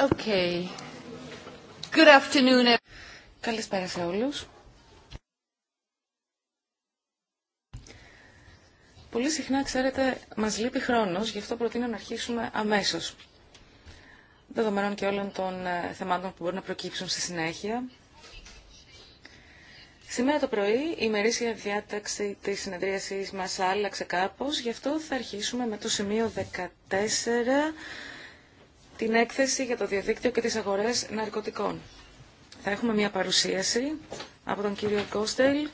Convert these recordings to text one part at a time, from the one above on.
Okay. Good afternoon. Καλησπέρα σε όλους. Πολύ συχνά, ξέρετε, μας λείπει χρόνος, γι' αυτό προτείνω να αρχίσουμε αμέσως. Δεδομένων και όλων των ε, θεμάτων που μπορεί να προκύψουν στη συνέχεια. Σήμερα το πρωί η μερίσια διάταξη της συνεδρίασής μας άλλαξε κάπως, γι' αυτό θα αρχίσουμε με το σημείο 14 την έκθεση για το διαδίκτυο και τις αγορές ναρκωτικών. Θα έχουμε μια παρουσίαση από τον κύριο Κόστελ,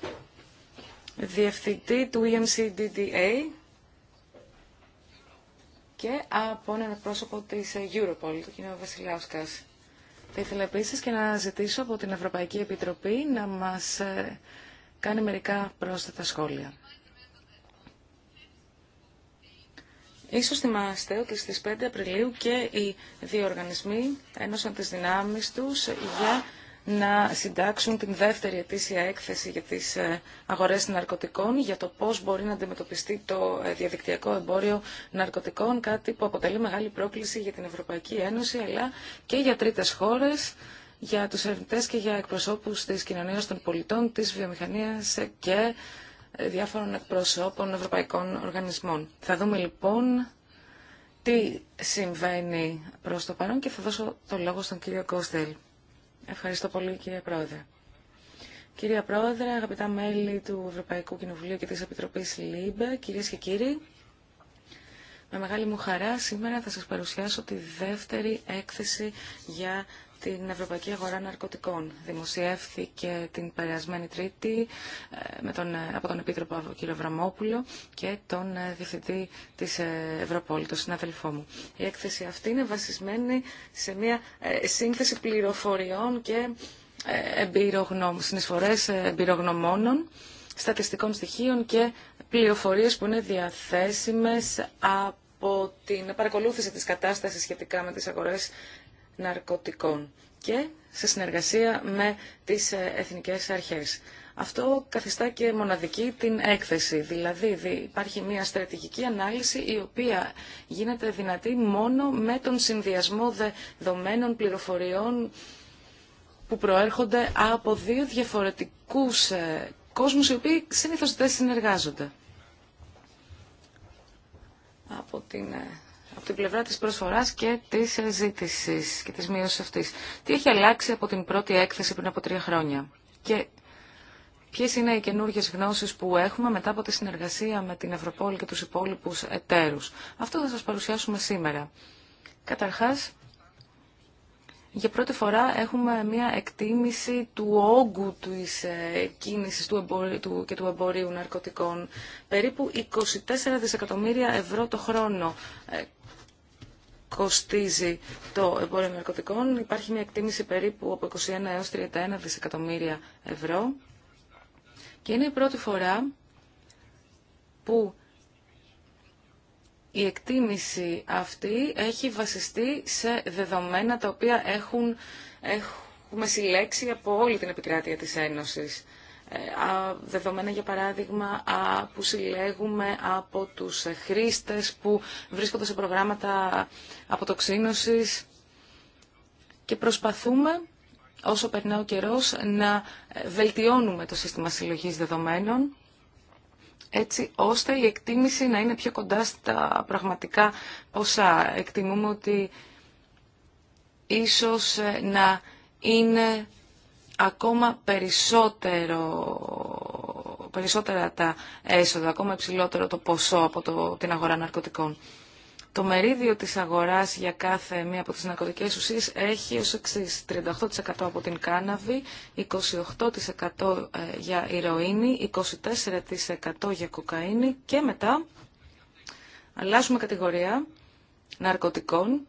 διευθυντή του EMCDDA και από έναν πρόσωπο της Europol, το κύριο Βασιλάουσκας. Θα ήθελα επίσης και να ζητήσω από την Ευρωπαϊκή Επιτροπή να μας ε, κάνει μερικά πρόσθετα σχόλια. Ίσως θυμάστε ότι στις 5 Απριλίου και οι δύο οργανισμοί ένωσαν τις δυνάμεις τους για να συντάξουν την δεύτερη ετήσια έκθεση για τις ε, αγορές ναρκωτικών για το πώς μπορεί να αντιμετωπιστεί το ε, διαδικτυακό εμπόριο ναρκωτικών, κάτι που αποτελεί μεγάλη πρόκληση για την Ευρωπαϊκή Ένωση αλλά και για τρίτες χώρες, για τους ερευνητές και για εκπροσώπους της κοινωνίας των πολιτών, της βιομηχανίας και διάφορων εκπροσώπων ευρωπαϊκών οργανισμών. Θα δούμε λοιπόν τι συμβαίνει προς το παρόν και θα δώσω το λόγο στον κύριο Κόστελ. Ευχαριστώ πολύ κύριε Πρόεδρε. Κύριε Πρόεδρε, αγαπητά μέλη του Ευρωπαϊκού Κοινοβουλίου και της Επιτροπής ΛΥΜΠΕ, κυρίες και κύριοι, με μεγάλη μου χαρά σήμερα θα σας παρουσιάσω τη δεύτερη έκθεση για την Ευρωπαϊκή Αγορά Ναρκωτικών. Δημοσιεύθηκε την περασμένη Τρίτη ε, με τον, ε, από τον Επίτροπο κ. Βραμόπουλο και τον ε, Διευθυντή της Ευρωπόλη, τον συνάδελφό μου. Η έκθεση αυτή είναι βασισμένη σε μια σύνθεση πληροφοριών και συνεισφορέ εμπειρογνωμόνων, στατιστικών στοιχείων και πληροφορίες που είναι διαθέσιμε από την παρακολούθηση της κατάστασης σχετικά με τις αγορές ναρκωτικών και σε συνεργασία με τις ε, εθνικές αρχές. Αυτό καθιστά και μοναδική την έκθεση, δηλαδή υπάρχει μια στρατηγική ανάλυση η οποία γίνεται δυνατή μόνο με τον συνδυασμό δεδομένων πληροφοριών που προέρχονται από δύο διαφορετικούς ε, κόσμους οι οποίοι συνήθως δεν συνεργάζονται. Από την ε, από την πλευρά της προσφοράς και της ζήτηση και της μείωσης αυτής. Τι έχει αλλάξει από την πρώτη έκθεση πριν από τρία χρόνια και ποιες είναι οι καινούργιε γνώσεις που έχουμε μετά από τη συνεργασία με την Ευρωπόλη και τους υπόλοιπους εταίρους. Αυτό θα σας παρουσιάσουμε σήμερα. Καταρχάς, για πρώτη φορά έχουμε μια εκτίμηση του όγκου της ε, κίνησης του εμπορίου, και του εμπορίου ναρκωτικών. Περίπου 24 δισεκατομμύρια ευρώ το χρόνο ε, κοστίζει το εμπόριο ναρκωτικών. Υπάρχει μια εκτίμηση περίπου από 21 έως 31 δισεκατομμύρια ευρώ και είναι η πρώτη φορά που η εκτίμηση αυτή έχει βασιστεί σε δεδομένα τα οποία έχουν, έχουμε συλλέξει από όλη την επικράτεια της Ένωσης. Ε, δεδομένα για παράδειγμα που συλλέγουμε από τους χρήστες που βρίσκονται σε προγράμματα αποτοξίνωσης και προσπαθούμε όσο περνά ο καιρός να βελτιώνουμε το σύστημα συλλογής δεδομένων έτσι ώστε η εκτίμηση να είναι πιο κοντά στα πραγματικά όσα Εκτιμούμε ότι ίσως ε, να είναι ακόμα περισσότερο, περισσότερα τα έσοδα, ακόμα υψηλότερο το ποσό από το, την αγορά ναρκωτικών. Το μερίδιο της αγοράς για κάθε μία από τις ναρκωτικές ουσίες έχει ως εξής 38% από την κάναβη, 28% ε, για ηρωίνη, 24% για κοκαίνη και μετά αλλάζουμε κατηγορία ναρκωτικών.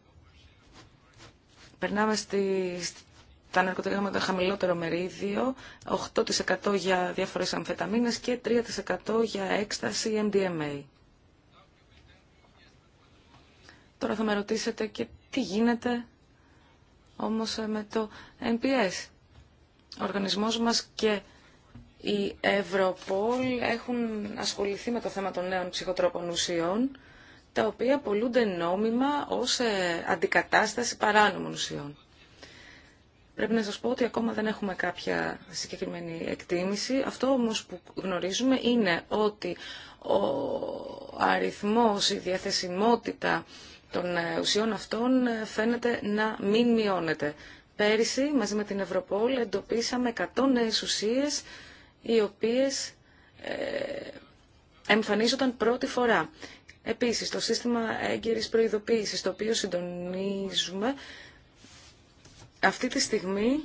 Περνάμε στη, τα ναρκωτικά με το χαμηλότερο μερίδιο, 8% για διάφορες αμφεταμίνες και 3% για έκσταση MDMA. Τώρα θα με ρωτήσετε και τι γίνεται όμως με το NPS. Ο οργανισμός μας και η Ευρωπόλ έχουν ασχοληθεί με το θέμα των νέων ψυχοτρόπων ουσιών, τα οποία πολλούνται νόμιμα ως ε, αντικατάσταση παράνομων ουσιών. Πρέπει να σας πω ότι ακόμα δεν έχουμε κάποια συγκεκριμένη εκτίμηση. Αυτό όμως που γνωρίζουμε είναι ότι ο αριθμός, η διαθεσιμότητα των ε, ουσιών αυτών ε, φαίνεται να μην μειώνεται. Πέρυσι, μαζί με την Ευρωπόλ, εντοπίσαμε 100 νέες ουσίες, οι οποίες ε, εμφανίζονταν πρώτη φορά. Επίσης, το σύστημα έγκαιρης προειδοποίησης, το οποίο συντονίζουμε, αυτή τη στιγμή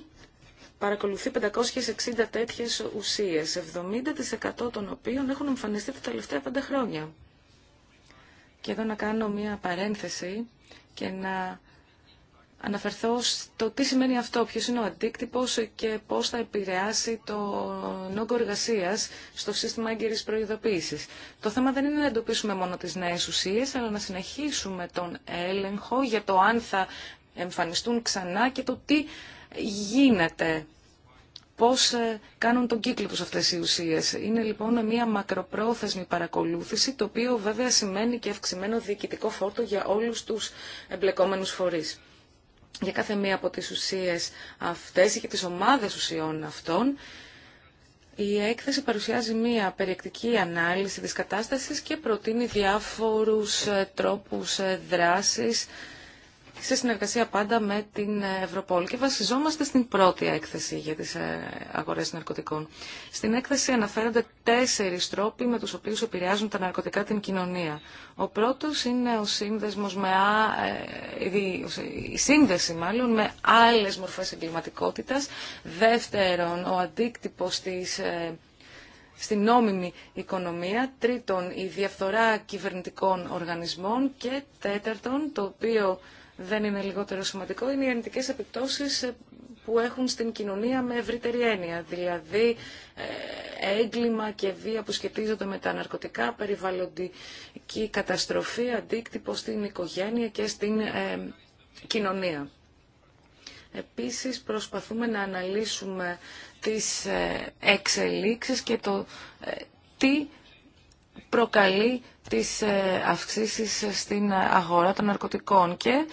παρακολουθεί 560 τέτοιες ουσίες, 70% των οποίων έχουν εμφανιστεί τα τελευταία 5 χρόνια. Και εδώ να κάνω μία παρένθεση και να αναφερθώ στο τι σημαίνει αυτό, ποιος είναι ο αντίκτυπος και πώς θα επηρεάσει το νόγκο εργασία στο σύστημα έγκυρης προειδοποίησης. Το θέμα δεν είναι να εντοπίσουμε μόνο τις νέες ουσίες, αλλά να συνεχίσουμε τον έλεγχο για το αν θα εμφανιστούν ξανά και το τι γίνεται, πώς ε, κάνουν τον κύκλο τους αυτές οι ουσίες. Είναι λοιπόν μια μακροπρόθεσμη παρακολούθηση, το οποίο βέβαια σημαίνει και αυξημένο διοικητικό φόρτο για όλους τους εμπλεκόμενους φορείς. Για κάθε μία από τις ουσίες αυτές ή και τις ομάδες ουσιών αυτών, η έκθεση παρουσιάζει μία περιεκτική ανάλυση της κατάστασης και προτείνει διάφορους ε, τρόπους ε, δράσης σε συνεργασία πάντα με την Ευρωπόλ και βασιζόμαστε στην πρώτη έκθεση για τις ε, αγορές ναρκωτικών. Στην έκθεση αναφέρονται τέσσερις τρόποι με τους οποίους επηρεάζουν τα ναρκωτικά την κοινωνία. Ο πρώτος είναι ο σύνδεσμος με α... Ε, η σύνδεση μάλλον με άλλες μορφές εγκληματικότητας. Δεύτερον, ο αντίκτυπος ε, στην νόμιμη οικονομία, τρίτον η διαφθορά κυβερνητικών οργανισμών και τέταρτον το οποίο δεν είναι λιγότερο σημαντικό είναι οι αρνητικέ επιπτώσεις ε, που έχουν στην κοινωνία με ευρύτερη έννοια, δηλαδή ε, έγκλημα και βία που σχετίζονται με τα ναρκωτικά, περιβαλλοντική καταστροφή, αντίκτυπο στην οικογένεια και στην ε, κοινωνία. Επίσης προσπαθούμε να αναλύσουμε τις εξελίξεις και το τι προκαλεί τις αυξήσεις στην αγορά των ναρκωτικών και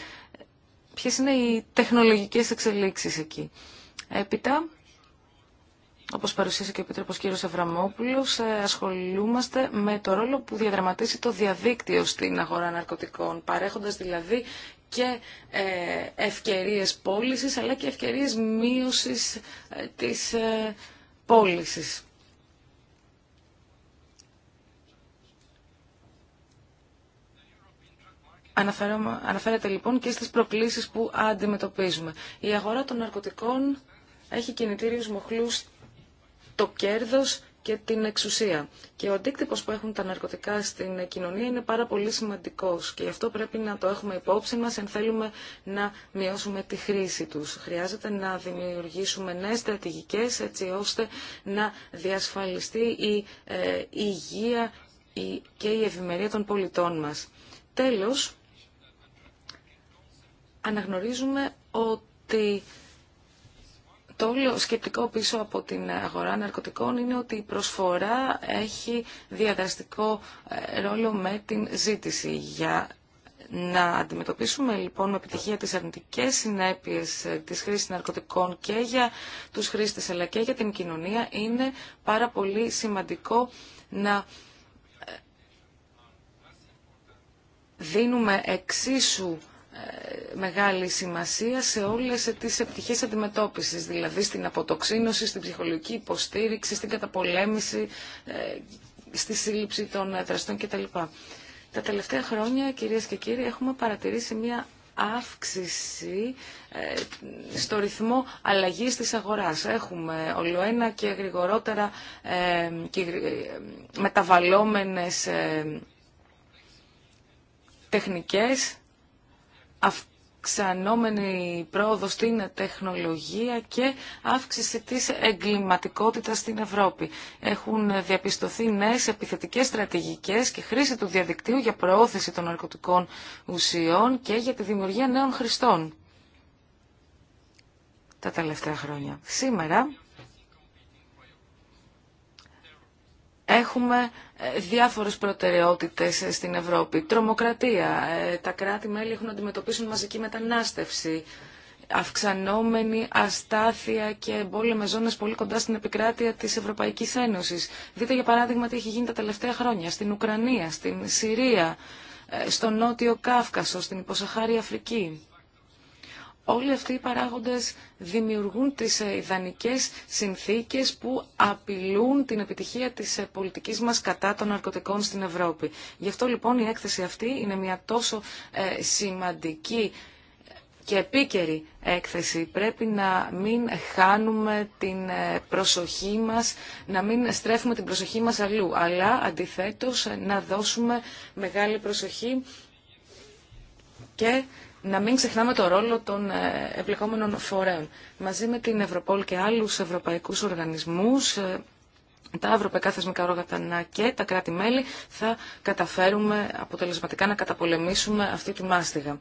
ποιες είναι οι τεχνολογικές εξελίξεις εκεί. Έπειτα, όπως παρουσίασε και ο Επίτροπος κ. Ευραμόπουλος, ε, ασχολούμαστε με το ρόλο που διαδραματίζει το διαδίκτυο στην αγορά ναρκωτικών, παρέχοντας δηλαδή και ε, ευκαιρίες πώλησης, αλλά και ευκαιρίες μείωσης ε, της πώλησης. Αναφέρεται λοιπόν και στις προκλήσεις που αντιμετωπίζουμε. Η αγορά των ναρκωτικών έχει κινητήριους μοχλούς το κέρδος και την εξουσία. Και ο αντίκτυπο που έχουν τα ναρκωτικά στην κοινωνία είναι πάρα πολύ σημαντικό. Και γι' αυτό πρέπει να το έχουμε υπόψη μα αν θέλουμε να μειώσουμε τη χρήση τους. Χρειάζεται να δημιουργήσουμε νέες στρατηγικές έτσι ώστε να διασφαλιστεί η ε, υγεία και η ευημερία των πολιτών μας. Τέλος, αναγνωρίζουμε ότι το όλο σκεπτικό πίσω από την αγορά ναρκωτικών είναι ότι η προσφορά έχει διαδραστικό ε, ρόλο με την ζήτηση. Για να αντιμετωπίσουμε λοιπόν με επιτυχία τις αρνητικές συνέπειες ε, της χρήσης ναρκωτικών και για τους χρήστες αλλά και για την κοινωνία είναι πάρα πολύ σημαντικό να ε, δίνουμε εξίσου μεγάλη σημασία σε όλες τις επιτυχίες αντιμετώπισης, δηλαδή στην αποτοξίνωση, στην ψυχολογική υποστήριξη, στην καταπολέμηση, ε, στη σύλληψη των ε, δραστών κτλ. Τα τελευταία χρόνια, κυρίες και κύριοι, έχουμε παρατηρήσει μια αύξηση ε, στο ρυθμό αλλαγής της αγοράς. Έχουμε ολοένα και γρηγορότερα μεταβαλλόμενες τεχνικές αυξανόμενη πρόοδο στην τεχνολογία και αύξηση της εγκληματικότητας στην Ευρώπη. Έχουν διαπιστωθεί νέες επιθετικές στρατηγικές και χρήση του διαδικτύου για προώθηση των ναρκωτικών ουσιών και για τη δημιουργία νέων χρηστών τα τελευταία χρόνια. Σήμερα Έχουμε ε, διάφορες προτεραιότητες ε, στην Ευρώπη. Τρομοκρατία. Ε, τα κράτη-μέλη έχουν να αντιμετωπίσουν μαζική μετανάστευση. Αυξανόμενη αστάθεια και εμπόλεμε ζώνες πολύ κοντά στην επικράτεια της Ευρωπαϊκής Ένωσης. Δείτε για παράδειγμα τι έχει γίνει τα τελευταία χρόνια στην Ουκρανία, στην Συρία, στον Νότιο Κάφκασο, στην Υποσαχάρη Αφρική. Όλοι αυτοί οι παράγοντες δημιουργούν τις ε, ιδανικές συνθήκες που απειλούν την επιτυχία της ε, πολιτικής μας κατά των ναρκωτικών στην Ευρώπη. Γι' αυτό λοιπόν η έκθεση αυτή είναι μια τόσο ε, σημαντική και επίκαιρη έκθεση. Πρέπει να μην χάνουμε την προσοχή μας, να μην στρέφουμε την προσοχή μας αλλού, αλλά αντιθέτως να δώσουμε μεγάλη προσοχή και να μην ξεχνάμε το ρόλο των ε, εμπλεκόμενων φορέων. Μαζί με την Ευρωπόλ και άλλους ευρωπαϊκούς οργανισμούς, ε, τα ευρωπαϊκά θεσμικά όργανα και τα κράτη-μέλη θα καταφέρουμε αποτελεσματικά να καταπολεμήσουμε αυτή τη μάστιγα.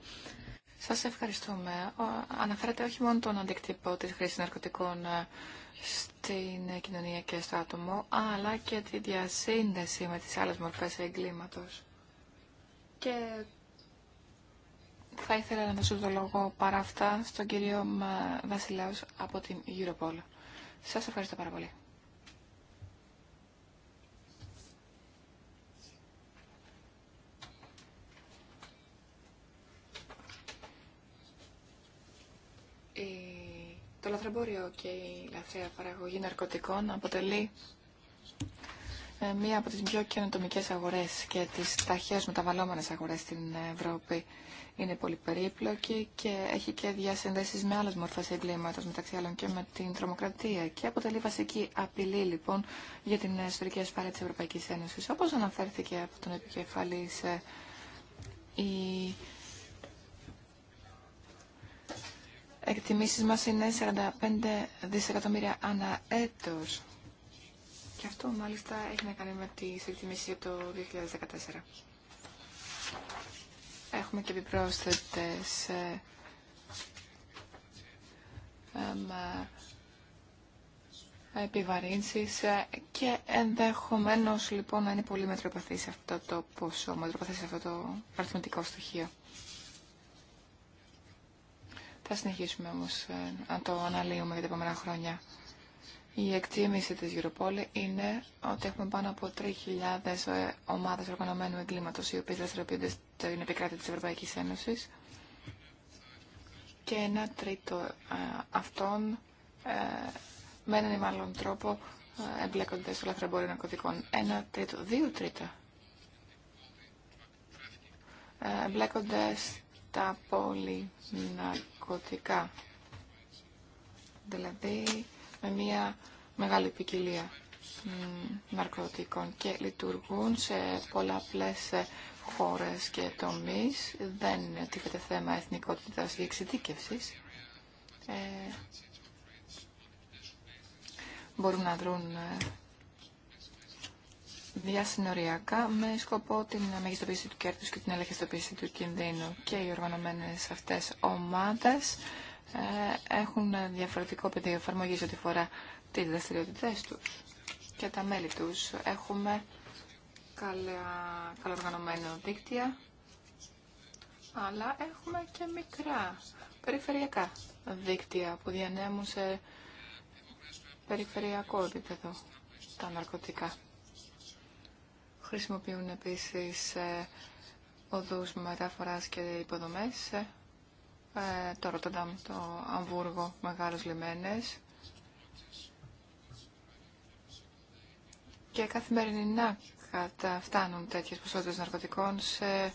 Σας ευχαριστούμε. Αναφέρετε όχι μόνο τον αντικτύπο της χρήσης ναρκωτικών ε, στην κοινωνία και στο άτομο, αλλά και τη διασύνδεση με τις άλλες μορφές εγκλήματος. Και θα ήθελα να δώσω το λόγο παρά αυτά στον κύριο Βασιλάους από την Europol. Σας ευχαριστώ πάρα πολύ. Το λαθρεμπόριο και η λαθρεία παραγωγή ναρκωτικών αποτελεί ε, μία από τις πιο καινοτομικές αγορές και τις ταχαίως μεταβαλλόμενες αγορές στην Ευρώπη είναι πολύ περίπλοκη και έχει και διασυνδέσεις με άλλες μορφές εγκλήματος, μεταξύ άλλων και με την τρομοκρατία και αποτελεί βασική απειλή λοιπόν για την εσωτερική ασφάλεια της Ευρωπαϊκής Ένωσης. Όπως αναφέρθηκε από τον επικεφαλής, η εκτιμήσεις μας είναι 45 δισεκατομμύρια ανά έτος. Και αυτό μάλιστα έχει να κάνει με τις εκτιμήσεις για το 2014. Έχουμε και επιπρόσθετες ε, ε, επιβαρύνσεις ε, και ενδεχομένως λοιπόν να είναι πολύ σε αυτό το ποσό, σε αυτό το αριθμητικό στοιχείο. Θα συνεχίσουμε όμως ε, να το αναλύουμε για τα επόμενα χρόνια. Η εκτίμηση της Europol είναι ότι έχουμε πάνω από 3.000 ε, ομάδες οργανωμένου εγκλήματος οι οποίες δραστηριοποιούνται την επικράτεια της Ευρωπαϊκής Ένωσης και ένα τρίτο ε, αυτών ε, με έναν ή μάλλον τρόπο ε, εμπλέκονται στο λαθρεμπόριο ναρκωτικών. Ένα τρίτο, δύο τρίτα εμπλέκονται στα πολυναρκωτικά. Δηλαδή με μια μεγάλη ποικιλία ναρκωτικών και λειτουργούν σε πολλαπλές χώρες και τομείς. Δεν τίθεται θέμα εθνικότητας ή εξειδίκευσης. Ε, μπορούν να δρουν ε, διασυνοριακά με σκοπό την μεγιστοποίηση του κέρδους και την ελεγχιστοποίηση του κινδύνου. Και οι οργανωμένες αυτές ομάδες ε, έχουν διαφορετικό πεδίο εφαρμογή ό,τι φορά τις δραστηριότητε τους και τα μέλη τους. Έχουμε καλά, καλοργανωμένο δίκτυα, αλλά έχουμε και μικρά περιφερειακά δίκτυα που διανέμουν σε περιφερειακό επίπεδο τα ναρκωτικά. Χρησιμοποιούν επίσης ε, οδούς μεταφοράς και υποδομές, ε, ε, το Ροτοντάμ, το Αμβούργο, μεγάλους λιμένες, και καθημερινά καταφτάνουν τέτοιες ποσότητες ναρκωτικών σε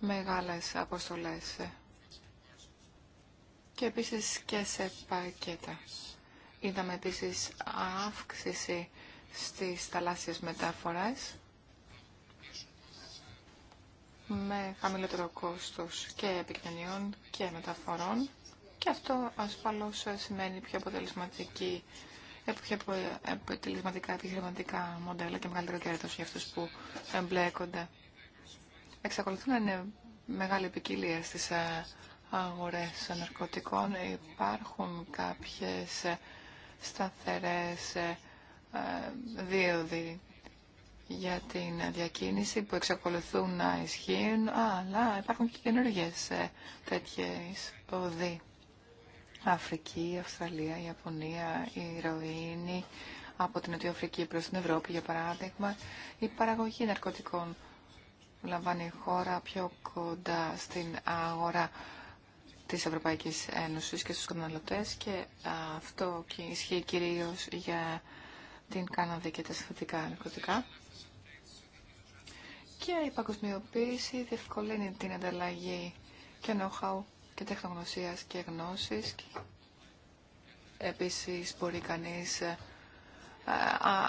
μεγάλες αποστολές και επίσης και σε πακέτα. Είδαμε επίσης αύξηση στις θαλάσσιες μεταφορές με χαμηλότερο κόστος και επικοινωνιών και μεταφορών και αυτό ασφαλώς σημαίνει πιο αποτελεσματική έχει επιτελεσματικά επιχειρηματικά μοντέλα και μεγαλύτερο κέρδος για αυτούς που εμπλέκονται. Εξακολουθούν να είναι μεγάλη ποικιλία στις ε, αγορές ναρκωτικών. Υπάρχουν κάποιες ε, σταθερές ε, δίωδοι για την διακίνηση που εξακολουθούν να ισχύουν, αλλά υπάρχουν και καινούργιες τέτοιες οδοί. Αφρική, Αυστραλία, Ιαπωνία, η από την Νοτιοαφρική προς την Ευρώπη, για παράδειγμα, η παραγωγή ναρκωτικών λαμβάνει η χώρα πιο κοντά στην αγορά της Ευρωπαϊκής Ένωσης και στους καταναλωτές και αυτό ισχύει κυρίως για την Κάναδα και τα σχετικά ναρκωτικά. Και η παγκοσμιοποίηση διευκολύνει την ανταλλαγή και νόχαου και τεχνογνωσίας και γνώσης. Επίσης μπορεί κανείς ε,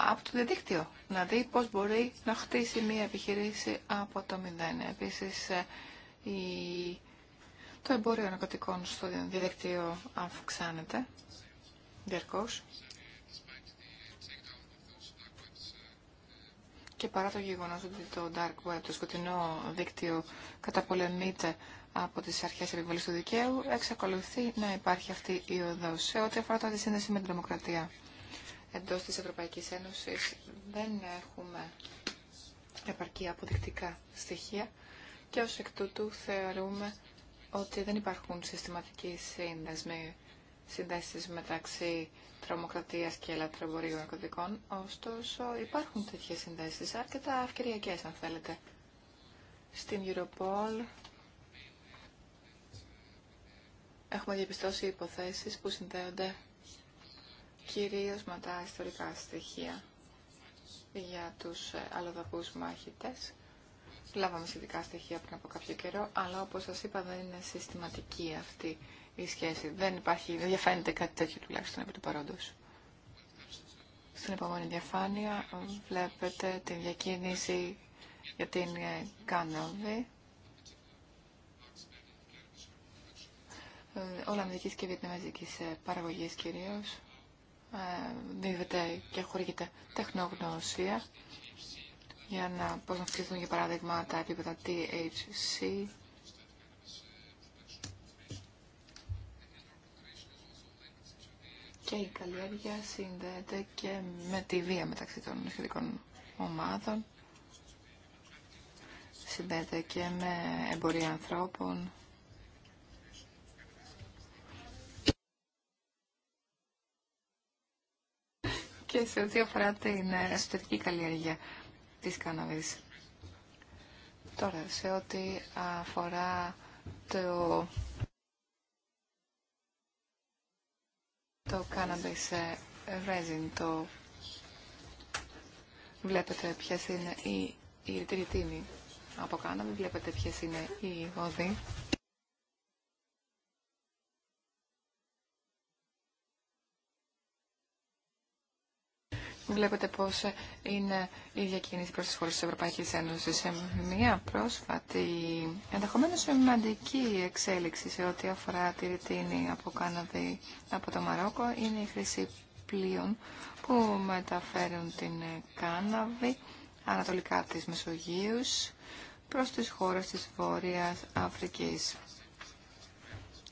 από το διαδίκτυο να δει πώς μπορεί να χτίσει μία επιχειρήση από το μηδέν. Επίσης ε, η... το εμπόριο ναρκωτικών στο διαδίκτυο αυξάνεται διαρκώς. Και παρά το γεγονός ότι το dark web, το σκοτεινό δίκτυο, καταπολεμείται από τις αρχές επιβολής του δικαίου, εξακολουθεί να υπάρχει αυτή η οδός σε ό,τι αφορά τη σύνδεση με την τρομοκρατία. Εντός της Ευρωπαϊκής Ένωσης δεν έχουμε επαρκή αποδεικτικά στοιχεία και ως εκ τούτου θεωρούμε ότι δεν υπάρχουν συστηματικοί σύνδεσμοι συνδέσεις μεταξύ τρομοκρατίας και ελαττρομπορίου ναρκωτικών, ωστόσο υπάρχουν τέτοιες συνδέσεις, αρκετά ευκαιριακές αν θέλετε. Στην Europol έχουμε διαπιστώσει υποθέσεις που συνδέονται κυρίως με τα ιστορικά στοιχεία για τους ε, αλλοδαπούς μάχητες. Λάβαμε σχετικά στοιχεία πριν από κάποιο καιρό, αλλά όπως σας είπα δεν είναι συστηματική αυτή η σχέση. Δεν υπάρχει, δεν διαφαίνεται κάτι τέτοιο τουλάχιστον επί του παρόντος. Στην επόμενη διαφάνεια ε, βλέπετε την διακίνηση για την ε, Κάνοβη. Ολλανδικής και Βιετναμεζικής ε, παραγωγής κυρίως. Ε, δίδεται και χορηγείται τεχνογνωσία για να πώς να για παράδειγμα τα επίπεδα THC. Και η καλλιέργεια συνδέεται και με τη βία μεταξύ των σχετικών ομάδων. Συνδέεται και με εμπορία ανθρώπων και σε ό,τι αφορά την ε, εσωτερική καλλιέργεια της κάναβης. Τώρα, σε ό,τι αφορά το, το cannabis ε, resin, το βλέπετε ποιες είναι οι, οι από κάναβη, βλέπετε ποιες είναι οι οδοί. βλέπετε πώς είναι η διακίνηση προς τις χώρε τη Ευρωπαϊκή Ένωση. Σε μια πρόσφατη, Ενδεχομένω σημαντική εξέλιξη σε ό,τι αφορά τη ρητίνη από Κάναδη από το Μαρόκο είναι η χρήση πλοίων που μεταφέρουν την Κάναβη ανατολικά τη Μεσογείου προς τις χώρες της Βόρειας Αφρικής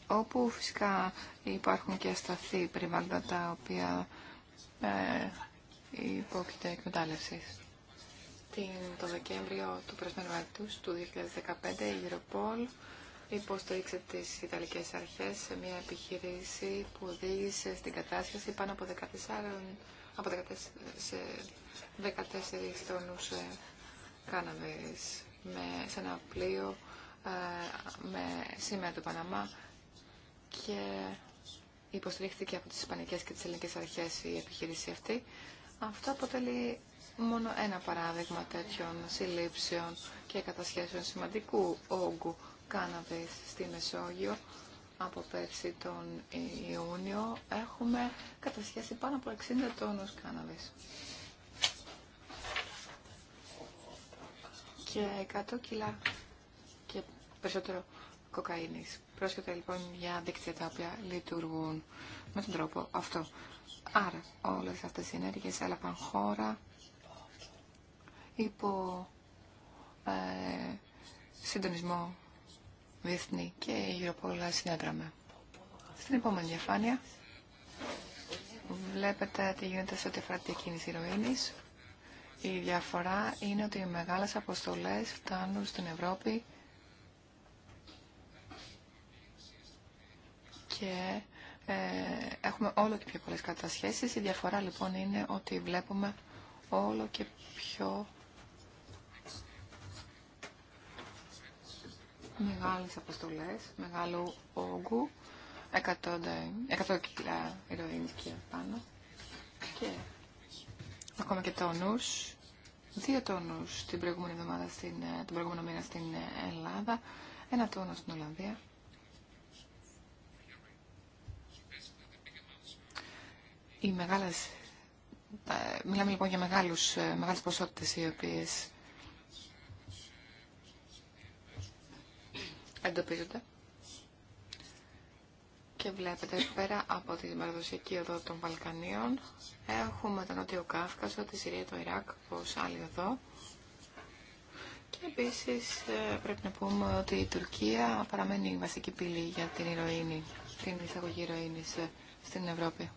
όπου φυσικά υπάρχουν και ασταθή περιβάλλοντα τα οποία ε, υπόκειται εκμετάλλευση. Το Δεκέμβριο του προσμένου έτου του 2015 η Europol υποστήριξε τις Ιταλικές Αρχές σε μια επιχείρηση που οδήγησε στην κατάσχεση πάνω από 14, από 14, σε 14 τόνους ε, κάναβης με, σε ένα πλοίο ε, με σήμερα του Παναμά και υποστηρίχθηκε από τις Ισπανικές και τις Ελληνικές Αρχές η επιχείρηση αυτή αυτό αποτελεί μόνο ένα παράδειγμα τέτοιων συλλήψεων και κατασχέσεων σημαντικού όγκου κάναβης στη Μεσόγειο. Από πέρσι τον Ιούνιο έχουμε κατασχέσει πάνω από 60 τόνους κάναβης. Και 100 κιλά και περισσότερο κοκαίνης. Πρόσκειται λοιπόν για δίκτυα τα οποία λειτουργούν με τον τρόπο αυτό. Άρα όλες αυτές οι ενέργειες έλαβαν χώρα υπό ε, συντονισμό διεθνή και η όλα συνέδραμε. Στην επόμενη διαφάνεια βλέπετε τι γίνεται σε ό,τι αφορά τη ηρωίνης. Η διαφορά είναι ότι οι μεγάλες αποστολές φτάνουν στην Ευρώπη και ε, έχουμε όλο και πιο πολλές κατασχέσεις. Η διαφορά λοιπόν είναι ότι βλέπουμε όλο και πιο μεγάλες αποστολές, μεγάλου όγκου, 100 κιλά ηρωίνης και πάνω. Και ακόμα και τόνους, δύο τόνους την προηγούμενη εβδομάδα, στην, ε, την μήνα στην Ελλάδα, ένα τόνο στην Ολλανδία. Οι μεγάλες, μιλάμε λοιπόν για μεγάλους, ε, μεγάλες ποσότητες οι οποίες εντοπίζονται. Και βλέπετε πέρα από την παραδοσιακή οδό των Βαλκανίων έχουμε τον Νότιο Κάφκασο, τη Συρία, το Ιράκ ω άλλη εδώ Και επίσης ε, πρέπει να πούμε ότι η Τουρκία παραμένει η βασική πύλη για την ηρωίνη, την εισαγωγή ηρωίνης ε, στην Ευρώπη.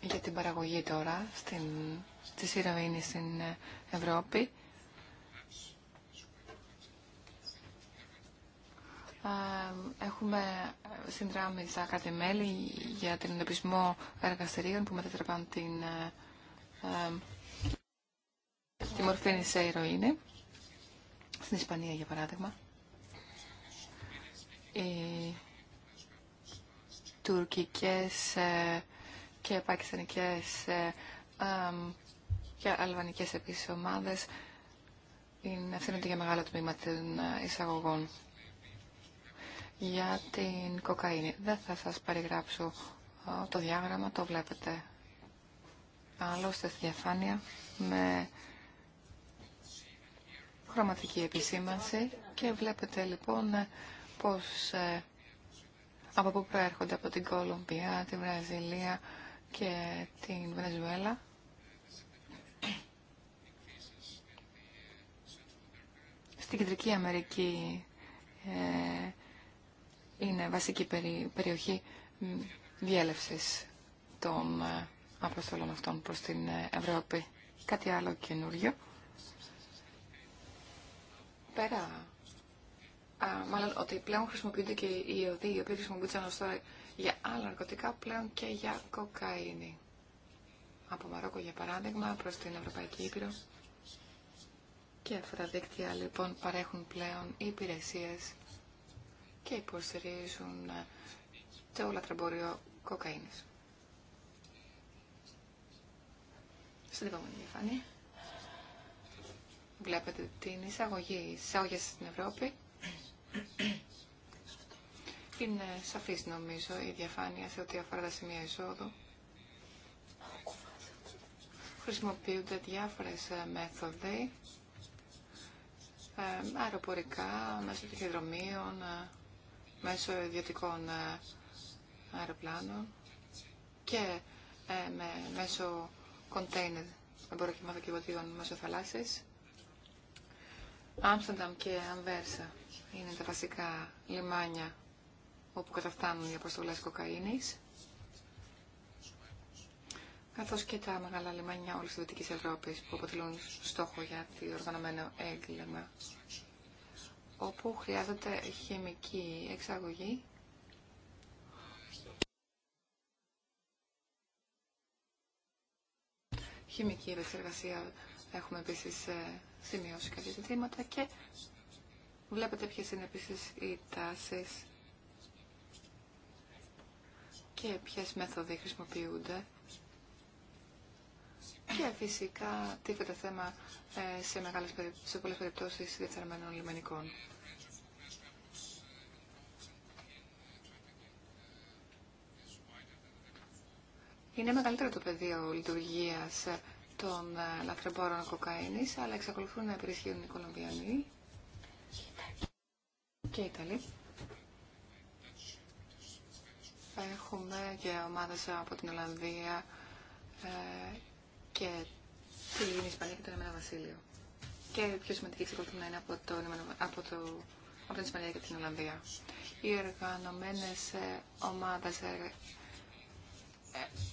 για την παραγωγή τώρα στην, στη στην Ευρώπη. Έχουμε συνδράμει στα μελη για την εντοπισμό εργαστηρίων που μετατρέπαν την, ε, ε, τη μορφή σε ηρωίνη, στην Ισπανία για παράδειγμα. Οι τουρκικές ε, και πακιστανικές ε, και αλβανικές επίσης ομάδες είναι ευθύνονται για μεγάλο τμήμα των ε, εισαγωγών. Για την κοκαίνη δεν θα σας περιγράψω ε, το διάγραμμα, το βλέπετε άλλωστε στη διαφάνεια με χρωματική επισήμανση και βλέπετε λοιπόν πως από πού προέρχονται από την Κολομπία, τη Βραζιλία, και την Βενεζουέλα. Στην Κεντρική Αμερική ε, είναι βασική περιοχή διέλευσης των ε, αποστολών αυτών προς την ε, Ευρώπη. Κάτι άλλο καινούριο. Πέρα, α, μάλλον ότι πλέον χρησιμοποιούνται και οι οδοί οι οποίοι χρησιμοποιούνται ως τώρα για άλλα ναρκωτικά πλέον και για κοκαίνη. Από Μαρόκο, για παράδειγμα, προς την Ευρωπαϊκή Ήπειρο. Και αυτά τα δίκτυα, λοιπόν, παρέχουν πλέον υπηρεσίες και υποστηρίζουν ε, το λατρεμπόριο κοκαίνης. Στην επόμενη διαφάνεια βλέπετε την εισαγωγή όγια στην Ευρώπη είναι σαφής νομίζω η διαφάνεια σε ό,τι αφορά τα σημεία εισόδου. Χρησιμοποιούνται διάφορες ε, μέθοδοι ε, αεροπορικά, μέσω τυχεδρομείων, ε, μέσω ιδιωτικών αεροπλάνων και μέσω κοντέινερ εμποροκυμάτων και βοτήγων μέσω θαλάσσης. Άμστερνταμ και Αμβέρσα είναι τα βασικά λιμάνια όπου καταφτάνουν οι αποστολές κοκαίνης, καθώς και τα μεγάλα λιμάνια όλης της Δυτικής Ευρώπης που αποτελούν στόχο για το οργανωμένο έγκλημα, όπου χρειάζεται χημική εξαγωγή χημική επεξεργασία έχουμε επίσης ε, σημειώσει κάποια ζητήματα και βλέπετε ποιες είναι επίσης οι τάσεις και ποιες μέθοδοι χρησιμοποιούνται και φυσικά τίθεται θέμα ε, σε, μεγάλες, σε πολλές περιπτώσεις διεφθαρμένων λιμενικών. Είναι μεγαλύτερο το πεδίο λειτουργίας των ε, λαθρεμπόρων κοκαίνης, αλλά εξακολουθούν να υπηρεσχύουν οι Κολομβιανοί και οι Ιταλοί έχουμε και ομάδες από την Ολλανδία ε, και την Ισπανία και το Ηνωμένο Βασίλειο. Και πιο σημαντική εξακολουθεί να είναι από, το, από, το, από την Ισπανία και την Ολλανδία. Οι οργανωμένες ε, ομάδες ε,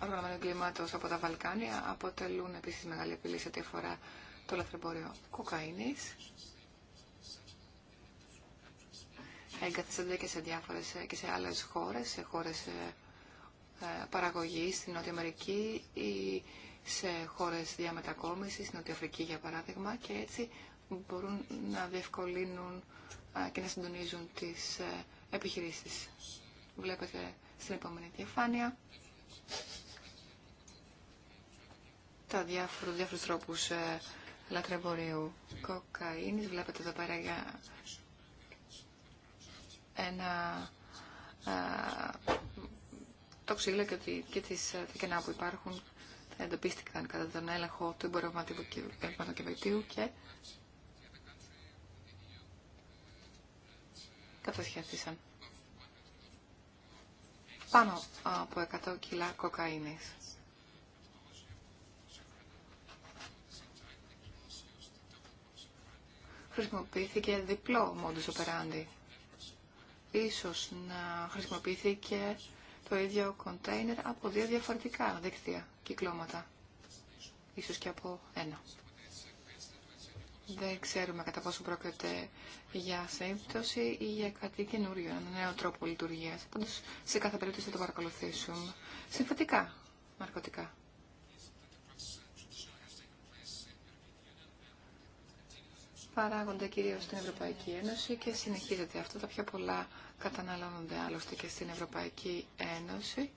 οργανωμένου κλίματος από τα Βαλκάνια αποτελούν επίσης μεγάλη απειλή σε ό,τι αφορά το λαθρεμπόριο κοκαίνης εγκαθίστανται και σε διάφορες ε, και σε άλλες χώρες, σε χώρες ε, ε, παραγωγής στην Νότια Αμερική ή σε χώρες διαμετακόμισης, στην Νότια Αφρική για παράδειγμα και έτσι μπορούν να διευκολύνουν και να συντονίζουν τις επιχειρήσεις. Βλέπετε στην επόμενη διαφάνεια τα διάφορους, διάφορους τρόπους λατρεμπορίου κοκαίνης. Βλέπετε εδώ πέρα για ένα το ξύλο και, ότι, και τις, τα κενά που υπάρχουν εντοπίστηκαν κατά τον έλεγχο του εμπορευματικού εμπορευματοκιβετίου και κατασχέθησαν πάνω από 100 κιλά κοκαίνης. Χρησιμοποιήθηκε διπλό μόντους operandi ίσως να χρησιμοποιηθεί και το ίδιο κοντέινερ από δύο διαφορετικά δίκτυα κυκλώματα. Ίσως και από ένα. Δεν ξέρουμε κατά πόσο πρόκειται για σύμπτωση ή για κάτι καινούριο, ένα νέο τρόπο λειτουργία. Πάντω σε κάθε περίπτωση θα το παρακολουθήσουμε. Συμφωτικά, ναρκωτικά. Παράγονται κυρίως στην Ευρωπαϊκή Ένωση και συνεχίζεται αυτό. Τα πιο πολλά καταναλώνονται άλλωστε και στην Ευρωπαϊκή Ένωση.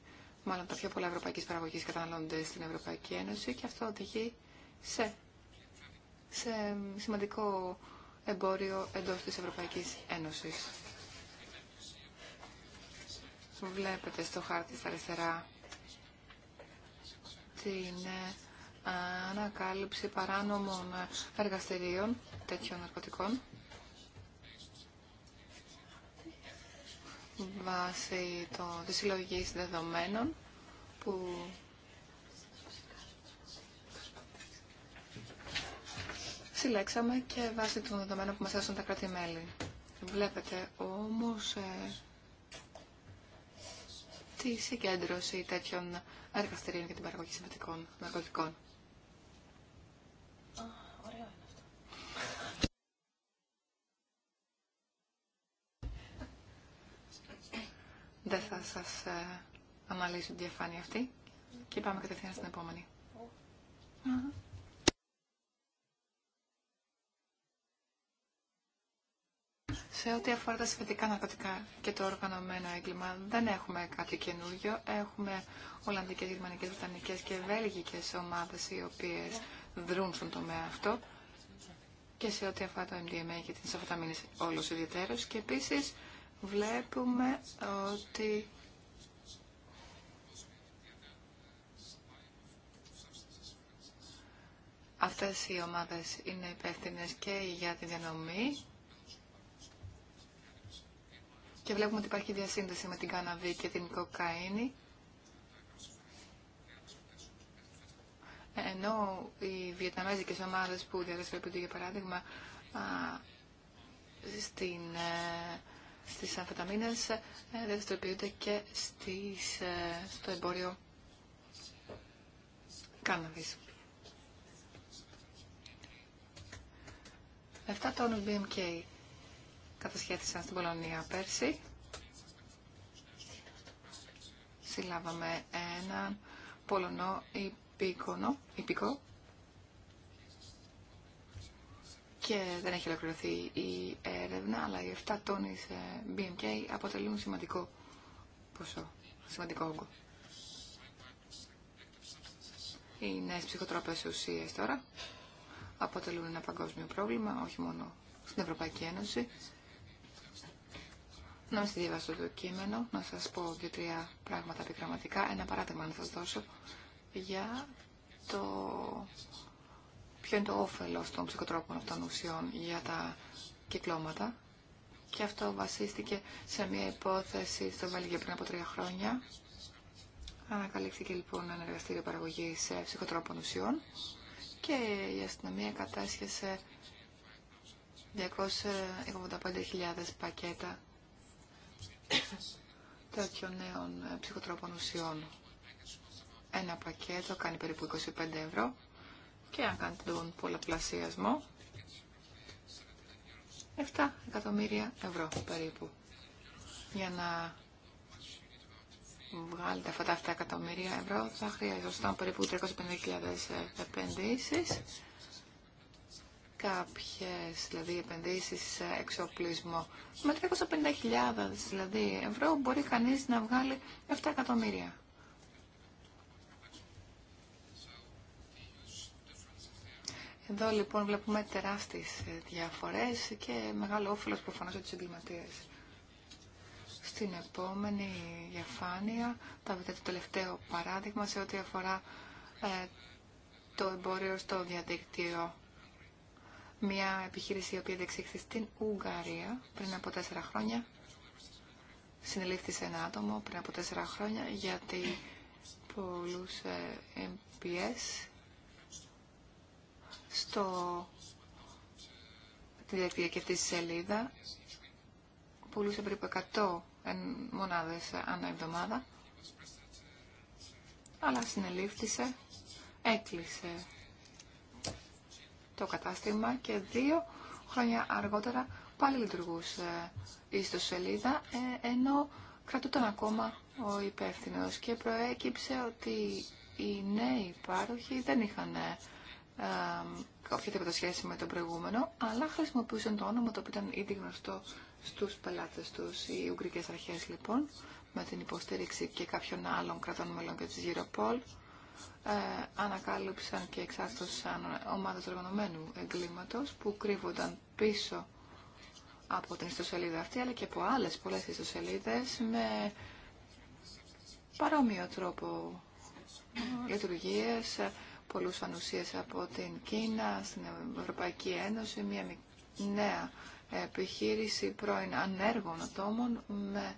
Μάλλον τα πιο πολλά ευρωπαϊκής παραγωγής καταναλώνονται στην Ευρωπαϊκή Ένωση και αυτό οδηγεί σε, σε σημαντικό εμπόριο εντός της Ευρωπαϊκής Ένωσης. Βλέπετε στο χάρτη στα αριστερά την ε, ανακάλυψη παράνομων εργαστηρίων τέτοιων ναρκωτικών βάσει το, της συλλογής δεδομένων που συλλέξαμε και βάσει των δεδομένων που μας έδωσαν τα κράτη-μέλη. Βλέπετε όμως ε, τη συγκέντρωση τέτοιων εργαστηρίων για την παραγωγή συμβατικών ναρκωτικών. Δεν θα σας ε, αναλύσω τη διαφάνεια αυτή και πάμε κατευθείαν στην επόμενη. Σε ό,τι αφορά τα συμφετικά ναρκωτικά και το οργανωμένο έγκλημα, δεν έχουμε κάτι καινούριο. Έχουμε Ολλανδικέ, Γερμανικέ, Βρετανικέ και Βέλγικε ομάδε οι οποίε δρούν στον τομέα αυτό. Και σε ό,τι αφορά το MDMA και την σαφαταμίνη, όλο ιδιαίτερω. Και επίση βλέπουμε ότι αυτές οι ομάδες είναι υπεύθυνε και για τη διανομή και βλέπουμε ότι υπάρχει διασύνδεση με την καναβή και την κοκαίνη. Ενώ οι βιετναμέζικες ομάδες που διαδραστηριοποιούνται για παράδειγμα στην ε, στις αμφεταμίνες ε, δραστηριοποιούνται και στις, ε, στο εμπόριο κάναβης. Αυτά τόνου BMK κατασχέθησαν στην Πολωνία πέρσι. Συλλάβαμε έναν Πολωνό υπήκονο, υπήκο, και δεν έχει ολοκληρωθεί η έρευνα, αλλά οι 7 τόνοι σε BMK αποτελούν σημαντικό ποσό, σημαντικό όγκο. Οι νέες ψυχοτρόπες ουσίες τώρα αποτελούν ένα παγκόσμιο πρόβλημα, όχι μόνο στην Ευρωπαϊκή Ένωση. Να μην στη διαβάσω το κείμενο, να σας πω δύο-τρία πράγματα επιγραμματικά. Ένα παράδειγμα να σας δώσω για το ποιο είναι το όφελο των ψυχοτρόπων αυτών ουσιών για τα κυκλώματα. Και αυτό βασίστηκε σε μια υπόθεση στο Βέλγιο πριν από τρία χρόνια. Ανακαλύφθηκε λοιπόν ένα εργαστήριο παραγωγής ψυχοτρόπων ουσιών και η αστυνομία κατάσχεσε 285.000 πακέτα τέτοιων νέων ψυχοτρόπων ουσιών. Ένα πακέτο κάνει περίπου 25 ευρώ και αν κάνετε τον πολλαπλασιασμό 7 εκατομμύρια ευρώ περίπου για να βγάλετε αυτά τα 7 εκατομμύρια ευρώ θα χρειαζόταν περίπου 350.000 επενδύσεις κάποιες δηλαδή επενδύσεις σε εξοπλισμό με 350.000 δηλαδή ευρώ μπορεί κανείς να βγάλει 7 εκατομμύρια Εδώ λοιπόν βλέπουμε τεράστιες ε, διαφορές και μεγάλο όφελος προφανώς για τους εγκληματίες. Στην επόμενη διαφάνεια θα βρείτε το τελευταίο παράδειγμα σε ό,τι αφορά ε, το εμπόριο στο διαδίκτυο. Μια επιχείρηση η οποία διεξήχθη στην Ουγγαρία πριν από τέσσερα χρόνια. συνελήφθη σε ένα άτομο πριν από τέσσερα χρόνια γιατί πολλούς MPS ε, στο τη διακριτική σελίδα. Πουλούσε περίπου 100 μονάδες ανά εβδομάδα. Αλλά συνελήφθησε, έκλεισε το κατάστημα και δύο χρόνια αργότερα πάλι λειτουργούσε η ιστοσελίδα, ε, ενώ κρατούταν ακόμα ο υπεύθυνο και προέκυψε ότι οι νέοι πάροχοι δεν είχαν οποιαδήποτε σχέση με τον προηγούμενο, αλλά χρησιμοποιούσαν το όνομα το οποίο ήταν ήδη γνωστό στους πελάτες τους. Οι Ουγγρικές Αρχές λοιπόν, με την υποστήριξη και κάποιων άλλων κρατών μελών και της Europol, ε, ανακάλυψαν και εξάρτησαν ομάδες οργανωμένου εγκλήματος που κρύβονταν πίσω από την ιστοσελίδα αυτή, αλλά και από άλλες πολλές ιστοσελίδες με παρόμοιο τρόπο λειτουργίες, πολλούς φανουσίες από την Κίνα στην Ευρωπαϊκή Ένωση, μια νέα επιχείρηση πρώην ανέργων ατόμων με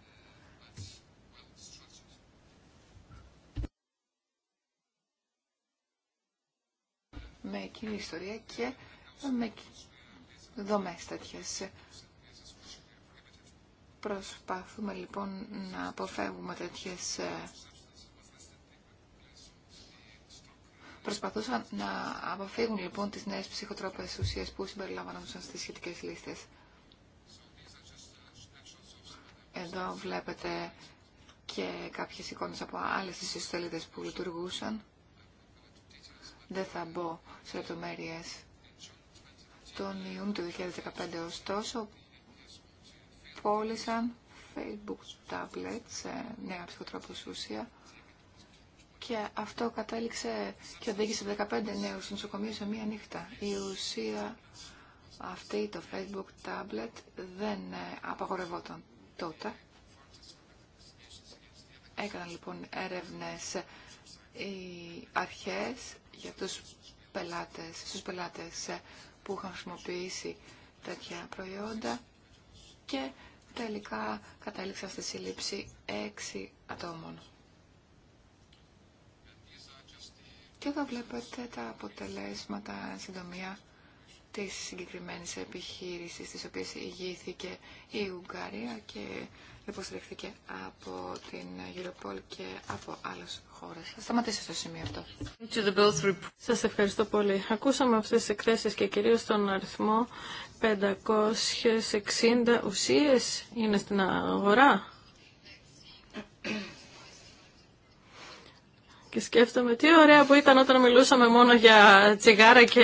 με εκείνη ιστορία και με δομές τέτοιες. Προσπαθούμε λοιπόν να αποφεύγουμε τέτοιες ε, Προσπαθούσαν να αποφύγουν λοιπόν τις νέες ψυχοτρόπες ουσίες που συμπεριλαμβανόντουσαν στις σχετικές λίστες. Εδώ βλέπετε και κάποιες εικόνες από άλλες τις ιστοσελίδες που λειτουργούσαν. Δεν θα μπω σε λεπτομέρειες. Τον Ιούνιο του 2015 ωστόσο πώλησαν Facebook tablets, νέα ψυχοτρόπους ουσία, και αυτό κατέληξε και οδήγησε 15 νέους στο νοσοκομείο σε μία νύχτα. Η ουσία αυτή, το Facebook Tablet, δεν ε, απαγορευόταν τότε. Έκαναν λοιπόν έρευνες οι αρχές για τους πελάτες, στους πελάτες ε, που είχαν χρησιμοποιήσει τέτοια προϊόντα και τελικά κατέληξα στη σύλληψη 6 ατόμων. Και εδώ βλέπετε τα αποτελέσματα συντομία της συγκεκριμένης επιχείρησης της οποίας ηγήθηκε η Ουγγαρία και υποστηριχθήκε από την Europol και από άλλες χώρες. Θα σταματήσω στο σημείο αυτό. Σας ευχαριστώ πολύ. Ακούσαμε αυτές τις εκθέσεις και κυρίως τον αριθμό 560 ουσίες είναι στην αγορά. Και σκέφτομαι τι ωραία που ήταν όταν μιλούσαμε μόνο για τσιγάρα και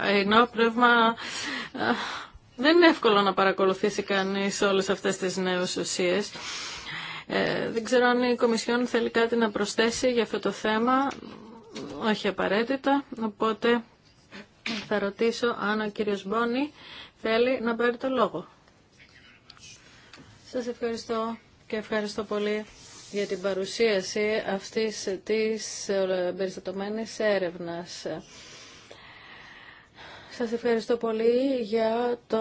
αϊνόπνευμα. Δεν είναι εύκολο να παρακολουθήσει κανείς όλες αυτές τις νέες ουσίες. Ε, δεν ξέρω αν η Κομισιόν θέλει κάτι να προσθέσει για αυτό το θέμα. Όχι απαραίτητα. Οπότε θα ρωτήσω αν ο κύριος Μπόνι θέλει να πάρει το λόγο. Σας ευχαριστώ και ευχαριστώ πολύ για την παρουσίαση αυτής της ε, περιστατωμένης έρευνας. Σας ευχαριστώ πολύ για το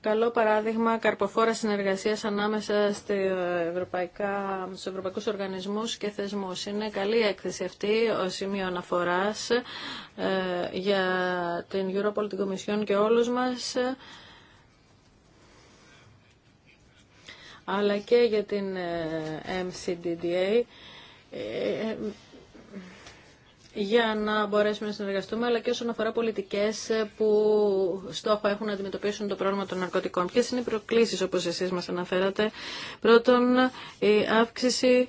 καλό παράδειγμα καρποφόρα συνεργασίας ανάμεσα ε, ευρωπαϊκά, στους ευρωπαϊκούς οργανισμούς και θεσμούς. Είναι καλή έκθεση αυτή ο σημείο αναφοράς ε, για την Europol, την Κομισιόν και όλους μας. αλλά και για την ε, MCDDA ε, για να μπορέσουμε να συνεργαστούμε, αλλά και όσον αφορά πολιτικές που στόχο έχουν να αντιμετωπίσουν το πρόβλημα των ναρκωτικών. Ποιες είναι οι προκλήσεις όπως εσείς μας αναφέρατε. Πρώτον, η αύξηση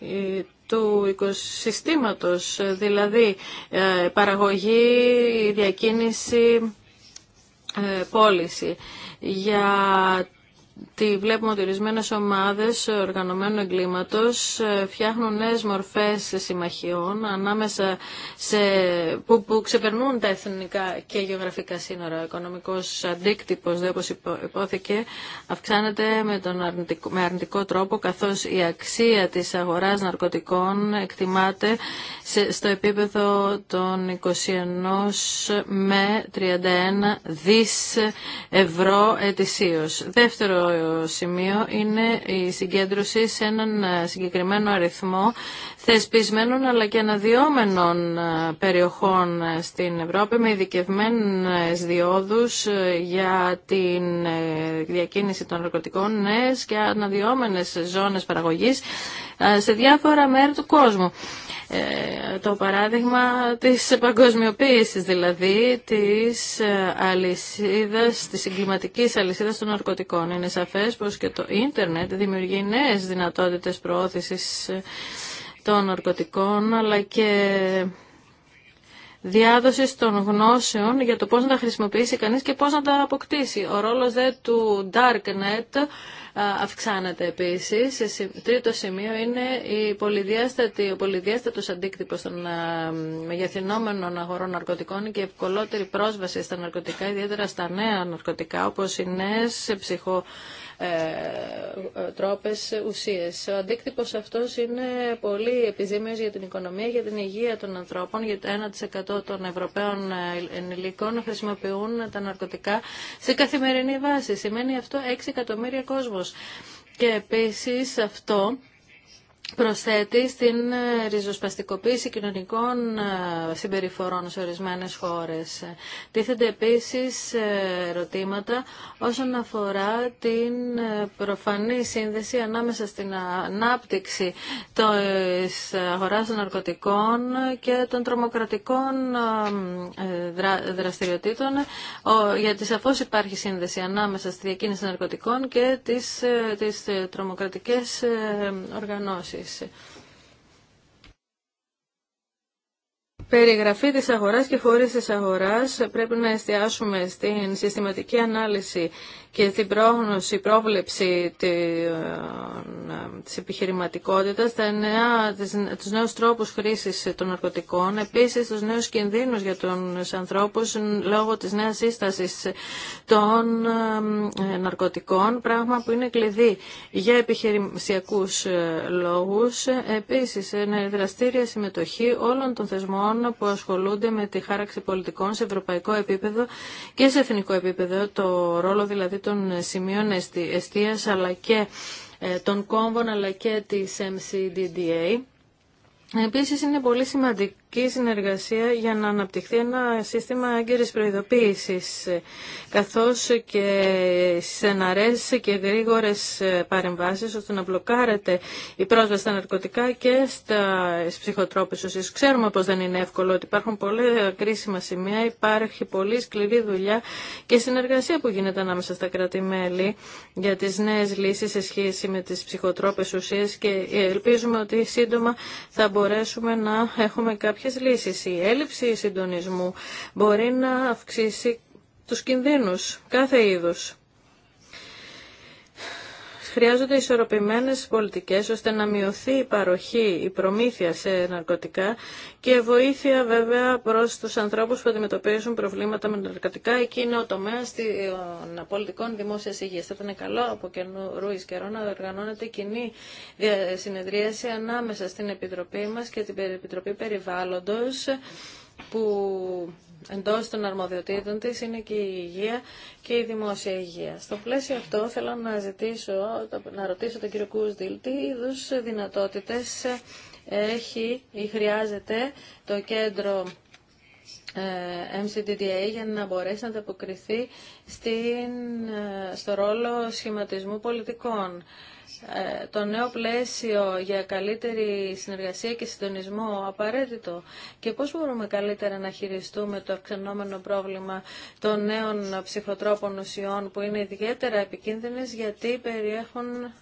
ε, του οικοσυστήματος, δηλαδή παραγωγή, διακίνηση, πώληση. Για ότι βλέπουμε ότι ορισμένε ομάδε οργανωμένου εγκλήματο ε, φτιάχνουν νέε μορφέ συμμαχιών ανάμεσα σε, που, που ξεπερνούν τα εθνικά και γεωγραφικά σύνορα. Ο οικονομικός αντίκτυπο, όπω υπόθηκε, αυξάνεται με, τον αρνητικό, με αρνητικό τρόπο καθώς η αξία της αγοράς ναρκωτικών εκτιμάται στο επίπεδο των 21 με 31 δι ευρώ ετησίως. Δεύτερο σημείο είναι η συγκέντρωση σε έναν ε, συγκεκριμένο αριθμό θεσπισμένων αλλά και αναδυόμενων ε, περιοχών ε, στην Ευρώπη με ειδικευμένες διόδους για την διακίνηση των ναρκωτικών νέες και αναδυόμενες ζώνες παραγωγής σε διάφορα μέρη του κόσμου. Ε, το παράδειγμα της παγκοσμιοποίησης δηλαδή της ε, αλυσίδας, της εγκληματικής αλυσίδας των ναρκωτικών. Είναι σαφές πως και το ίντερνετ δημιουργεί νέες δυνατότητες προώθησης ε, των ναρκωτικών αλλά και Διάδοση των γνώσεων για το πώς να τα χρησιμοποιήσει κανείς και πώς να τα αποκτήσει. Ο ρόλος δε του Darknet αυξάνεται επίσης. Τρίτο σημείο είναι η πολυδιάστατη, ο πολυδιάστατος αντίκτυπος των μεγεθυνόμενων αγορών ναρκωτικών και ευκολότερη πρόσβαση στα ναρκωτικά, ιδιαίτερα στα νέα ναρκωτικά, όπως οι νέες ψυχο ε, ε, τρόπες ουσίες. Ο αντίκτυπος αυτός είναι πολύ επιζήμιος για την οικονομία, για την υγεία των ανθρώπων, για το 1% των Ευρωπαίων ε, ενηλίκων χρησιμοποιούν τα ναρκωτικά σε καθημερινή βάση. Σημαίνει αυτό 6 εκατομμύρια κόσμος. Και επίσης αυτό προσθέτει στην ε, ριζοσπαστικοποίηση κοινωνικών ε, συμπεριφορών σε ορισμένες χώρες. Τίθενται επίσης ε, ερωτήματα όσον αφορά την προφανή σύνδεση ανάμεσα στην ανάπτυξη της αγοράς των ναρκωτικών και των τρομοκρατικών δραστηριοτήτων, γιατί σαφώς υπάρχει σύνδεση ανάμεσα στη διακίνηση ναρκωτικών και τις, τις τρομοκρατικές οργανώσεις. Περιγραφή της αγοράς και χωρίς της αγοράς πρέπει να εστιάσουμε στην συστηματική ανάλυση και την πρόγνωση, πρόβλεψη ε, της επιχειρηματικότητας, τα νέα, τους νέους τρόπους χρήσης των ναρκωτικών, επίσης τους νέους κινδύνους για τους ανθρώπους λόγω της νέας σύστασης των ε, ναρκωτικών, πράγμα που είναι κλειδί για επιχειρησιακού ε, λόγους. Επίσης, είναι δραστήρια συμμετοχή όλων των θεσμών που ασχολούνται με τη χάραξη πολιτικών σε ευρωπαϊκό επίπεδο και σε εθνικό επίπεδο, το ρόλο δηλαδή των σημείων εστίας αλλά και ε, των κόμβων αλλά και της MCDDA. Επίσης είναι πολύ σημαντικό ευρωπαϊκή συνεργασία για να αναπτυχθεί ένα σύστημα έγκαιρης προειδοποίησης, καθώς και στεναρές και γρήγορες παρεμβάσεις ώστε να μπλοκάρετε η πρόσβαση στα ναρκωτικά και στα ψυχοτρόπες ουσίες. Ξέρουμε πως δεν είναι εύκολο, ότι υπάρχουν πολλά κρίσιμα σημεία, υπάρχει πολύ σκληρή δουλειά και συνεργασία που γίνεται ανάμεσα στα κρατημέλη για τις νέες λύσεις σε σχέση με τις ψυχοτρόπες ουσίες και ελπίζουμε ότι σύντομα θα μπορέσουμε να έχουμε κάποια η έλλειψη συντονισμού μπορεί να αυξήσει τους κινδύνους κάθε είδους. Χρειάζονται ισορροπημένες πολιτικές ώστε να μειωθεί η παροχή, η προμήθεια σε ναρκωτικά και βοήθεια βέβαια προς τους ανθρώπους που αντιμετωπίζουν προβλήματα με ναρκωτικά. Εκεί είναι ο τομέας των πολιτικών δημόσιας υγείας. Θα ήταν καλό από καινούργου καιρό να οργανώνεται κοινή συνεδρίαση ανάμεσα στην Επιτροπή μας και την Επιτροπή Περιβάλλοντος που εντός των αρμοδιοτήτων της είναι και η υγεία και η δημόσια υγεία. Στο πλαίσιο αυτό θέλω να, ζητήσω, να ρωτήσω τον κύριο Κούσδηλ τι είδου δυνατότητε, έχει ή χρειάζεται το κέντρο ε, MCDDA για να μπορέσει να ανταποκριθεί στην, ε, στο ρόλο σχηματισμού πολιτικών. Ε, το νέο πλαίσιο για καλύτερη συνεργασία και συντονισμό απαραίτητο και πώς μπορούμε καλύτερα να χειριστούμε το αυξανόμενο πρόβλημα των νέων ψυχοτρόπων ουσιών που είναι ιδιαίτερα επικίνδυνες γιατί περιέχουν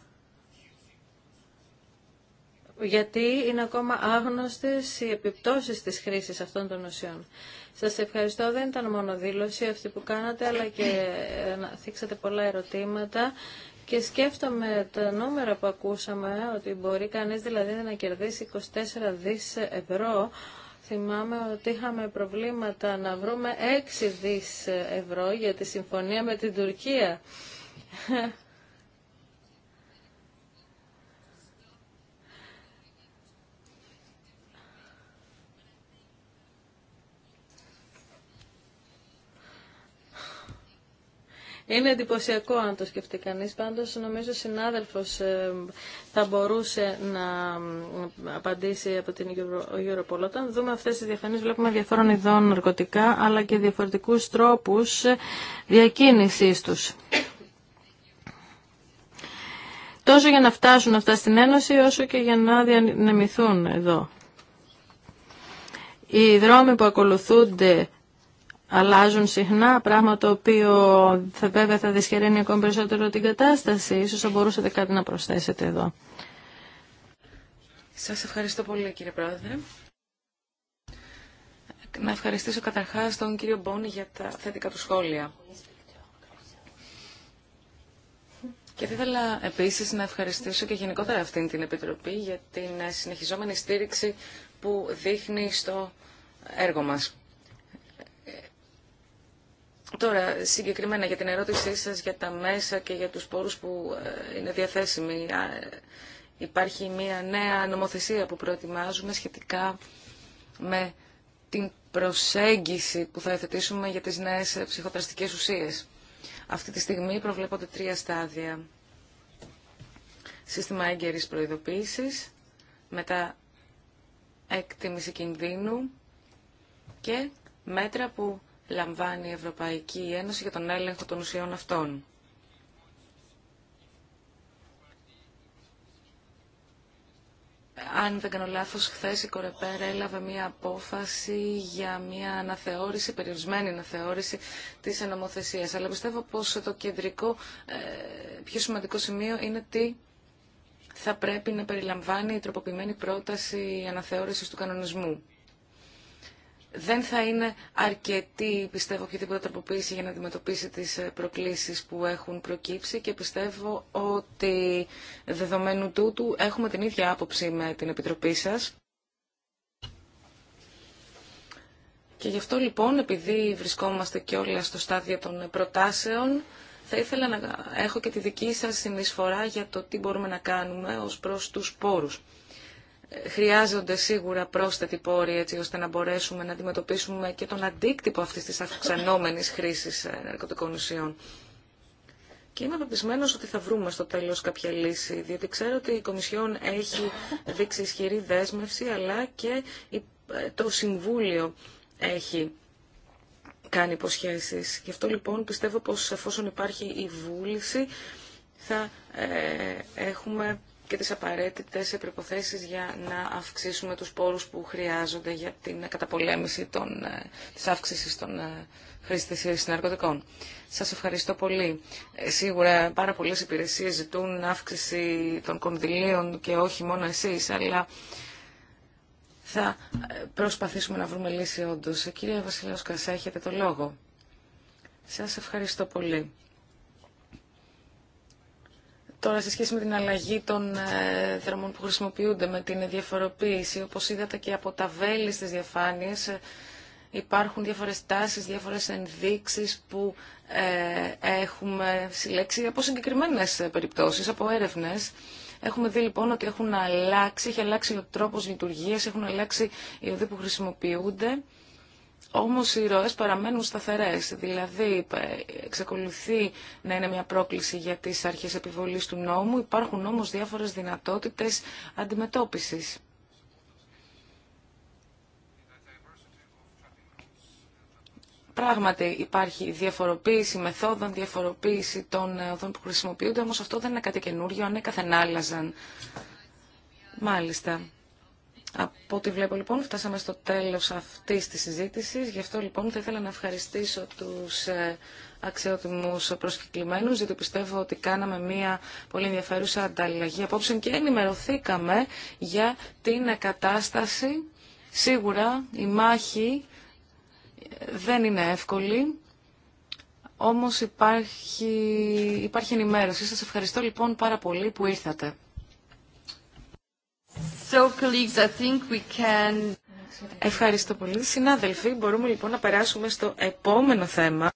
γιατί είναι ακόμα άγνωστες οι επιπτώσεις της χρήσης αυτών των ουσιών. Σας ευχαριστώ. Δεν ήταν μόνο δήλωση αυτή που κάνατε, αλλά και ε, θίξατε πολλά ερωτήματα και σκέφτομαι τα νούμερα που ακούσαμε, ότι μπορεί κανείς δηλαδή να κερδίσει 24 δις ευρώ. Θυμάμαι ότι είχαμε προβλήματα να βρούμε 6 δις ευρώ για τη συμφωνία με την Τουρκία. Είναι εντυπωσιακό αν το σκεφτεί κανείς. Πάντως νομίζω ο συνάδελφος ε, θα μπορούσε να απαντήσει από την Europol. Όταν δούμε αυτές τις διαφανείς βλέπουμε διαφόρων ειδών ναρκωτικά αλλά και διαφορετικούς τρόπους ε, διακίνησής τους τόσο για να φτάσουν αυτά στην Ένωση όσο και για να διανεμηθούν εδώ. Οι δρόμοι που ακολουθούνται αλλάζουν συχνά, πράγμα το οποίο θα, βέβαια θα δυσχεραίνει ακόμη περισσότερο την κατάσταση. Ίσως θα μπορούσατε κάτι να προσθέσετε εδώ. Σας ευχαριστώ πολύ κύριε Πρόεδρε. Να ευχαριστήσω καταρχάς τον κύριο Μπόνι για τα θετικά του σχόλια. Και θα ήθελα επίσης να ευχαριστήσω και γενικότερα αυτήν την Επιτροπή για την συνεχιζόμενη στήριξη που δείχνει στο έργο μας. Τώρα, συγκεκριμένα για την ερώτησή σας για τα μέσα και για τους πόρους που ε, είναι διαθέσιμοι. Υπάρχει μια νέα νομοθεσία που προετοιμάζουμε σχετικά με την προσέγγιση που θα εθετήσουμε για τις νέες ε, ψυχοτραστικές ουσίες. Αυτή τη στιγμή προβλέπονται τρία στάδια. Σύστημα έγκαιρης προειδοποίησης, μετά εκτίμηση κινδύνου και μέτρα που λαμβάνει η Ευρωπαϊκή Ένωση για τον έλεγχο των ουσιών αυτών. Αν δεν κάνω λάθος, χθες η Κορεπέρα έλαβε μία απόφαση για μία αναθεώρηση, περιορισμένη αναθεώρηση της νομοθεσίας. Αλλά πιστεύω πως το κεντρικό, ε, πιο σημαντικό σημείο είναι τι θα πρέπει να περιλαμβάνει η τροποποιημένη πρόταση αναθεώρησης του κανονισμού δεν θα είναι αρκετή, πιστεύω, οποιαδήποτε τροποποίηση για να αντιμετωπίσει τις ε, προκλήσεις που έχουν προκύψει και πιστεύω ότι δεδομένου τούτου έχουμε την ίδια άποψη με την Επιτροπή σας. Και γι' αυτό λοιπόν, επειδή βρισκόμαστε και όλα στο στάδιο των προτάσεων, θα ήθελα να έχω και τη δική σας συνεισφορά για το τι μπορούμε να κάνουμε ως προς τους πόρους χρειάζονται σίγουρα πρόσθετη πόρη έτσι ώστε να μπορέσουμε να αντιμετωπίσουμε και τον αντίκτυπο αυτής της αυξανόμενης χρήσης ε, ναρκωτικών ουσιών. Και είμαι πεπισμένο ότι θα βρούμε στο τέλος κάποια λύση, διότι ξέρω ότι η Κομισιόν έχει δείξει ισχυρή δέσμευση, αλλά και ε, το Συμβούλιο έχει κάνει υποσχέσεις. Γι' αυτό λοιπόν πιστεύω πως εφόσον υπάρχει η βούληση θα ε, έχουμε και τις απαραίτητες προϋποθέσεις για να αυξήσουμε τους πόρους που χρειάζονται για την καταπολέμηση των, ε, της αύξησης των ε, χρήστες συναρκωτικών. Σας ευχαριστώ πολύ. Ε, σίγουρα πάρα πολλές υπηρεσίες ζητούν αύξηση των κονδυλίων και όχι μόνο εσείς, αλλά θα προσπαθήσουμε να βρούμε λύση όντως. Κύριε Βασιλέως Κασά, έχετε το λόγο. Σας ευχαριστώ πολύ. Τώρα, σε σχέση με την αλλαγή των δρομών ε, που χρησιμοποιούνται, με την διαφοροποίηση, όπως είδατε και από τα βέλη στις διαφάνειες, ε, υπάρχουν διάφορες τάσεις, διάφορες ενδείξεις που ε, έχουμε συλλέξει από συγκεκριμένες περιπτώσεις, από έρευνες. Έχουμε δει λοιπόν ότι έχουν αλλάξει, έχει αλλάξει ο τρόπος λειτουργίας, έχουν αλλάξει οι οδοί που χρησιμοποιούνται όμως οι ροές παραμένουν σταθερές, δηλαδή ε, εξακολουθεί να είναι μια πρόκληση για τις αρχές επιβολής του νόμου, υπάρχουν όμως διάφορες δυνατότητες αντιμετώπισης. Πράγματι υπάρχει διαφοροποίηση μεθόδων, διαφοροποίηση των ε, οδών που χρησιμοποιούνται, όμως αυτό δεν είναι κάτι καινούριο, ανέκαθεν άλλαζαν. Μάλιστα. Από ό,τι βλέπω λοιπόν φτάσαμε στο τέλος αυτής της συζήτησης. Γι' αυτό λοιπόν θα ήθελα να ευχαριστήσω τους ε, αξιότιμους προσκεκλημένους, γιατί πιστεύω ότι κάναμε μία πολύ ενδιαφέρουσα ανταλλαγή απόψε και ενημερωθήκαμε για την κατάσταση. Σίγουρα η μάχη ε, δεν είναι εύκολη, όμως υπάρχει, υπάρχει ενημέρωση. Σας ευχαριστώ λοιπόν πάρα πολύ που ήρθατε. Ευχαριστώ πολύ. Συνάδελφοι, μπορούμε λοιπόν να περάσουμε στο επόμενο θέμα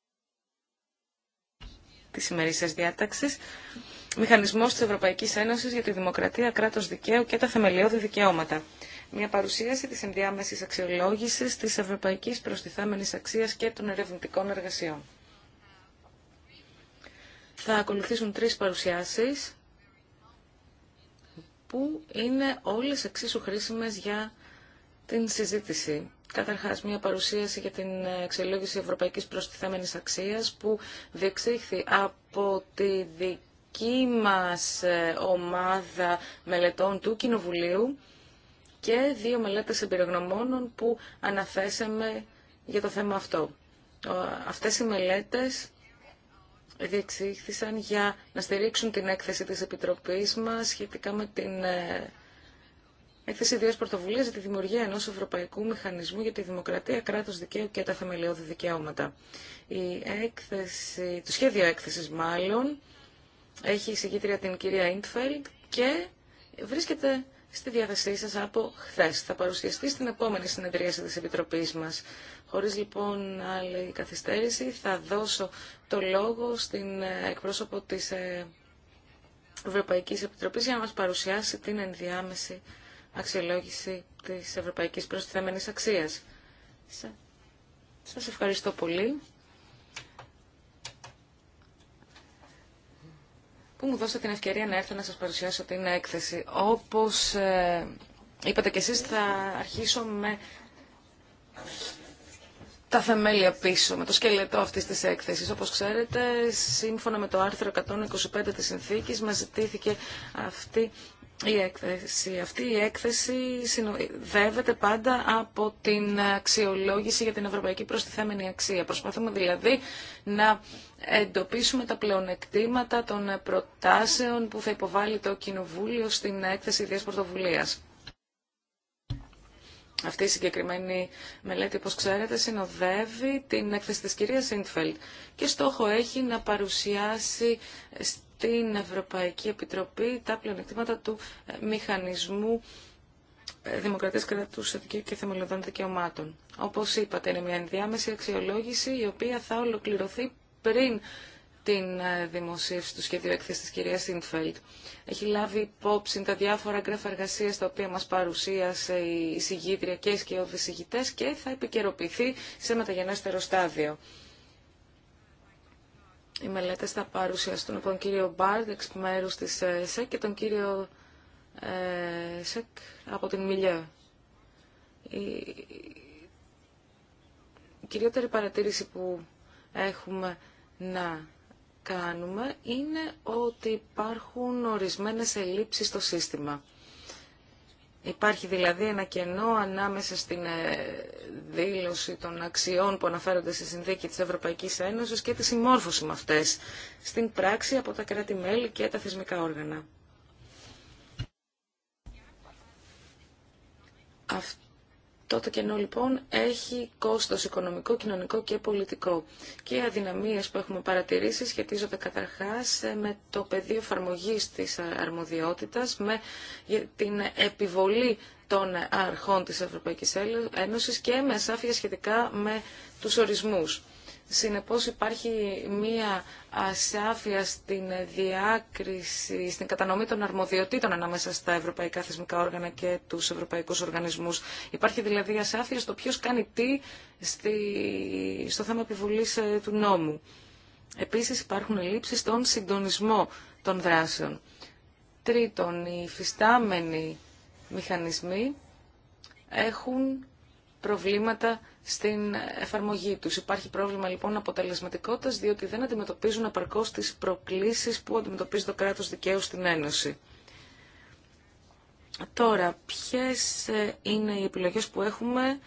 της ημερήσιας διάταξης. Μηχανισμός της Ευρωπαϊκής Ένωσης για τη Δημοκρατία, κράτος δικαίου και τα θεμελιώδη δικαιώματα. Μια παρουσίαση της ενδιάμεσης αξιολόγησης της Ευρωπαϊκής Προστιθέμενης Αξίας και των ερευνητικών εργασιών. Θα ακολουθήσουν τρεις παρουσιάσεις που είναι όλες εξίσου χρήσιμες για την συζήτηση. Καταρχάς, μια παρουσίαση για την εξελόγηση ευρωπαϊκής προστιθέμενης αξίας που διεξήχθη από τη δική μας ε, ομάδα μελετών του Κοινοβουλίου και δύο μελέτες εμπειρογνωμόνων που αναθέσαμε για το θέμα αυτό. Αυτές οι μελέτες διεξήχθησαν για να στηρίξουν την έκθεση της Επιτροπής μας σχετικά με την ε, έκθεση ιδίας πρωτοβουλίας για τη δημιουργία ενός ευρωπαϊκού μηχανισμού για τη δημοκρατία, κράτος δικαίου και τα θεμελιώδη δικαιώματα. Η έκθεση, το σχέδιο έκθεσης μάλλον έχει εισηγήτρια την κυρία Ιντφελ και βρίσκεται στη διάθεσή σας από χθες. Θα παρουσιαστεί στην επόμενη συνεδρίαση της Επιτροπής μας. Χωρίς λοιπόν άλλη καθυστέρηση θα δώσω το λόγο στην ε, εκπρόσωπο της ε, Ευρωπαϊκής Επιτροπής για να μας παρουσιάσει την ενδιάμεση αξιολόγηση της Ευρωπαϊκής Προστιθέμενης Αξίας. Σας ευχαριστώ πολύ που μου δώσατε την ευκαιρία να έρθω να σας παρουσιάσω την έκθεση. Όπως ε, είπατε και εσείς θα αρχίσω με τα θεμέλια πίσω, με το σκελετό αυτής της έκθεσης. Όπως ξέρετε, σύμφωνα με το άρθρο 125 της συνθήκης, μας ζητήθηκε αυτή η έκθεση. Αυτή η έκθεση συνοδεύεται πάντα από την αξιολόγηση για την ευρωπαϊκή προστιθέμενη αξία. Προσπαθούμε δηλαδή να εντοπίσουμε τα πλεονεκτήματα των προτάσεων που θα υποβάλει το Κοινοβούλιο στην έκθεση Ιδίας Πρωτοβουλίας. Αυτή η συγκεκριμένη μελέτη, όπως ξέρετε, συνοδεύει την έκθεση της κυρίας Σίντφελτ και στόχο έχει να παρουσιάσει στην Ευρωπαϊκή Επιτροπή τα πλεονεκτήματα του ε, μηχανισμού ε, Δημοκρατίας Κρατούς και Θεμελιωδών Δικαιωμάτων. Όπως είπατε, είναι μια ενδιάμεση αξιολόγηση η οποία θα ολοκληρωθεί πριν την ε, δημοσίευση του σχεδίου έκθεση τη κυρία Σίνφελτ. Έχει λάβει υπόψη τα διάφορα γκρέφα εργασία τα οποία μα παρουσίασε η συγγήτρια και οι σκιώδεις και θα επικαιροποιηθεί σε μεταγενέστερο στάδιο. Οι μελέτε θα παρουσιαστούν από τον κύριο Μπάρντ, εξ μέρου τη ε, ΣΕΚ και τον κύριο ε, ΣΕΚ από την Μιλιά. η κυριότερη παρατήρηση που έχουμε να κάνουμε είναι ότι υπάρχουν ορισμένες ελλείψεις στο σύστημα. Υπάρχει δηλαδή ένα κενό ανάμεσα στην ε, δήλωση των αξιών που αναφέρονται στη Συνθήκη της Ευρωπαϊκής Ένωσης και τη συμμόρφωση με αυτές στην πράξη από τα κράτη-μέλη και τα θεσμικά όργανα. Τότε το κενό λοιπόν έχει κόστος οικονομικό, κοινωνικό και πολιτικό. Και οι αδυναμίες που έχουμε παρατηρήσει σχετίζονται καταρχάς με το πεδίο εφαρμογή της αρμοδιότητας, με την επιβολή των αρχών της Ευρωπαϊκής Ένωσης και με ασάφεια σχετικά με τους ορισμούς. Συνεπώς υπάρχει μία ασάφεια στην διάκριση, στην κατανομή των αρμοδιοτήτων ανάμεσα στα ευρωπαϊκά θεσμικά όργανα και τους ευρωπαϊκούς οργανισμούς. Υπάρχει δηλαδή ασάφεια στο ποιος κάνει τι στο θέμα επιβολής ε, του νόμου. Επίσης υπάρχουν ελλείψεις στον συντονισμό των δράσεων. Τρίτον, οι φυστάμενοι μηχανισμοί έχουν προβλήματα στην εφαρμογή τους. Υπάρχει πρόβλημα λοιπόν αποτελεσματικότητας διότι δεν αντιμετωπίζουν απαρκώς τις προκλήσεις που αντιμετωπίζει το κράτος δικαίου στην Ένωση. Τώρα, ποιες ε, είναι οι επιλογές που έχουμε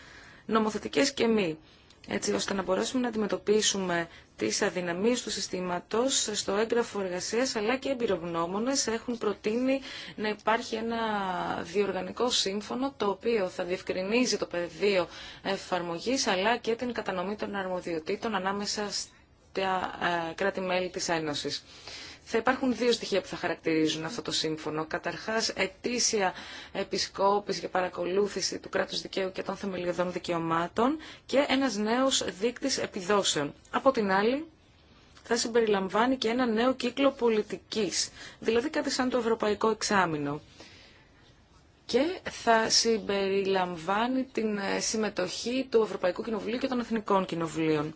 νομοθετικές και μη έτσι ώστε να μπορέσουμε να αντιμετωπίσουμε τις αδυναμίες του συστήματος στο έγγραφο εργασίας, αλλά και εμπειρογνώμονες έχουν προτείνει να υπάρχει ένα διοργανικό σύμφωνο, το οποίο θα διευκρινίζει το πεδίο εφαρμογής, αλλά και την κατανομή των αρμοδιοτήτων ανάμεσα στα ε, κράτη-μέλη της Ένωσης. Θα υπάρχουν δύο στοιχεία που θα χαρακτηρίζουν αυτό το σύμφωνο. Καταρχά ετήσια επισκόπηση και παρακολούθηση του κράτου δικαίου και των θεμελιωδών δικαιωμάτων και ένα νέο δείκτη επιδόσεων. Από την άλλη, θα συμπεριλαμβάνει και ένα νέο κύκλο πολιτική, δηλαδή κάτι σαν το Ευρωπαϊκό Εξάμεινο και θα συμπεριλαμβάνει την συμμετοχή του Ευρωπαϊκού Κοινοβουλίου και των Εθνικών Κοινοβουλίων.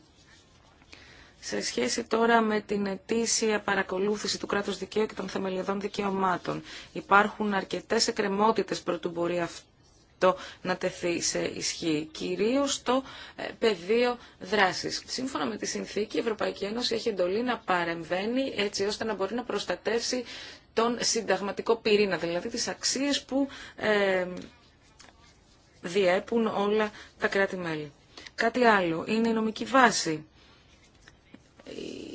Σε σχέση τώρα με την ετήσια παρακολούθηση του κράτους δικαίου και των θεμελιωδών δικαιωμάτων, υπάρχουν αρκετές εκκρεμότητες πρωτού μπορεί αυτό να τεθεί σε ισχύ, κυρίως στο ε, πεδίο δράσης. Σύμφωνα με τη συνθήκη, η Ευρωπαϊκή Ένωση έχει εντολή να παρεμβαίνει έτσι ώστε να μπορεί να προστατεύσει τον συνταγματικό πυρήνα, δηλαδή τις αξίες που ε, διέπουν όλα τα κράτη-μέλη. Κάτι άλλο είναι η νομική βάση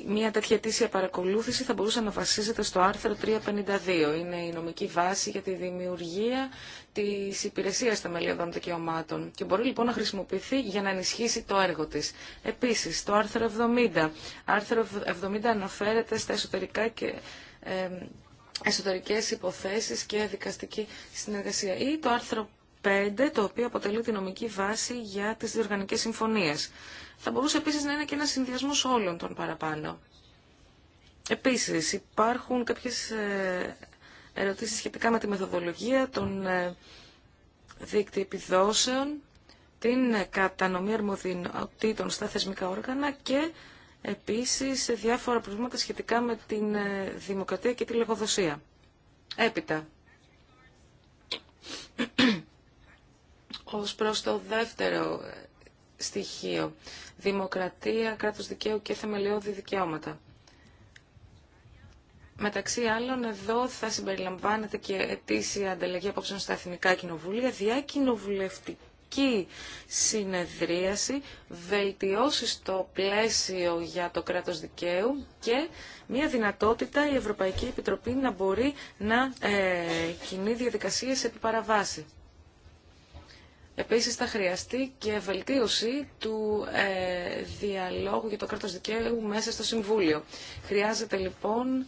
μια τέτοια αιτήσια παρακολούθηση θα μπορούσε να βασίζεται στο άρθρο 352. Είναι η νομική βάση για τη δημιουργία της υπηρεσίας θεμελιωδών δικαιωμάτων και μπορεί λοιπόν να χρησιμοποιηθεί για να ενισχύσει το έργο της. Επίσης, το άρθρο 70. Άρθρο 70 αναφέρεται στα εσωτερικά και... εσωτερικές υποθέσεις και δικαστική συνεργασία. Ή το άρθρο 5, το οποίο αποτελεί τη νομική βάση για τις διοργανικές συμφωνίες. Θα μπορούσε επίσης να είναι και ένα συνδυασμός όλων των παραπάνω. Επίσης, υπάρχουν κάποιες ε, ερωτήσεις σχετικά με τη μεθοδολογία, των ε, δίκτυ επιδόσεων, την κατανομή αρμοδιοτήτων στα θεσμικά όργανα και επίσης διάφορα προβλήματα σχετικά με την ε, δημοκρατία και τη λογοδοσία. Έπειτα ως προς το δεύτερο στοιχείο. Δημοκρατία, κράτος δικαίου και θεμελιώδη δικαιώματα. Μεταξύ άλλων, εδώ θα συμπεριλαμβάνεται και ετήσια ανταλλαγή απόψεων στα Εθνικά Κοινοβούλια, διακοινοβουλευτική συνεδρίαση, Βελτιώσει στο πλαίσιο για το κράτος δικαίου και μια δυνατότητα η Ευρωπαϊκή Επιτροπή να μπορεί να ε, κινεί διαδικασίες επί παραβάση. Επίσης θα χρειαστεί και βελτίωση του ε, διαλόγου για το κράτος δικαίου μέσα στο Συμβούλιο. Χρειάζεται λοιπόν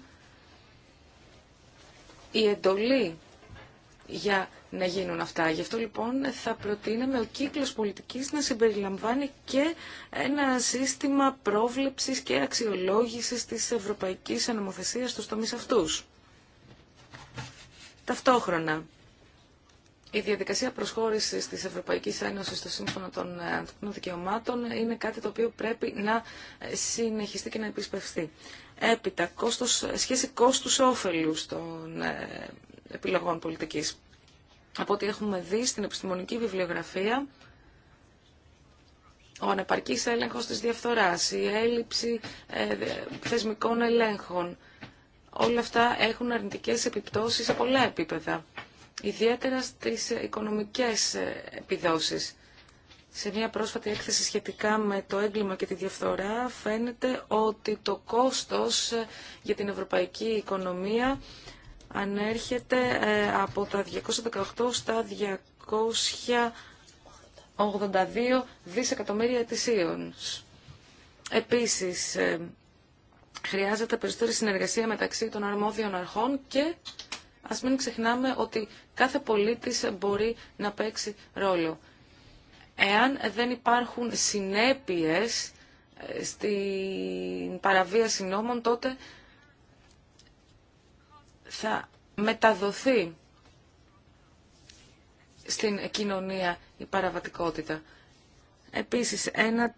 η εντολή για να γίνουν αυτά. Γι' αυτό λοιπόν θα προτείναμε ο κύκλος πολιτικής να συμπεριλαμβάνει και ένα σύστημα πρόβλεψης και αξιολόγησης της ευρωπαϊκής ανομοθεσίας στους τομείς αυτούς. Ταυτόχρονα, η διαδικασία προσχώρησης τη Ευρωπαϊκή Ένωση στο Σύμφωνο των ε, Ανθρωπίνων Δικαιωμάτων είναι κάτι το οποίο πρέπει να ε, συνεχιστεί και να επισπευστεί. Έπειτα, κόστος, ε, σχέση όφελου των επιλογών πολιτική, Από ό,τι έχουμε δει στην επιστημονική βιβλιογραφία, ο ανεπαρκή έλεγχος της διαφθοράς, η έλλειψη θεσμικών ελέγχων, όλα αυτά έχουν αρνητικέ επιπτώσει σε πολλά επίπεδα ιδιαίτερα στις οικονομικές επιδόσεις. Σε μια πρόσφατη έκθεση σχετικά με το έγκλημα και τη διαφθορά φαίνεται ότι το κόστος για την ευρωπαϊκή οικονομία ανέρχεται ε, από τα 218 στα 282 δισεκατομμύρια ετησίων. Επίσης, ε, χρειάζεται περισσότερη συνεργασία μεταξύ των αρμόδιων αρχών και ας μην ξεχνάμε ότι κάθε πολίτης μπορεί να παίξει ρόλο. Εάν δεν υπάρχουν συνέπειες ε, στην παραβίαση νόμων, τότε θα μεταδοθεί στην κοινωνία η παραβατικότητα. Επίσης, ένα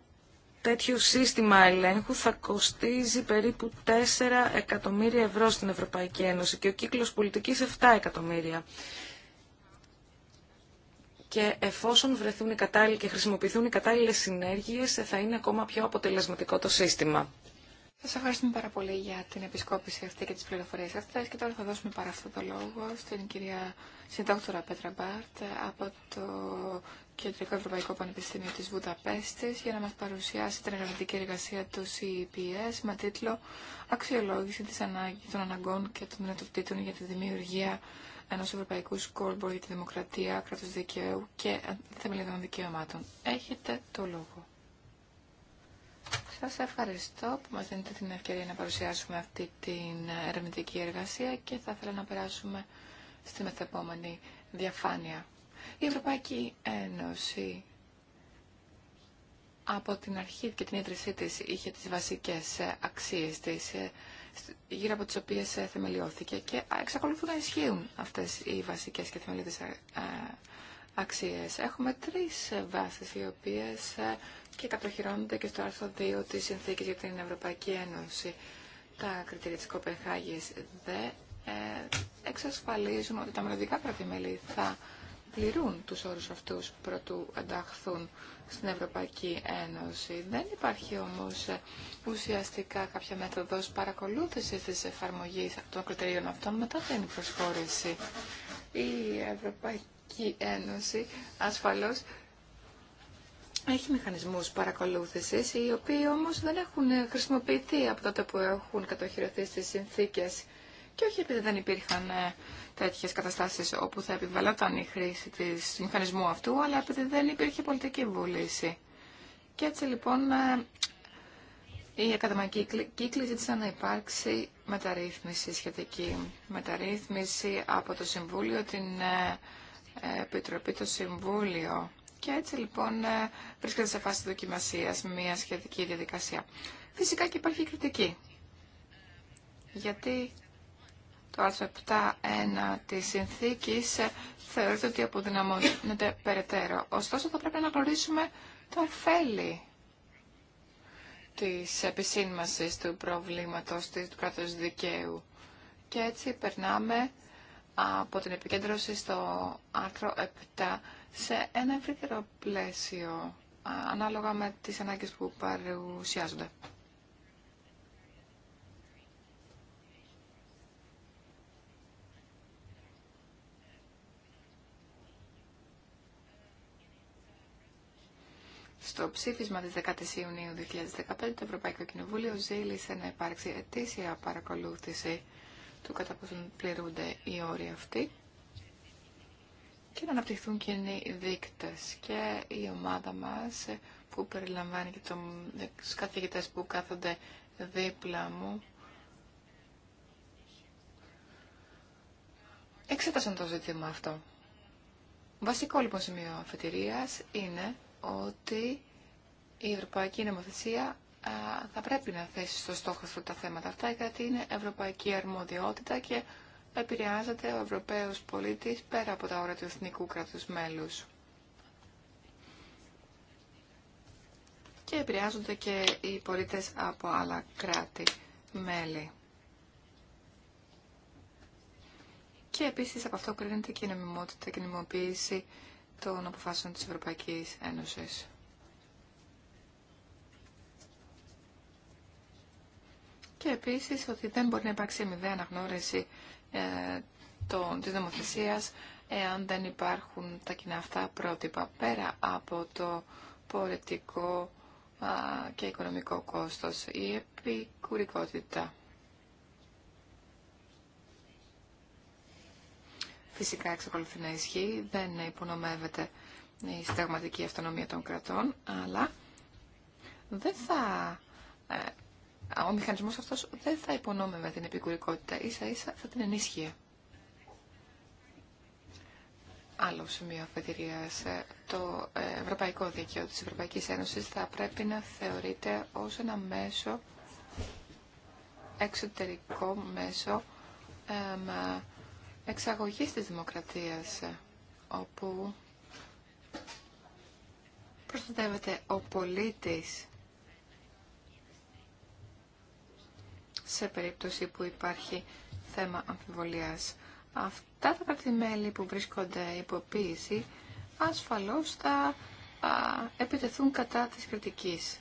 Τέτοιο σύστημα ελέγχου θα κοστίζει περίπου 4 εκατομμύρια ευρώ στην Ευρωπαϊκή Ένωση και ο κύκλος πολιτικής 7 εκατομμύρια. Και εφόσον βρεθούν οι κατάλληλοι και χρησιμοποιηθούν οι κατάλληλες συνέργειες θα είναι ακόμα πιο αποτελεσματικό το σύστημα. Σα ευχαριστούμε πάρα πολύ για την επισκόπηση αυτή και τι πληροφορίε αυτέ. Και τώρα θα δώσουμε παρά αυτό το λόγο στην κυρία συντόκτωρα Πέτρα Μπάρτ από το Κεντρικό Ευρωπαϊκό Πανεπιστήμιο της Βουδαπέστης για να μας παρουσιάσει την ερευνητική εργασία του CEPS με τίτλο «Αξιολόγηση της ανάγκη των αναγκών και των δυνατοτήτων για τη δημιουργία ενός Ευρωπαϊκού Σκόρμπορ για τη Δημοκρατία, Κράτος Δικαίου και Θεμελιωδών Δικαιωμάτων». Έχετε το λόγο. Σας ευχαριστώ που μας δίνετε την ευκαιρία να παρουσιάσουμε αυτή την ερευνητική εργασία και θα ήθελα να περάσουμε στη μεθεπόμενη διαφάνεια. Η Ευρωπαϊκή Ένωση από την αρχή και την ίδρυσή της είχε τις βασικές ε, αξίες της ε, γύρω από τις οποίες ε, θεμελιώθηκε και εξακολουθούν να ισχύουν αυτές οι βασικές και θεμελιώδεις αξίες. Έχουμε τρεις βάσεις οι οποίες και κατοχυρώνονται και στο άρθρο 2 της Συνθήκης για την Ευρωπαϊκή Ένωση. Τα κριτήρια της Κοπεχάγης δε εξασφαλίζουν ότι τα μελλοντικα κρατημέλη θα πληρούν τους όρους αυτούς προτού ενταχθούν στην Ευρωπαϊκή Ένωση. Δεν υπάρχει όμως ε, ουσιαστικά κάποια μέθοδος παρακολούθησης της εφαρμογής των κριτηρίων αυτών μετά την προσχώρηση. Η Ευρωπαϊκή Ένωση ασφαλώς έχει μηχανισμούς παρακολούθησης, οι οποίοι όμως δεν έχουν χρησιμοποιηθεί από τότε που έχουν κατοχυρωθεί στις συνθήκες και όχι επειδή δεν υπήρχαν ε, Τέτοιε καταστάσεις όπου θα επιβαλόταν η χρήση της, του μηχανισμού αυτού, αλλά επειδή δεν υπήρχε πολιτική βούληση. Και έτσι λοιπόν ε, η ακαδημαϊκοί κύκλοι ζήτησαν να υπάρξει μεταρρύθμιση σχετική. Μεταρρύθμιση από το Συμβούλιο, την ε, Επιτροπή, το Συμβούλιο. Και έτσι λοιπόν ε, βρίσκεται σε φάση δοκιμασίας μια σχετική διαδικασία. Φυσικά και υπάρχει κριτική. Γιατί το άρθρο 7.1 της συνθήκης θεωρείται ότι αποδυναμώνεται περαιτέρω. Ωστόσο θα πρέπει να γνωρίσουμε το ωφέλη της επισύνμασης του προβλήματος του κράτους δικαίου. Και έτσι περνάμε από την επικέντρωση στο άρθρο 7 σε ένα ευρύτερο πλαίσιο ανάλογα με τις ανάγκες που παρουσιάζονται. Στο ψήφισμα της 10ης Ιουνίου 2015 το Ευρωπαϊκό Κοινοβούλιο ζήλησε να υπάρξει ετήσια παρακολούθηση του κατά πόσο πληρούνται οι όροι αυτοί και να αναπτυχθούν κοινοί δείκτε. και η ομάδα μα που περιλαμβάνει και του καθηγητέ που κάθονται δίπλα μου εξέτασαν το ζήτημα αυτό. Βασικό λοιπόν σημείο αφετηρίας είναι ότι η Ευρωπαϊκή Νομοθεσία θα πρέπει να θέσει στο στόχο του τα θέματα αυτά γιατί είναι ευρωπαϊκή αρμοδιότητα και επηρεάζεται ο Ευρωπαίος πολίτης πέρα από τα όρια του εθνικού κράτους μέλους. Και επηρεάζονται και οι πολίτες από άλλα κράτη-μέλη. Και επίσης από αυτό κρίνεται και η νομιμότητα και η νομιμοποίηση των αποφάσεων της Ευρωπαϊκής Ένωσης. Και επίσης ότι δεν μπορεί να υπάρξει μηδέα αναγνώριση ε, των, της νομοθεσίας εάν δεν υπάρχουν τα κοινά αυτά πρότυπα πέρα από το α, και οικονομικό κόστος, η επικουρικότητα. φυσικά εξακολουθεί να ισχύει, δεν υπονομεύεται η συνταγματική αυτονομία των κρατών, αλλά δεν θα, ε, ο μηχανισμός αυτός δεν θα υπονόμευε την επικουρικότητα, ίσα ίσα θα την ενίσχυε. Άλλο σημείο αφετηρίας. Ε, το ε, Ευρωπαϊκό Δίκαιο της Ευρωπαϊκής Ένωσης θα πρέπει να θεωρείται ως ένα μέσο, εξωτερικό μέσο, εξαγωγής της δημοκρατίας, όπου προστατεύεται ο πολίτης σε περίπτωση που υπάρχει θέμα αμφιβολίας. Αυτά τα κρατημέλη που βρίσκονται υποποίηση ασφαλώς θα α, επιτεθούν κατά της κριτικής.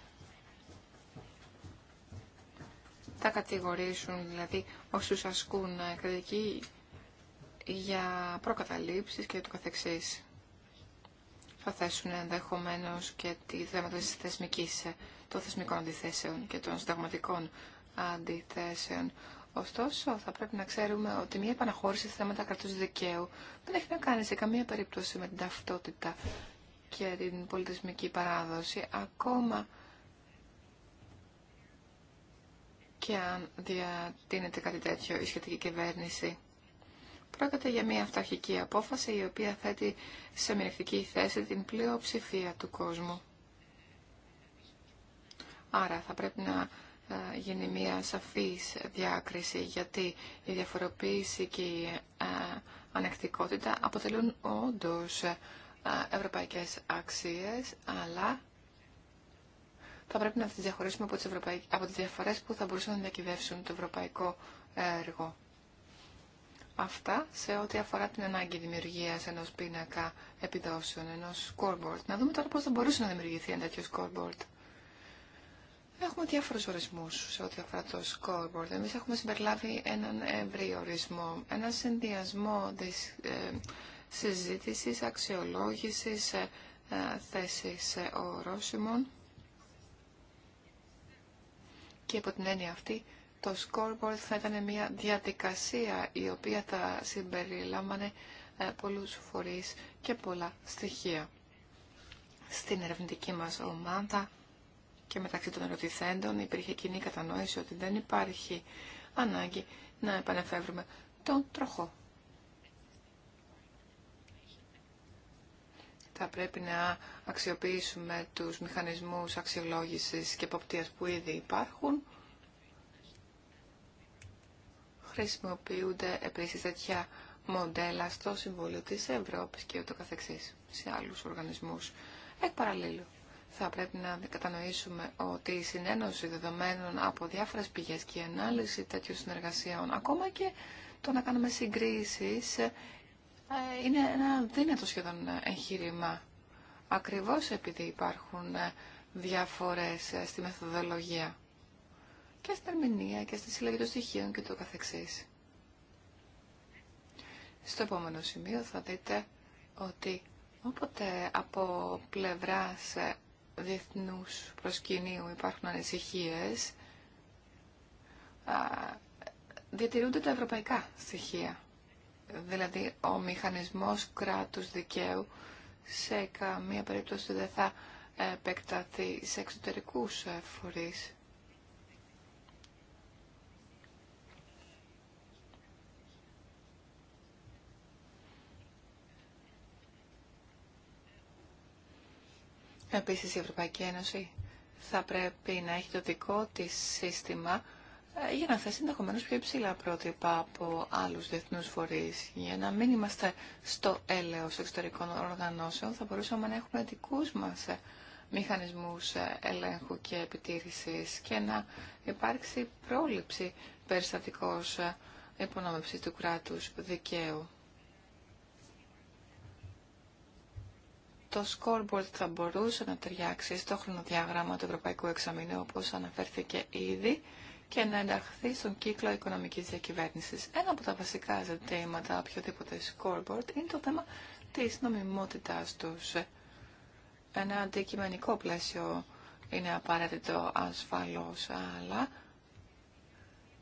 Θα κατηγορήσουν δηλαδή όσους ασκούν κριτική για προκαταλήψεις και το καθεξής. Θα θέσουν ενδεχομένω και τη θέματα της θεσμικής, των θεσμικών αντιθέσεων και των συνταγματικών αντιθέσεων. Ωστόσο, θα πρέπει να ξέρουμε ότι μια επαναχώρηση σε θέματα κρατού δικαίου δεν έχει να κάνει σε καμία περίπτωση με την ταυτότητα και την πολιτισμική παράδοση, ακόμα και αν διατείνεται κάτι τέτοιο η σχετική κυβέρνηση. Πρόκειται για μια αυταρχική απόφαση η οποία θέτει σε μειονεκτική θέση την πλειοψηφία του κόσμου. Άρα θα πρέπει να ε, γίνει μια σαφής διάκριση γιατί η διαφοροποίηση και η ε, ανεκτικότητα αποτελούν όντως ε, ευρωπαϊκές αξίες, αλλά θα πρέπει να τις διαχωρίσουμε από τις, ευρωπαϊκ... από τις διαφορές που θα μπορούσαν να διακυβεύσουν το ευρωπαϊκό έργο αυτά σε ό,τι αφορά την ανάγκη δημιουργία ενό πίνακα επιδόσεων, ενό scoreboard. Να δούμε τώρα πώς θα μπορούσε να δημιουργηθεί ένα τέτοιο scoreboard. Έχουμε διάφορου ορισμούς σε ό,τι αφορά το scoreboard. Εμεί έχουμε συμπεριλάβει έναν ευρύ ορισμό, ένα συνδυασμό της ε, συζήτησης, αξιολόγησης, ε, ε, ε ορόσημων. Και από την έννοια αυτή το scoreboard θα ήταν μια διαδικασία η οποία θα συμπεριλάμβανε ε, πολλούς φορείς και πολλά στοιχεία. Στην ερευνητική μας ομάδα και μεταξύ των ερωτηθέντων υπήρχε κοινή κατανόηση ότι δεν υπάρχει ανάγκη να επανεφεύρουμε τον τροχό. Θα πρέπει να αξιοποιήσουμε τους μηχανισμούς αξιολόγησης και εποπτείας που ήδη υπάρχουν χρησιμοποιούνται επίσης τέτοια μοντέλα στο Συμβούλιο της Ευρώπης και ούτω καθεξής σε άλλους οργανισμούς. Εκ παραλλήλου, θα πρέπει να κατανοήσουμε ότι η συνένωση δεδομένων από διάφορες πηγές και η ανάλυση τέτοιων συνεργασιών, ακόμα και το να κάνουμε συγκρίσεις, ε, είναι ένα δύνατο σχεδόν εγχείρημα. Ακριβώς επειδή υπάρχουν ε, διαφορές ε, στη μεθοδολογία και στην ερμηνεία και στη συλλογή των στοιχείων και το καθεξής. Στο επόμενο σημείο θα δείτε ότι όποτε από πλευράς ε, διεθνούς προσκυνίου υπάρχουν ανησυχίες, διατηρούνται τα ευρωπαϊκά στοιχεία. Δηλαδή, ο μηχανισμός κράτους δικαίου σε καμία περίπτωση δεν θα επεκταθεί σε εξωτερικούς ε, φορείς. Επίσης η Ευρωπαϊκή Ένωση θα πρέπει να έχει το δικό της σύστημα ε, για να θέσει ενδεχομένω πιο υψηλά πρότυπα από άλλους διεθνούς φορείς. Για να μην είμαστε στο έλεος εξωτερικών οργανώσεων θα μπορούσαμε να έχουμε δικούς μας ε, μηχανισμούς ε, ελέγχου και επιτήρησης και να υπάρξει πρόληψη περιστατικός υπονόμευσης του κράτους δικαίου. το scoreboard θα μπορούσε να ταιριάξει στο χρονοδιάγραμμα του Ευρωπαϊκού Εξαμήνου, όπως αναφέρθηκε ήδη, και να ενταχθεί στον κύκλο οικονομικής διακυβέρνησης. Ένα από τα βασικά ζητήματα οποιοδήποτε scoreboard είναι το θέμα της νομιμότητάς τους. Ένα αντικειμενικό πλαίσιο είναι απαραίτητο ασφαλώς, αλλά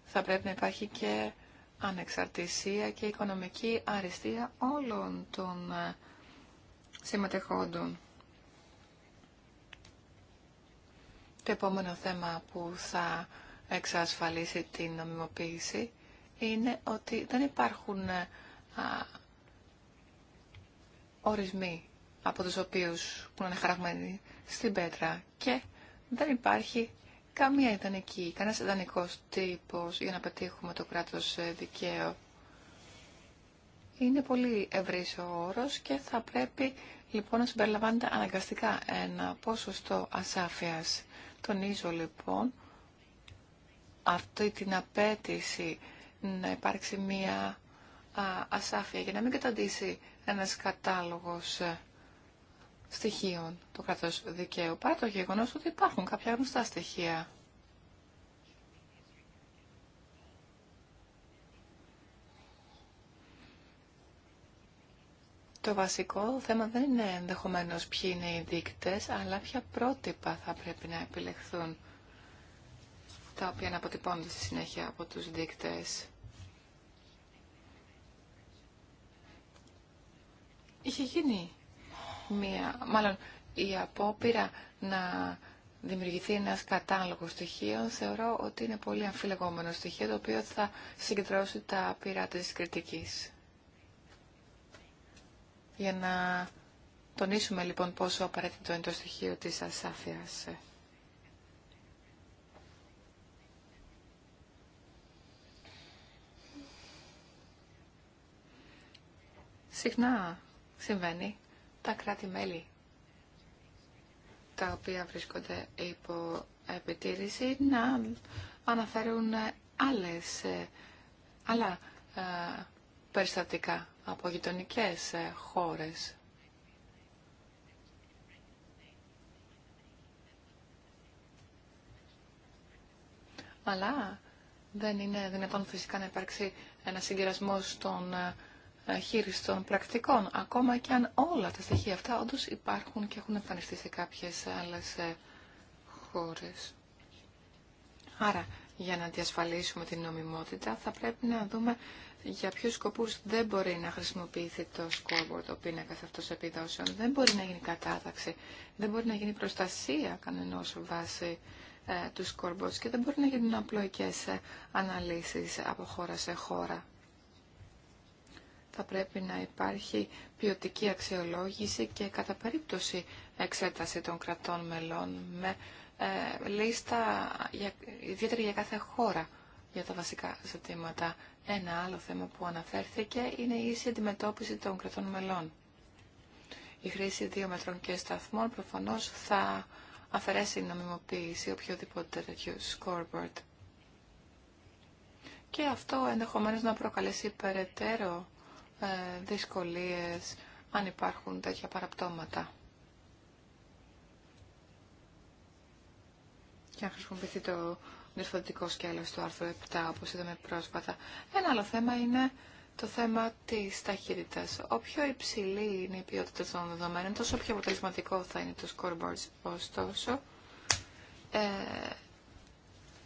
θα πρέπει να υπάρχει και ανεξαρτησία και οικονομική αριστεία όλων των συμμετεχόντων. Το επόμενο θέμα που θα εξασφαλίσει την νομιμοποίηση είναι ότι δεν υπάρχουν ε, ορισμοί από τους οποίους που είναι χαραγμένοι στην πέτρα και δεν υπάρχει καμία ιδανική, κανένας ιδανικός τύπος για να πετύχουμε το κράτος ε, δικαίου είναι πολύ ευρύς ο όρος και θα πρέπει λοιπόν να συμπεριλαμβάνεται αναγκαστικά ένα ποσοστό ασάφειας. Τονίζω λοιπόν αυτή την απέτηση να υπάρξει μία ασάφεια για να μην καταντήσει ένας κατάλογος ε, στοιχείων του κράτους δικαίου, παρά το γεγονός ότι υπάρχουν κάποια γνωστά στοιχεία. Το βασικό θέμα δεν είναι ενδεχομένω ποιοι είναι οι δείκτες, αλλά ποια πρότυπα θα πρέπει να επιλεχθούν, τα οποία να αποτυπώνονται στη συνέχεια από τους δείκτες. Είχε γίνει μία, μάλλον η απόπειρα να δημιουργηθεί ένας κατάλογος στοιχείων, θεωρώ ότι είναι πολύ αμφιλεγόμενο στοιχείο, το οποίο θα συγκεντρώσει τα πειρά της κριτικής για να τονίσουμε λοιπόν πόσο απαραίτητο είναι το στοιχείο της ασάφειας. Συχνά συμβαίνει τα κράτη-μέλη τα οποία βρίσκονται υπό επιτήρηση να αναφέρουν άλλες, ε, άλλα ε, περιστατικά από γειτονικέ ε, χώρες. Αλλά δεν είναι δυνατόν φυσικά να υπάρξει ένα συγκερασμό των ε, ε, χείριστων πρακτικών, ακόμα και αν όλα τα στοιχεία αυτά όντω υπάρχουν και έχουν εμφανιστεί σε κάποιες άλλες χώρες. Άρα, για να διασφαλίσουμε την νομιμότητα, θα πρέπει να δούμε για ποιους σκοπούς δεν μπορεί να χρησιμοποιηθεί το scoreboard, ο πίνακας αυτός επιδόσεων. Δεν μπορεί να γίνει κατάταξη, δεν μπορεί να γίνει προστασία κανενός βάσει ε, του scoreboards και δεν μπορεί να γίνουν απλοϊκές ε, αναλύσεις από χώρα σε χώρα. Θα πρέπει να υπάρχει ποιοτική αξιολόγηση και κατά περίπτωση εξέταση των κρατών μελών ε, λίστα για, ιδιαίτερη για κάθε χώρα για τα βασικά ζητήματα. Ένα άλλο θέμα που αναφέρθηκε είναι η ίση αντιμετώπιση των κρατών μελών. Η χρήση δύο μετρών και σταθμών προφανώς θα αφαιρέσει η νομιμοποίηση οποιοδήποτε τέτοιου scoreboard. Και αυτό ενδεχομένως να προκαλέσει περαιτέρω ε, δυσκολίες αν υπάρχουν τέτοια παραπτώματα. και να χρησιμοποιηθεί το διευθυντικό σκέλος του άρθρου 7, όπως είδαμε πρόσφατα. Ένα άλλο θέμα είναι το θέμα της ταχύτητας. Όποιο υψηλή είναι η ποιότητα των δεδομένων, τόσο πιο αποτελεσματικό θα είναι το scoreboard. Ωστόσο, ε,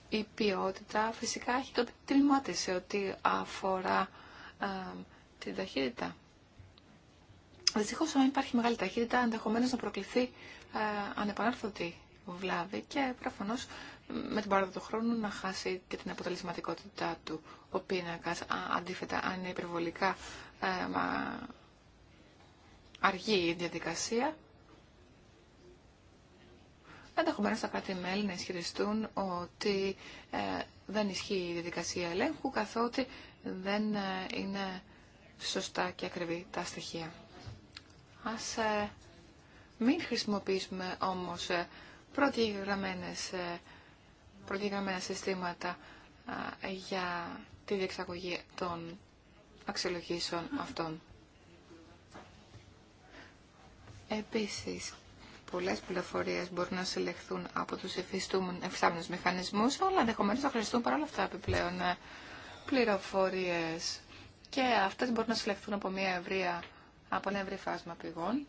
η ποιότητα φυσικά έχει το τίμημα της σε ό,τι αφορά ε, την ταχύτητα. Δυστυχώς, αν υπάρχει μεγάλη ταχύτητα, ενδεχομένω να προκληθεί ε, ανεπανάρθωτη βλάβη και προφανώς με την παράδοση του χρόνου να χάσει και την αποτελεσματικότητά του ο πίνακα. Αντίθετα, αν είναι υπερβολικά ε, μα, αργή η διαδικασία, ενδεχομένω τα κράτη-μέλη να ισχυριστούν ότι ε, δεν ισχύει η διαδικασία ελέγχου, καθότι δεν ε, είναι σωστά και ακριβή τα στοιχεία. Ας ε, μην χρησιμοποιήσουμε όμως προδιαγραμμένα ε, συστήματα ε, για τη διεξαγωγή των αξιολογήσεων αυτών. Επίσης, πολλές πληροφορίες μπορούν να συλλεχθούν από τους εφιστάμενους μηχανισμούς, αλλά ενδεχομένω να χρειαστούν παρόλα αυτά επιπλέον ε, πληροφορίες. Και αυτές μπορούν να συλλεχθούν από, μια ευρεία, από ένα ευρύ φάσμα πηγών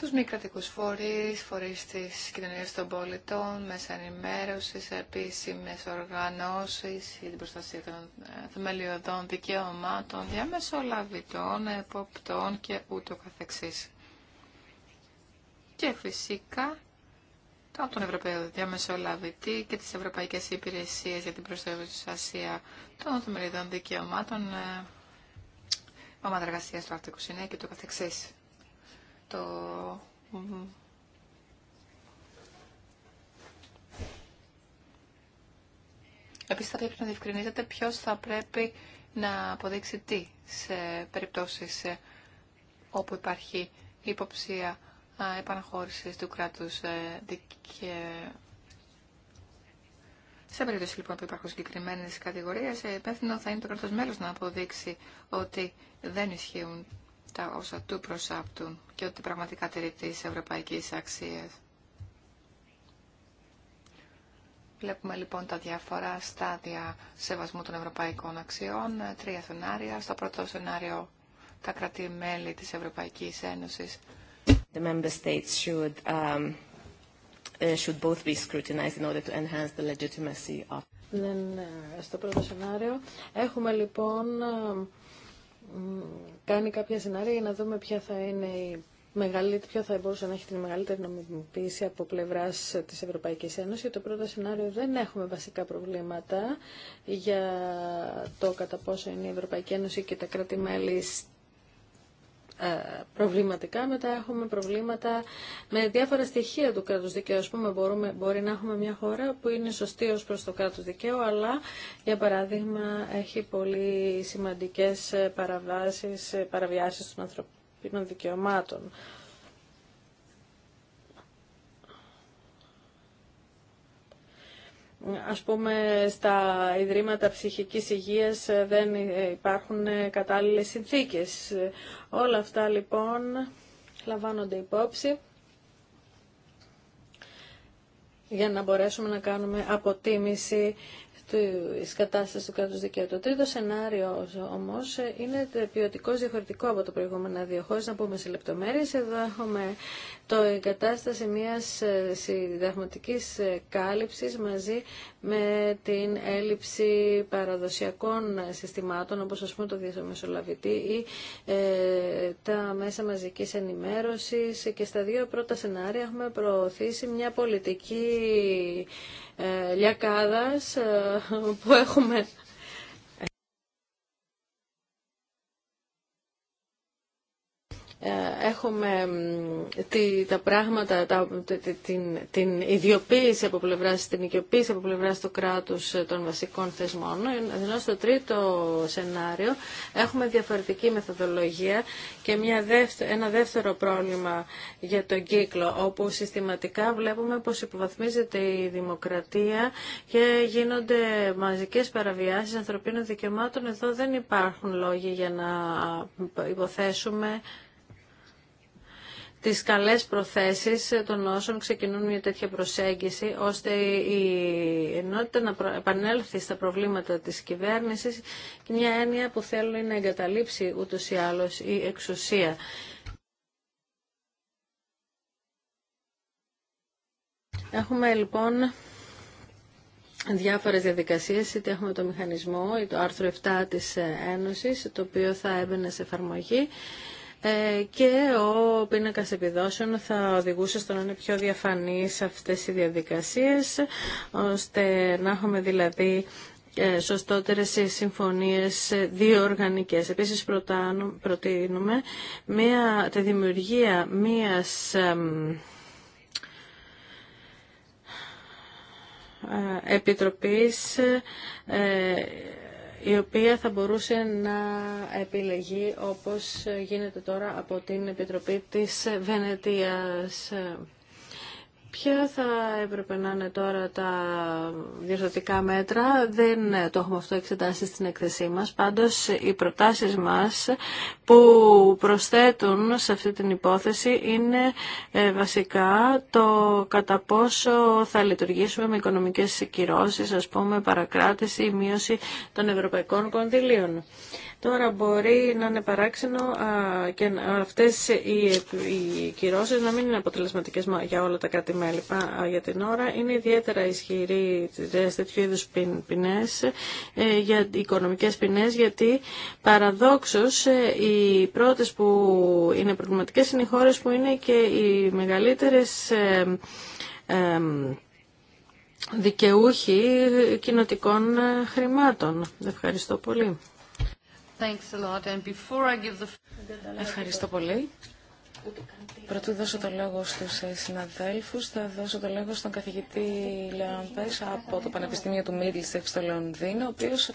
τους μη κρατικούς φορείς, φορείς της κοινωνίας των πολιτών, μέσα ενημέρωσης, επίσημες οργανώσεις για την προστασία των ε, θεμελιωδών δικαιωμάτων, διαμεσολαβητών, εποπτών και ούτω καθεξής. Και φυσικά από τον Ευρωπαίο Διαμεσολαβητή και τις Ευρωπαϊκές Υπηρεσίες για την προστασία των θεμελιωδών δικαιωμάτων, ε, ομάδα εργασίας του Άρτικου και του καθεξής το Επίσης θα πρέπει να διευκρινίζεται ποιος θα πρέπει να αποδείξει τι σε περιπτώσεις όπου υπάρχει υποψία επαναχώρησης του κράτους ε, Σε περίπτωση λοιπόν που υπάρχουν συγκεκριμένε κατηγορίε, ε, υπεύθυνο θα είναι το κράτο μέλο να αποδείξει ότι δεν ισχύουν τα όσα του προσάπτουν και ότι πραγματικά τηρεί εις ευρωπαϊκής αξίας. Βλέπουμε λοιπόν τα διάφορα στάδια σεβασμού των ευρωπαϊκών αξιών, τρία σενάρια. Στο πρώτο σενάριο τα κρατή-μέλη της Ευρωπαϊκής Ένωσης. The member states should, um, uh, should both be scrutinized in order to enhance the legitimacy of... Ε, στο πρώτο σενάριο έχουμε λοιπόν κάνει κάποια σενάρια για να δούμε ποια θα είναι η μεγαλύτερη, ποια θα μπορούσε να έχει την μεγαλύτερη νομιμοποίηση από πλευρά τη Ευρωπαϊκή Ένωση. το πρώτο σενάριο δεν έχουμε βασικά προβλήματα για το κατά πόσο είναι η Ευρωπαϊκή Ένωση και τα κράτη-μέλη ε, προβληματικά, μετά έχουμε προβλήματα με διάφορα στοιχεία του κράτους δικαίου. Ας πούμε, μπορούμε, μπορεί να έχουμε μια χώρα που είναι σωστή ως προς το κράτος δικαίου, αλλά, για παράδειγμα, έχει πολύ σημαντικές παραβάσεις, παραβιάσεις των ανθρωπίνων δικαιωμάτων. ας πούμε, στα Ιδρύματα Ψυχικής Υγείας ε, δεν ε, υπάρχουν ε, κατάλληλες συνθήκες. Όλα αυτά, λοιπόν, λαμβάνονται υπόψη για να μπορέσουμε να κάνουμε αποτίμηση Τη κατάστασης του κράτους δικαίου. Το τρίτο σενάριο όμως είναι ποιοτικό διαφορετικό από το προηγούμενο δύο Να πούμε σε λεπτομέρειες. Εδώ έχουμε το εγκατάσταση μιας ε, συνδεχματικής ε, κάλυψης μαζί με την έλλειψη παραδοσιακών συστημάτων όπως ας πούμε το διαμεσολαβητή ή ε, τα μέσα μαζικής ενημέρωσης και στα δύο πρώτα σενάρια έχουμε προωθήσει μια πολιτική ε, λιακάδας ε, που έχουμε Ε, έχουμε τα πράγματα, τα, την, την ιδιοποίηση από πλευρά, την οικειοποίηση από πλευρά του κράτου ε, των βασικών θεσμών. Ε, ενώ στο τρίτο σενάριο έχουμε διαφορετική μεθοδολογία και μια δεύτερο, ένα δεύτερο πρόβλημα για τον κύκλο, όπου συστηματικά βλέπουμε πως υποβαθμίζεται η δημοκρατία και γίνονται μαζικές παραβιάσεις ανθρωπίνων δικαιωμάτων. Εδώ δεν υπάρχουν λόγοι για να υποθέσουμε τις καλές προθέσεις των όσων ξεκινούν μια τέτοια προσέγγιση, ώστε η ενότητα να επανέλθει στα προβλήματα της κυβέρνησης και μια έννοια που θέλουν να εγκαταλείψει ούτως ή άλλως η εξουσία. Έχουμε λοιπόν διάφορες διαδικασίες, είτε έχουμε το μηχανισμό ή το άρθρο 7 της Ένωσης, το οποίο θα έμπαινε σε εφαρμογή ε, και ο πίνακα επιδόσεων θα οδηγούσε στο να είναι πιο διαφανείς αυτές οι διαδικασίες, ώστε να έχουμε δηλαδή ε, σωστότερες συμφωνίες διοργανικές. Επίσης προτείνουμε μια, τη δημιουργία μιας ε, επιτροπής η οποία θα μπορούσε να επιλεγεί όπως γίνεται τώρα από την Επιτροπή της Βενετίας. Ποια θα έπρεπε να είναι τώρα τα διορθωτικά μέτρα, δεν το έχουμε αυτό εξετάσει στην εκθεσή μας. Πάντως οι προτάσεις μας που προσθέτουν σε αυτή την υπόθεση είναι ε, βασικά το κατά πόσο θα λειτουργήσουμε με οικονομικές κυρώσεις, ας πούμε παρακράτηση ή μείωση των ευρωπαϊκών κονδυλίων. Τώρα μπορεί να είναι παράξενο και αυτές οι κυρώσεις να μην είναι αποτελεσματικές για όλα τα κράτη-μέλη. Για την ώρα είναι ιδιαίτερα ισχυρή τέτοιου είδους ποινές, ε, για οικονομικές ποινές, γιατί παραδόξως ε, οι πρώτες που είναι προβληματικές είναι οι χώρες που είναι και οι μεγαλύτερες ε, δικαιούχοι κοινοτικών χρημάτων. Ευχαριστώ πολύ. Ευχαριστώ πολύ. Πρωτού δώσω το λόγο στους ε, συναδέλφους, θα δώσω το λόγο στον καθηγητή Λεωνπές από το Πανεπιστήμιο του Μίγκλιστεκ στο Λονδίνο, ο οποίος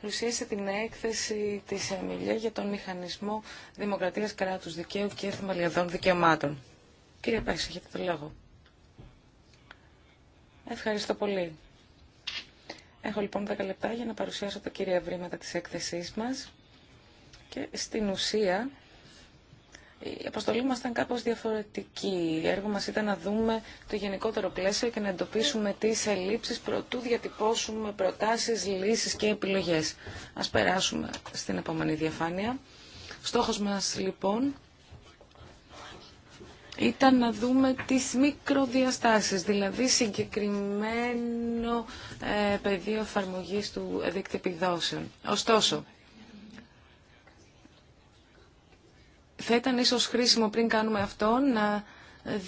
παρουσίασε την έκθεση της Εμιλία για τον μηχανισμό δημοκρατίας κράτους δικαίου και θεμελιωδών δικαιωμάτων. Κύριε Πέσ, έχετε το λόγο. Ευχαριστώ πολύ. Έχω λοιπόν 10 λεπτά για να παρουσιάσω τα κύρια βρήματα της έκθεσής μας και στην ουσία η αποστολή μας ήταν κάπως διαφορετική. Η έργο μας ήταν να δούμε το γενικότερο πλαίσιο και να εντοπίσουμε τις ελλείψεις προτού διατυπώσουμε προτάσεις, λύσεις και επιλογές. Ας περάσουμε στην επόμενη διαφάνεια. Στόχος μας λοιπόν ήταν να δούμε τις μικροδιαστάσεις, δηλαδή συγκεκριμένο ε, πεδίο εφαρμογή του δίκτυπη Ωστόσο, θα ήταν ίσως χρήσιμο πριν κάνουμε αυτό να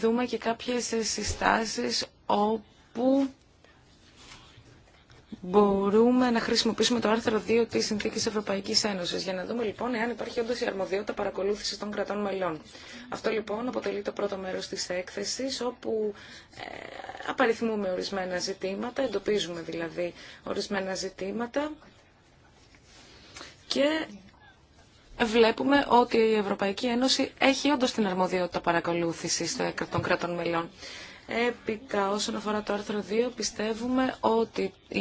δούμε και κάποιες συστάσεις όπου μπορούμε να χρησιμοποιήσουμε το άρθρο 2 της Συνθήκης Ευρωπαϊκής Ένωσης για να δούμε λοιπόν εάν υπάρχει όντως η αρμοδιότητα παρακολούθησης των κρατών μελών. Αυτό λοιπόν αποτελεί το πρώτο μέρος της έκθεσης όπου ε, απαριθμούμε ορισμένα ζητήματα, εντοπίζουμε δηλαδή ορισμένα ζητήματα και βλέπουμε ότι η Ευρωπαϊκή Ένωση έχει όντως την αρμοδιότητα παρακολούθησης ε, των κρατών μελών. Έπειτα, όσον αφορά το άρθρο 2, πιστεύουμε ότι ε,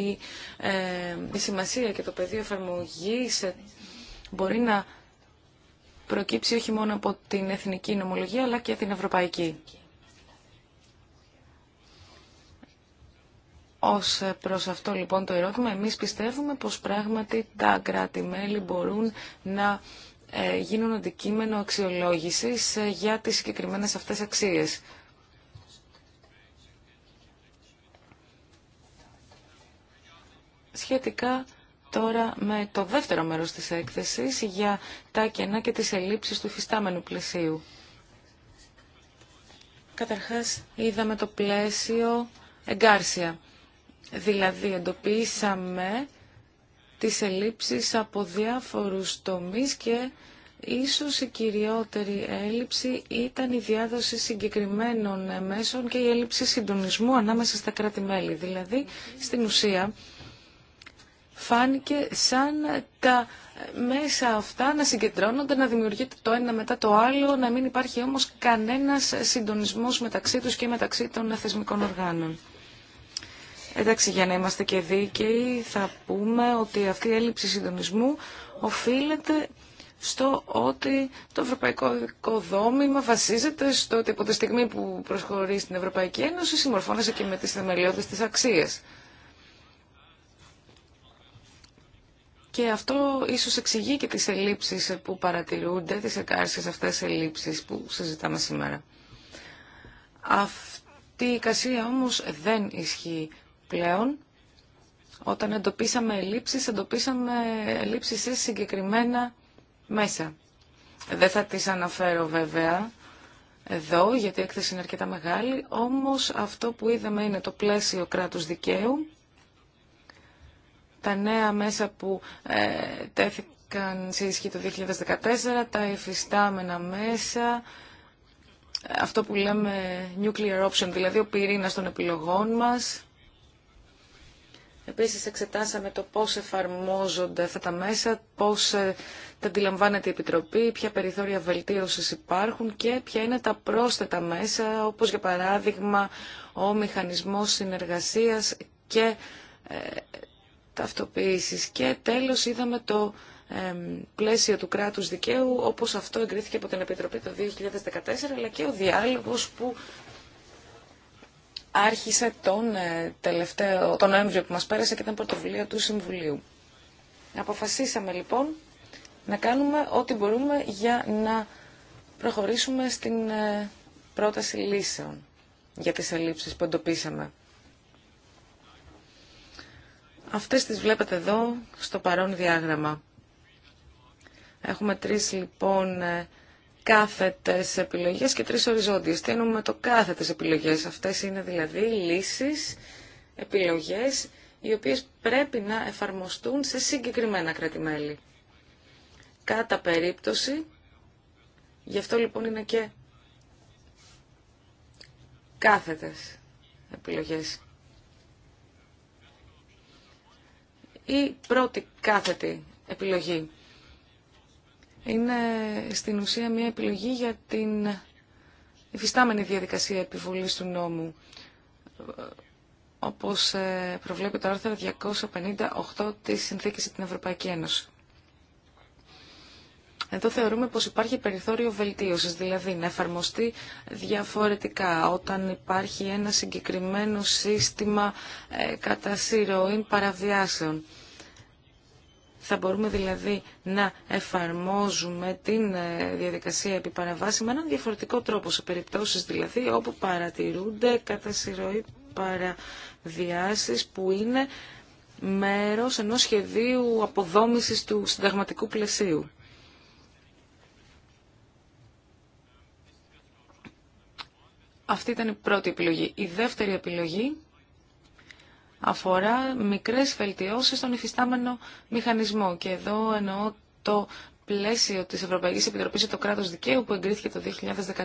η, σημασία και το πεδίο εφαρμογή ε, μπορεί να προκύψει όχι μόνο από την εθνική νομολογία, αλλά και την ευρωπαϊκή. Ως προς αυτό λοιπόν το ερώτημα, εμείς πιστεύουμε πως πράγματι τα κράτη-μέλη μπορούν να ε, γίνουν αντικείμενο αξιολόγησης για τις συγκεκριμένες αυτές αξίες. σχετικά τώρα με το δεύτερο μέρος της έκθεσης για τα κενά και τις ελλείψεις του φυστάμενου πλαισίου. Καταρχάς είδαμε το πλαίσιο εγκάρσια, δηλαδή εντοπίσαμε τις ελλείψεις από διάφορους τομείς και ίσως η κυριότερη έλλειψη ήταν η διάδοση συγκεκριμένων μέσων και η έλλειψη συντονισμού ανάμεσα στα κράτη-μέλη. Δηλαδή, στην ουσία, φάνηκε σαν τα μέσα αυτά να συγκεντρώνονται, να δημιουργείται το ένα μετά το άλλο, να μην υπάρχει όμως κανένας συντονισμός μεταξύ τους και μεταξύ των θεσμικών οργάνων. Εντάξει, για να είμαστε και δίκαιοι, θα πούμε ότι αυτή η έλλειψη συντονισμού οφείλεται στο ότι το ευρωπαϊκό οικοδόμημα βασίζεται στο ότι από τη στιγμή που προσχωρεί στην Ευρωπαϊκή Ένωση συμμορφώνεσαι και με τις θεμελιώδεις της αξίας. Και αυτό ίσως εξηγεί και τις ελλείψεις που παρατηρούνται, τις εκάρσεις αυτές ελλείψεις που συζητάμε σήμερα. Αυτή η εικασία όμως δεν ισχύει πλέον. Όταν εντοπίσαμε ελλείψεις, εντοπίσαμε ελλείψεις σε συγκεκριμένα μέσα. Δεν θα τις αναφέρω βέβαια εδώ, γιατί η έκθεση είναι αρκετά μεγάλη, όμως αυτό που είδαμε είναι το πλαίσιο κράτους δικαίου, τα νέα μέσα που ε, τέθηκαν σε ισχύ το 2014, τα υφιστάμενα μέσα, αυτό που λέμε nuclear option, δηλαδή ο πυρήνας των επιλογών μας. Επίσης εξετάσαμε το πώς εφαρμόζονται αυτά τα μέσα, πώς ε, τα αντιλαμβάνεται η Επιτροπή, ποια περιθώρια βελτίωσης υπάρχουν και ποια είναι τα πρόσθετα μέσα, όπως για παράδειγμα ο μηχανισμός συνεργασίας και ε, ταυτοποίησης. Και τέλος είδαμε το πλαίσιο του κράτους δικαίου, όπως αυτό εγκρίθηκε από την Επιτροπή το 2014, αλλά και ο διάλογος που άρχισε τον, ε, τελευταίο, τον Νοέμβριο που μας πέρασε και ήταν πρωτοβουλία του Συμβουλίου. Αποφασίσαμε λοιπόν να κάνουμε ό,τι μπορούμε για να προχωρήσουμε στην ε, πρόταση λύσεων για τις ελλείψεις που εντοπίσαμε. Αυτές τις βλέπετε εδώ στο παρόν διάγραμμα. Έχουμε τρεις λοιπόν ε, κάθετες επιλογές και τρεις οριζόντιες. Τι εννοούμε το κάθετες επιλογές. Αυτές είναι δηλαδή λύσεις, επιλογές, οι οποίες πρέπει να εφαρμοστούν σε συγκεκριμένα κρατημέλη. Κατά περίπτωση, γι' αυτό λοιπόν είναι και κάθετες επιλογές. η πρώτη κάθετη επιλογή. Είναι στην ουσία μια επιλογή για την υφιστάμενη διαδικασία επιβολής του νόμου, όπως ε, προβλέπει το άρθρο 258 της Συνθήκης στην την Ευρωπαϊκή Ένωση. Εδώ θεωρούμε πως υπάρχει περιθώριο βελτίωσης, δηλαδή να εφαρμοστεί διαφορετικά όταν υπάρχει ένα συγκεκριμένο σύστημα ε, κατά παραβιάσεων. Θα μπορούμε δηλαδή να εφαρμόζουμε την ε, διαδικασία επιπαραβάση με έναν διαφορετικό τρόπο, σε περιπτώσεις δηλαδή όπου παρατηρούνται κατά συρροή παραβιάσεις που είναι μέρος ενός σχεδίου αποδόμησης του συνταγματικού πλαισίου. Αυτή ήταν η πρώτη επιλογή. Η δεύτερη επιλογή αφορά μικρές βελτιώσεις στον υφιστάμενο μηχανισμό. Και εδώ εννοώ το πλαίσιο της Ευρωπαϊκής Επιτροπής για το κράτος δικαίου που εγκρίθηκε το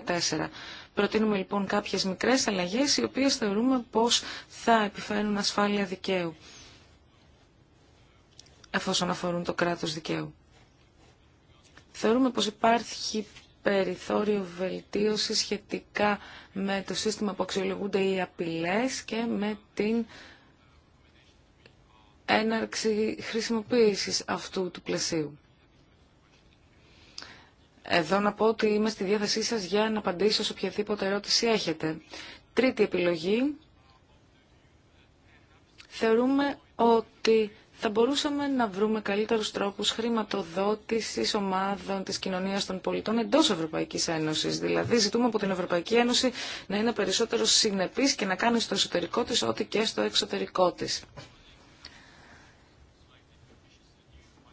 2014. Προτείνουμε λοιπόν κάποιες μικρές αλλαγές οι οποίες θεωρούμε πως θα επιφέρουν ασφάλεια δικαίου εφόσον αφορούν το κράτος δικαίου. Θεωρούμε πως υπάρχει περιθώριο βελτίωση σχετικά με το σύστημα που αξιολογούνται οι απειλές και με την έναρξη χρησιμοποίησης αυτού του πλαισίου. Εδώ να πω ότι είμαι στη διάθεσή σας για να απαντήσω σε οποιαδήποτε ερώτηση έχετε. Τρίτη επιλογή. Θεωρούμε ότι θα μπορούσαμε να βρούμε καλύτερους τρόπους χρηματοδότησης ομάδων της κοινωνίας των πολιτών εντός Ευρωπαϊκής Ένωσης. Δηλαδή ζητούμε από την Ευρωπαϊκή Ένωση να είναι περισσότερο συνεπής και να κάνει στο εσωτερικό της ό,τι και στο εξωτερικό της.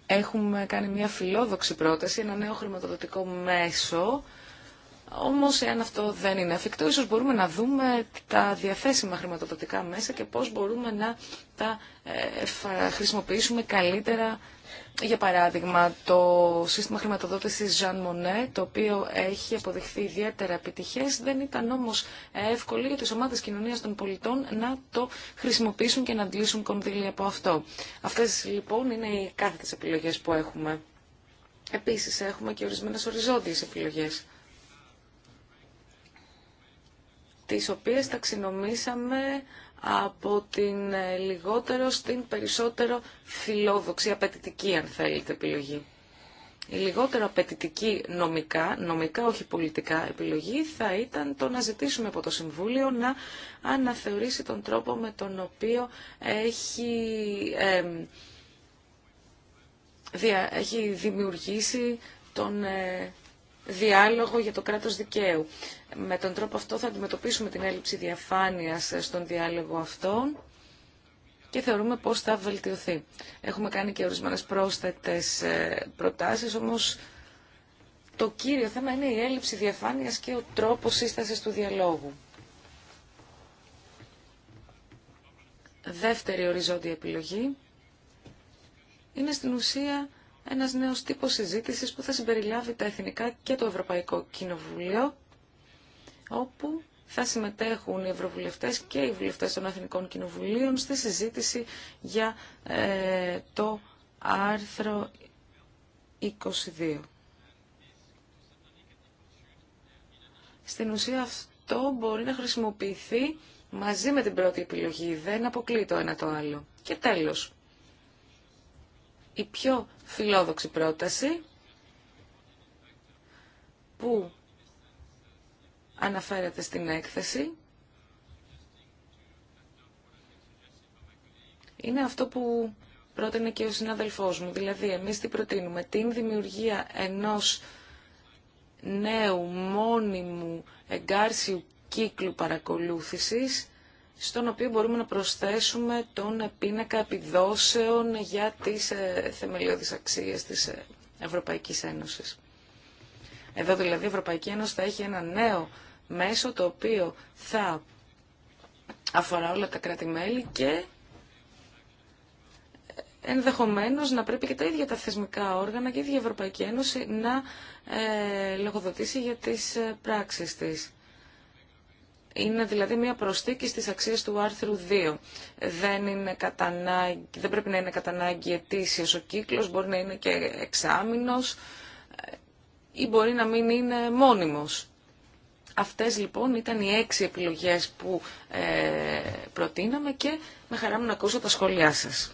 Έχουμε κάνει μια φιλόδοξη πρόταση, ένα νέο χρηματοδοτικό μέσο όμως, εάν αυτό δεν είναι εφικτό, ίσως μπορούμε να δούμε τα διαθέσιμα χρηματοδοτικά μέσα και πώς μπορούμε να τα ε, ε, χρησιμοποιήσουμε καλύτερα. Για παράδειγμα, το σύστημα χρηματοδότησης Jean Monnet, το οποίο έχει αποδειχθεί ιδιαίτερα επιτυχές, δεν ήταν όμως εύκολο για τις ομάδες κοινωνίας των πολιτών να το χρησιμοποιήσουν και να αντλήσουν κονδύλια από αυτό. Αυτές λοιπόν είναι οι κάθετες επιλογές που έχουμε. Επίσης, έχουμε και ορισμένες οριζόντιες επιλογές. τις οποίες ταξινομήσαμε από την ε, λιγότερο στην περισσότερο φιλόδοξη, απαιτητική αν θέλετε επιλογή. Η λιγότερο απαιτητική νομικά, νομικά όχι πολιτικά επιλογή θα ήταν το να ζητήσουμε από το Συμβούλιο να αναθεωρήσει τον τρόπο με τον οποίο έχει, δια, έχει δημιουργήσει τον ε, διάλογο για το κράτος δικαίου. Με τον τρόπο αυτό θα αντιμετωπίσουμε την έλλειψη διαφάνειας στον διάλογο αυτόν και θεωρούμε πώς θα βελτιωθεί. Έχουμε κάνει και ορισμένες πρόσθετες ε, προτάσεις, όμως το κύριο θέμα είναι η έλλειψη διαφάνειας και ο τρόπος σύστασης του διαλόγου. Δεύτερη οριζόντια επιλογή είναι στην ουσία ένας νέος τύπος συζήτησης που θα συμπεριλάβει τα Εθνικά και το Ευρωπαϊκό Κοινοβούλιο, όπου θα συμμετέχουν οι Ευρωβουλευτές και οι Βουλευτές των Εθνικών Κοινοβουλίων στη συζήτηση για ε, το άρθρο 22. Στην ουσία αυτό μπορεί να χρησιμοποιηθεί μαζί με την πρώτη επιλογή, δεν αποκλεί το ένα το άλλο. Και τέλος, η πιο φιλόδοξη πρόταση που αναφέρεται στην έκθεση είναι αυτό που πρότεινε και ο συνάδελφός μου. Δηλαδή, εμείς τι προτείνουμε, την δημιουργία ενός νέου μόνιμου εγκάρσιου κύκλου παρακολούθησης στον οποίο μπορούμε να προσθέσουμε τον πίνακα επιδόσεων για τις ε, θεμελιώδεις αξίες της ε, Ευρωπαϊκής Ένωσης. Εδώ δηλαδή η Ευρωπαϊκή Ένωση θα έχει ένα νέο μέσο το οποίο θα αφορά όλα τα κράτη-μέλη και ενδεχομένως να πρέπει και τα ίδια τα θεσμικά όργανα και η ίδια η Ευρωπαϊκή Ένωση να ε, λογοδοτήσει για τις ε, πράξεις της. Είναι δηλαδή μια προσθήκη στις αξίες του άρθρου 2. Δεν, είναι δεν πρέπει να είναι κατά ανάγκη ετήσιος ο κύκλος, μπορεί να είναι και εξάμηνος ε, ή μπορεί να μην είναι μόνιμος. Αυτές λοιπόν ήταν οι έξι επιλογές που ε, προτείναμε και με χαρά μου να ακούσω τα σχόλιά σας.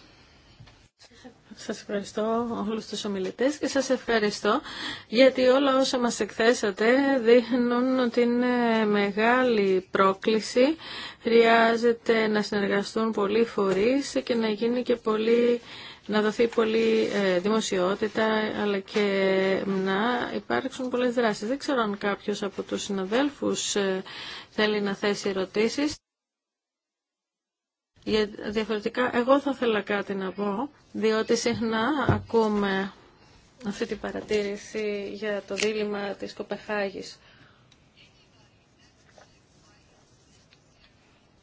Σας ευχαριστώ όλους τους ομιλητές και σας ευχαριστώ γιατί όλα όσα μας εκθέσατε δείχνουν ότι είναι μεγάλη πρόκληση. Χρειάζεται να συνεργαστούν πολλοί φορείς και να γίνει και πολύ να δοθεί πολύ ε, δημοσιότητα αλλά και να υπάρξουν πολλές δράσεις. Δεν ξέρω αν κάποιος από τους συναδέλφους ε, θέλει να θέσει ερωτήσεις. Για, διαφορετικά, εγώ θα ήθελα κάτι να πω, διότι συχνά ακούμε αυτή την παρατήρηση για το δίλημα της Κοπεχάγης.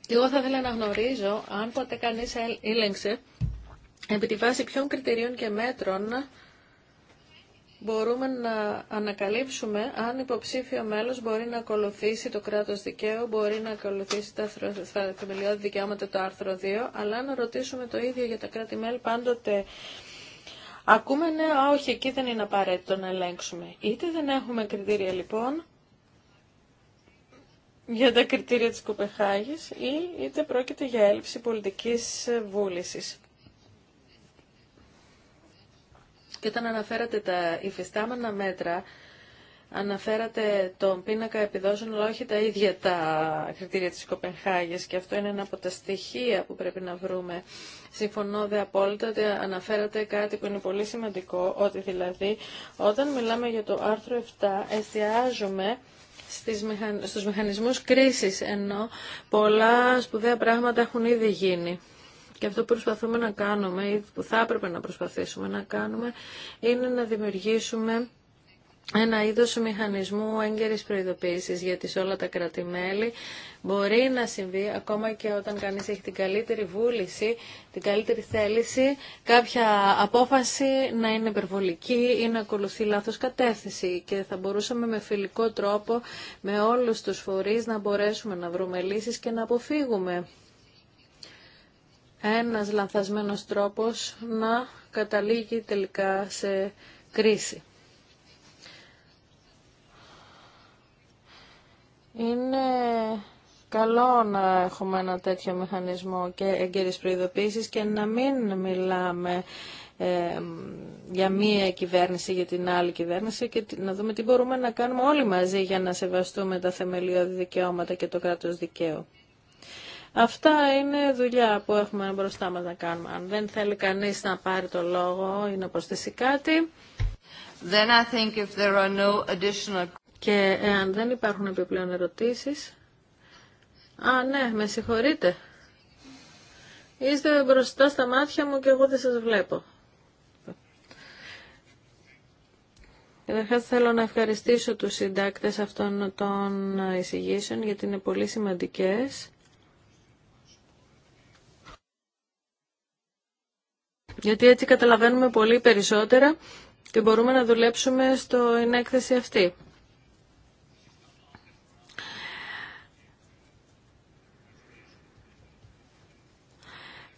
Εγώ θα ήθελα να γνωρίζω αν ποτέ κανείς έλεγξε, επί τη βάση ποιων κριτηρίων και μέτρων μπορούμε να ανακαλύψουμε αν υποψήφιο μέλος μπορεί να ακολουθήσει το κράτος δικαίου, μπορεί να ακολουθήσει τα θεμελιώδη δικαιώματα το άρθρο 2, αλλά να ρωτήσουμε το ίδιο για τα κράτη-μέλη πάντοτε ακούμε ναι, όχι, εκεί δεν είναι απαραίτητο να ελέγξουμε. Είτε δεν έχουμε κριτήρια λοιπόν για τα κριτήρια της Κοπεχάγης ή είτε πρόκειται για έλλειψη πολιτικής βούλησης. Και όταν αναφέρατε τα υφιστάμενα μέτρα, αναφέρατε τον πίνακα επιδόσεων, αλλά όχι τα ίδια τα κριτήρια της Κοπενχάγης και αυτό είναι ένα από τα στοιχεία που πρέπει να βρούμε. Συμφωνώ δε απόλυτα ότι αναφέρατε κάτι που είναι πολύ σημαντικό, ότι δηλαδή όταν μιλάμε για το άρθρο 7 εστιάζουμε στις στους μηχανισμούς κρίσης, ενώ πολλά σπουδαία πράγματα έχουν ήδη γίνει. Και αυτό που προσπαθούμε να κάνουμε ή που θα έπρεπε να προσπαθήσουμε να κάνουμε είναι να δημιουργήσουμε ένα είδος μηχανισμού έγκαιρης προειδοποίησης γιατί σε όλα τα κράτη-μέλη μπορεί να συμβεί ακόμα και όταν κανείς έχει την καλύτερη βούληση, την καλύτερη θέληση, κάποια απόφαση να είναι υπερβολική ή να ακολουθεί λάθος κατεύθυνση και θα μπορούσαμε με φιλικό τρόπο με όλους τους φορείς να μπορέσουμε να βρούμε λύσεις και να αποφύγουμε ένας λανθασμένος τρόπος να καταλήγει τελικά σε κρίση. Είναι καλό να έχουμε ένα τέτοιο μηχανισμό και εγκαίρες προειδοποίησεις και να μην μιλάμε ε, για μία κυβέρνηση, για την άλλη κυβέρνηση και να δούμε τι μπορούμε να κάνουμε όλοι μαζί για να σεβαστούμε τα θεμελιώδη δικαιώματα και το κράτος δικαίου. Αυτά είναι δουλειά που έχουμε μπροστά μας να κάνουμε. Αν δεν θέλει κανείς να πάρει το λόγο ή να προσθέσει κάτι. I think if there Και αν δεν υπάρχουν επιπλέον ερωτήσεις... Α, ναι, με συγχωρείτε. Είστε μπροστά στα μάτια μου και εγώ δεν σας βλέπω. Καταρχά θέλω να ευχαριστήσω τους συντάκτες αυτών των εισηγήσεων γιατί είναι πολύ σημαντικές. γιατί έτσι καταλαβαίνουμε πολύ περισσότερα και μπορούμε να δουλέψουμε στο ενέκθεση αυτή.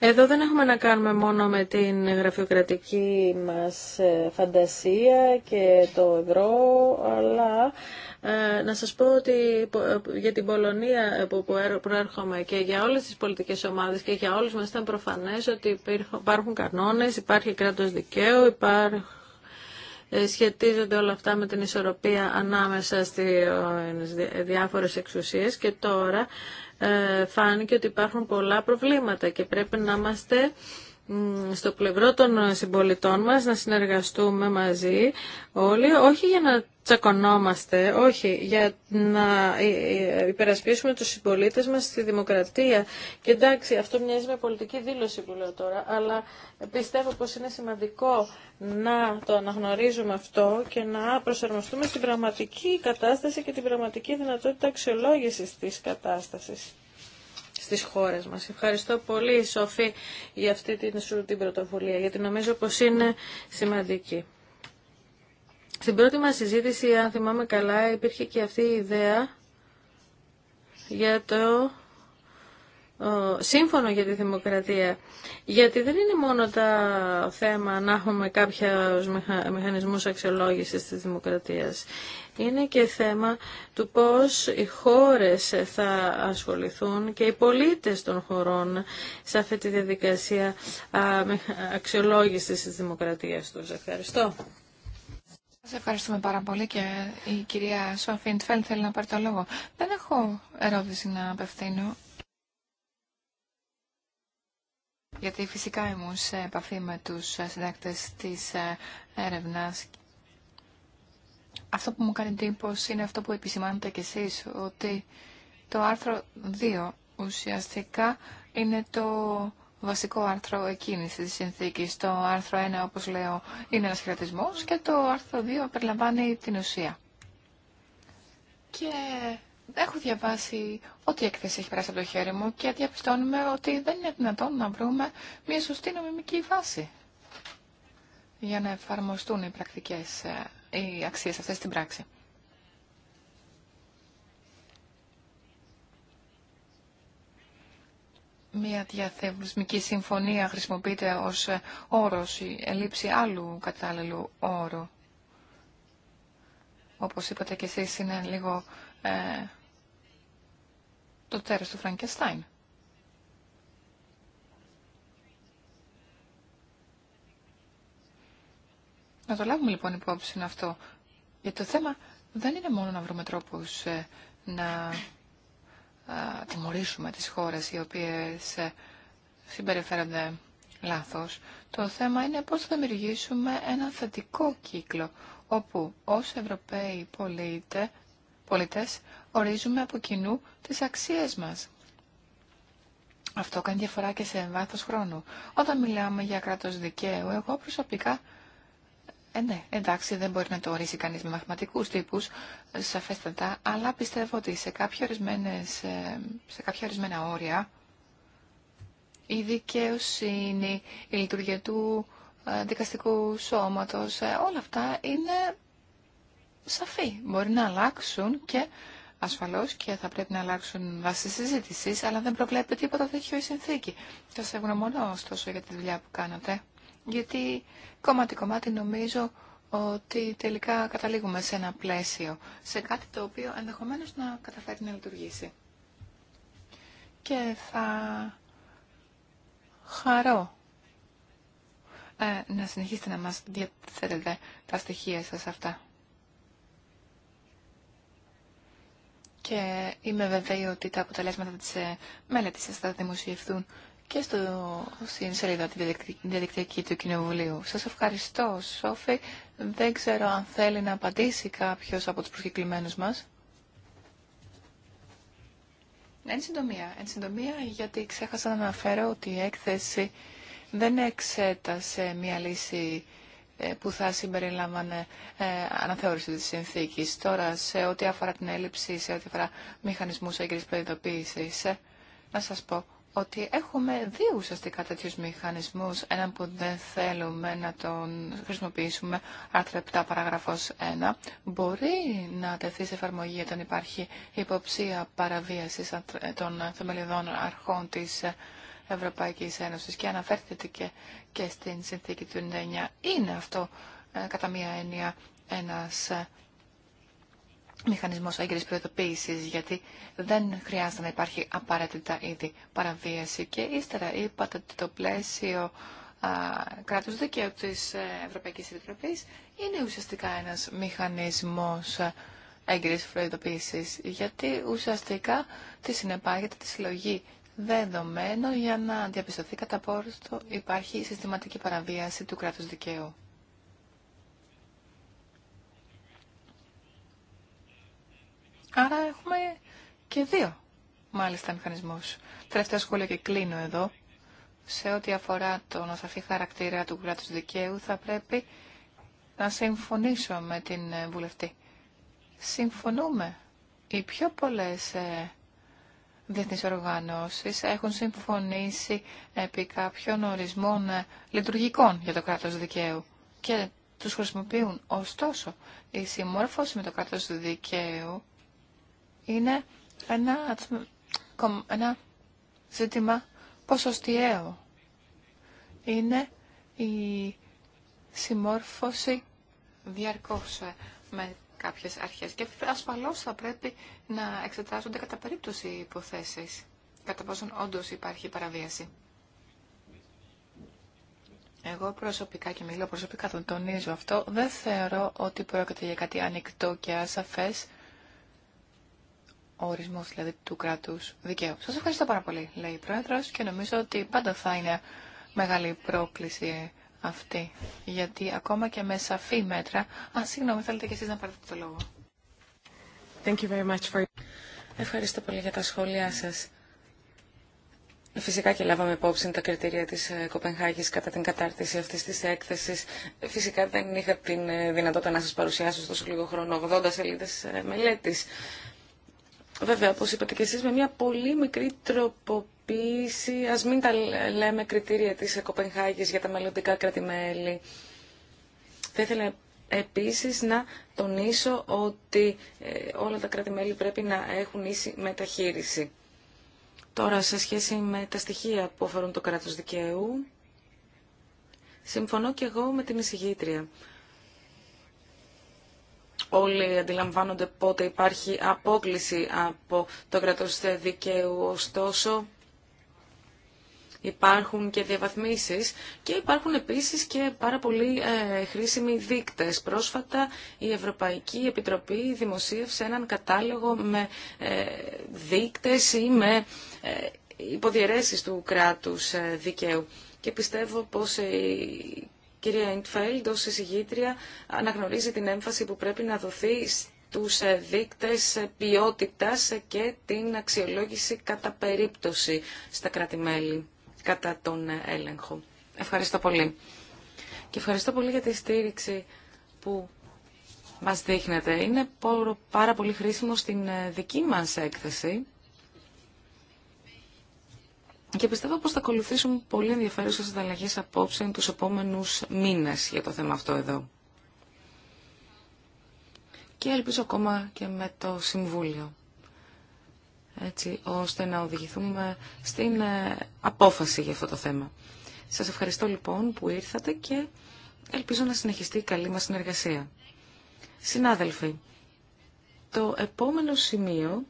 Εδώ δεν έχουμε να κάνουμε μόνο με την γραφειοκρατική μας ε, φαντασία και το ευρώ, αλλά ε, να σας πω ότι ε, για την Πολωνία ε, που προέρχομαι και για όλες τις πολιτικές ομάδες και για όλους μας ήταν προφανές ότι υπάρχουν κανόνες, υπάρχει κράτος δικαίου, υπάρχει σχετίζονται όλα αυτά με την ισορροπία ανάμεσα στις διάφορες εξουσίες και τώρα φάνηκε ότι υπάρχουν πολλά προβλήματα και πρέπει να είμαστε στο πλευρό των συμπολιτών μας να συνεργαστούμε μαζί όλοι, όχι για να τσακωνόμαστε, όχι για να ε, ε, υπερασπίσουμε τους συμπολίτες μας στη δημοκρατία. Και εντάξει, αυτό μοιάζει με πολιτική δήλωση που λέω τώρα, αλλά πιστεύω πως είναι σημαντικό να το αναγνωρίζουμε αυτό και να προσαρμοστούμε στην πραγματική κατάσταση και την πραγματική δυνατότητα αξιολόγησης της κατάστασης στις χώρες μας. Ευχαριστώ πολύ, Σόφη, για αυτή την, την πρωτοβουλία, γιατί νομίζω πως είναι σημαντική. Στην πρώτη μας συζήτηση, αν θυμάμαι καλά, υπήρχε και αυτή η ιδέα για το σύμφωνο για τη δημοκρατία. Γιατί δεν είναι μόνο τα θέμα να έχουμε κάποιους μηχανισμούς αξιολόγησης της δημοκρατίας είναι και θέμα του πώς οι χώρες θα ασχοληθούν και οι πολίτες των χωρών σε αυτή τη διαδικασία αξιολόγησης της δημοκρατίας τους. Ευχαριστώ. Σας ευχαριστούμε πάρα πολύ και η κυρία Σόφιντ θέλει να πάρει το λόγο. Δεν έχω ερώτηση να απευθύνω. Γιατί φυσικά ήμουν σε επαφή με τους συντάκτες της ε, έρευνας αυτό που μου κάνει εντύπωση είναι αυτό που επισημάνετε κι εσείς, ότι το άρθρο 2 ουσιαστικά είναι το βασικό άρθρο εκείνης της συνθήκης. Το άρθρο 1, όπως λέω, είναι ένας χειρατισμός και το άρθρο 2 περιλαμβάνει την ουσία. Και έχω διαβάσει ό,τι έκθεση έχει περάσει από το χέρι μου και διαπιστώνουμε ότι δεν είναι δυνατόν να βρούμε μια σωστή νομιμική βάση για να εφαρμοστούν οι πρακτικές ε, οι αξίες αυτές στην πράξη. Μια διαθεσμική συμφωνία χρησιμοποιείται ως όρος ή ελλείψη άλλου κατάλληλου όρου. Όπως είπατε και εσείς είναι λίγο ε, το τέρας του Φραγκεστάιν. Να το λάβουμε λοιπόν υπόψη αυτό. Γιατί το θέμα δεν είναι μόνο να βρούμε τρόπους ε, να τιμωρήσουμε τις χώρες οι οποίες ε, συμπεριφέρονται λάθος. Το θέμα είναι πώς θα δημιουργήσουμε ένα θετικό κύκλο, όπου ως Ευρωπαίοι πολίτε, πολίτες ορίζουμε από κοινού τις αξίες μας. Αυτό κάνει διαφορά και σε βάθος χρόνου. Όταν μιλάμε για κράτος δικαίου, εγώ προσωπικά ε, ναι, εντάξει, δεν μπορεί να το ορίσει κανεί με μαθηματικού τύπου, σαφέστατα, αλλά πιστεύω ότι σε κάποια, ε, σε κάποια ορισμένα όρια η δικαιοσύνη, η λειτουργία του ε, δικαστικού σώματος, ε, όλα αυτά είναι σαφή. Μπορεί να αλλάξουν και ασφαλώς και θα πρέπει να αλλάξουν βάσει συζήτηση, αλλά δεν προβλέπει τίποτα τέτοιο η συνθήκη. Σας ευγνωμονώ ωστόσο για τη δουλειά που κάνατε γιατί κομμάτι-κομμάτι νομίζω ότι τελικά καταλήγουμε σε ένα πλαίσιο, σε κάτι το οποίο ενδεχομένως να καταφέρει να λειτουργήσει. Και θα χαρώ ε, να συνεχίσετε να μας διαθέτετε τα στοιχεία σας αυτά. Και είμαι βέβαιη ότι τα αποτελέσματα της ε, μελέτης σας θα δημοσιευθούν και στο, στην σελίδα τη διαδικτυακή του Κοινοβουλίου. Σας ευχαριστώ, Σόφη. Δεν ξέρω αν θέλει να απαντήσει κάποιος από τους προσκεκλημένους μας. Εν συντομία, εν συντομία, γιατί ξέχασα να αναφέρω ότι η έκθεση δεν εξέτασε μια λύση ε, που θα συμπεριλάμβανε ε, αναθεώρηση της συνθήκης. Τώρα, σε ό,τι αφορά την έλλειψη, σε ό,τι αφορά μηχανισμούς έγκρισης ε, να σας πω ότι έχουμε δύο ουσιαστικά τέτοιου μηχανισμούς, έναν που δεν θέλουμε να τον χρησιμοποιήσουμε, άρθρο 7 παραγραφός 1, μπορεί να τεθεί σε εφαρμογή όταν υπάρχει υποψία παραβίασης των θεμελιδών αρχών της Ευρωπαϊκής Ένωσης και αναφέρθηκε και, και στην συνθήκη του 99. Είναι αυτό ε, κατά μία έννοια ένας ε, μηχανισμός έγκαιρη προειδοποίηση, γιατί δεν χρειάζεται να υπάρχει απαραίτητα ήδη παραβίαση. Και ύστερα είπατε ότι το πλαίσιο κράτους δικαίου της ε, Ευρωπαϊκής Επιτροπής είναι ουσιαστικά ένας μηχανισμός ε, έγκυρης προειδοποίησης, γιατί ουσιαστικά τη συνεπάγεται τη συλλογή δεδομένων για να διαπιστωθεί κατά το υπάρχει συστηματική παραβίαση του κράτους δικαίου. Άρα έχουμε και δύο, μάλιστα, μηχανισμούς. Τελευταία σχόλια και κλείνω εδώ. Σε ό,τι αφορά τον ασαφή χαρακτήρα του κράτους δικαίου, θα πρέπει να συμφωνήσω με την ε, βουλευτή. Συμφωνούμε. Οι πιο πολλές ε, διεθνείς οργανώσεις έχουν συμφωνήσει επί κάποιων ορισμών ε, λειτουργικών για το κράτος δικαίου και τους χρησιμοποιούν. Ωστόσο, η συμμόρφωση με το κράτος δικαίου είναι ένα, ένα ζήτημα ποσοστιαίο. Είναι η συμμόρφωση διαρκώς ε, με κάποιες αρχές και ασφαλώς θα πρέπει να εξετάζονται κατά περίπτωση υποθέσεις, κατά πόσον όντως υπάρχει παραβίαση. Εγώ προσωπικά και μιλώ προσωπικά, τον τονίζω αυτό, δεν θεωρώ ότι πρόκειται για κάτι ανοιχτό και ασαφές ο ορισμός δηλαδή του κράτους δικαίου. Σας ευχαριστώ πάρα πολύ, λέει η Πρόεδρος και νομίζω ότι πάντα θα είναι μεγάλη πρόκληση αυτή, γιατί ακόμα και με σαφή μέτρα... Α, συγγνώμη, θέλετε και εσείς να πάρετε το λόγο. Thank you very much for... Ευχαριστώ πολύ για τα σχόλιά σας. Φυσικά και λάβαμε υπόψη τα κριτήρια της ε, Κοπενχάγης κατά την κατάρτιση αυτής της έκθεσης. Φυσικά δεν είχα την ε, δυνατότητα να σας παρουσιάσω στο λίγο χρόνο 80 σελίδες ε, μελέτης. Βέβαια, όπως είπατε και εσείς, με μια πολύ μικρή τροποποίηση, ας μην τα λέμε κριτήρια της Κοπενχάγης για τα μελλοντικά κράτη-μέλη. Θα ήθελα επίσης να τονίσω ότι ε, όλα τα κρατη πρέπει να έχουν ίση μεταχείριση. Τώρα, σε σχέση με τα στοιχεία που αφορούν το κράτος δικαίου, συμφωνώ και εγώ με την εισηγήτρια όλοι αντιλαμβάνονται πότε υπάρχει απόκληση από το κρατός δικαίου. Ωστόσο, υπάρχουν και διαβαθμίσεις και υπάρχουν επίσης και πάρα πολλοί ε, χρήσιμοι δείκτες. Πρόσφατα η Ευρωπαϊκή Επιτροπή δημοσίευσε έναν κατάλογο με ε, δείκτες ή με ε, υποδιαιρέσεις του κράτους δικαίου. Και πιστεύω πως η κυρία Ιντφέλντ ως εισηγήτρια αναγνωρίζει την έμφαση που πρέπει να δοθεί στους ε, δείκτες ε, ποιότητας ε, και την αξιολόγηση κατά περίπτωση στα κράτη-μέλη κατά τον έλεγχο. Ευχαριστώ πολύ. Και ευχαριστώ πολύ για τη στήριξη που μας δείχνετε. Είναι πάρα πολύ χρήσιμο στην δική μας έκθεση και πιστεύω πως θα ακολουθήσουν πολύ ενδιαφέρουσες ανταλλαγές απόψε τους επόμενους μήνες για το θέμα αυτό εδώ. Και ελπίζω ακόμα και με το Συμβούλιο. Έτσι ώστε να οδηγηθούμε στην ε, απόφαση για αυτό το θέμα. Σας ευχαριστώ λοιπόν που ήρθατε και ελπίζω να συνεχιστεί η καλή μας συνεργασία. Συνάδελφοι, το επόμενο σημείο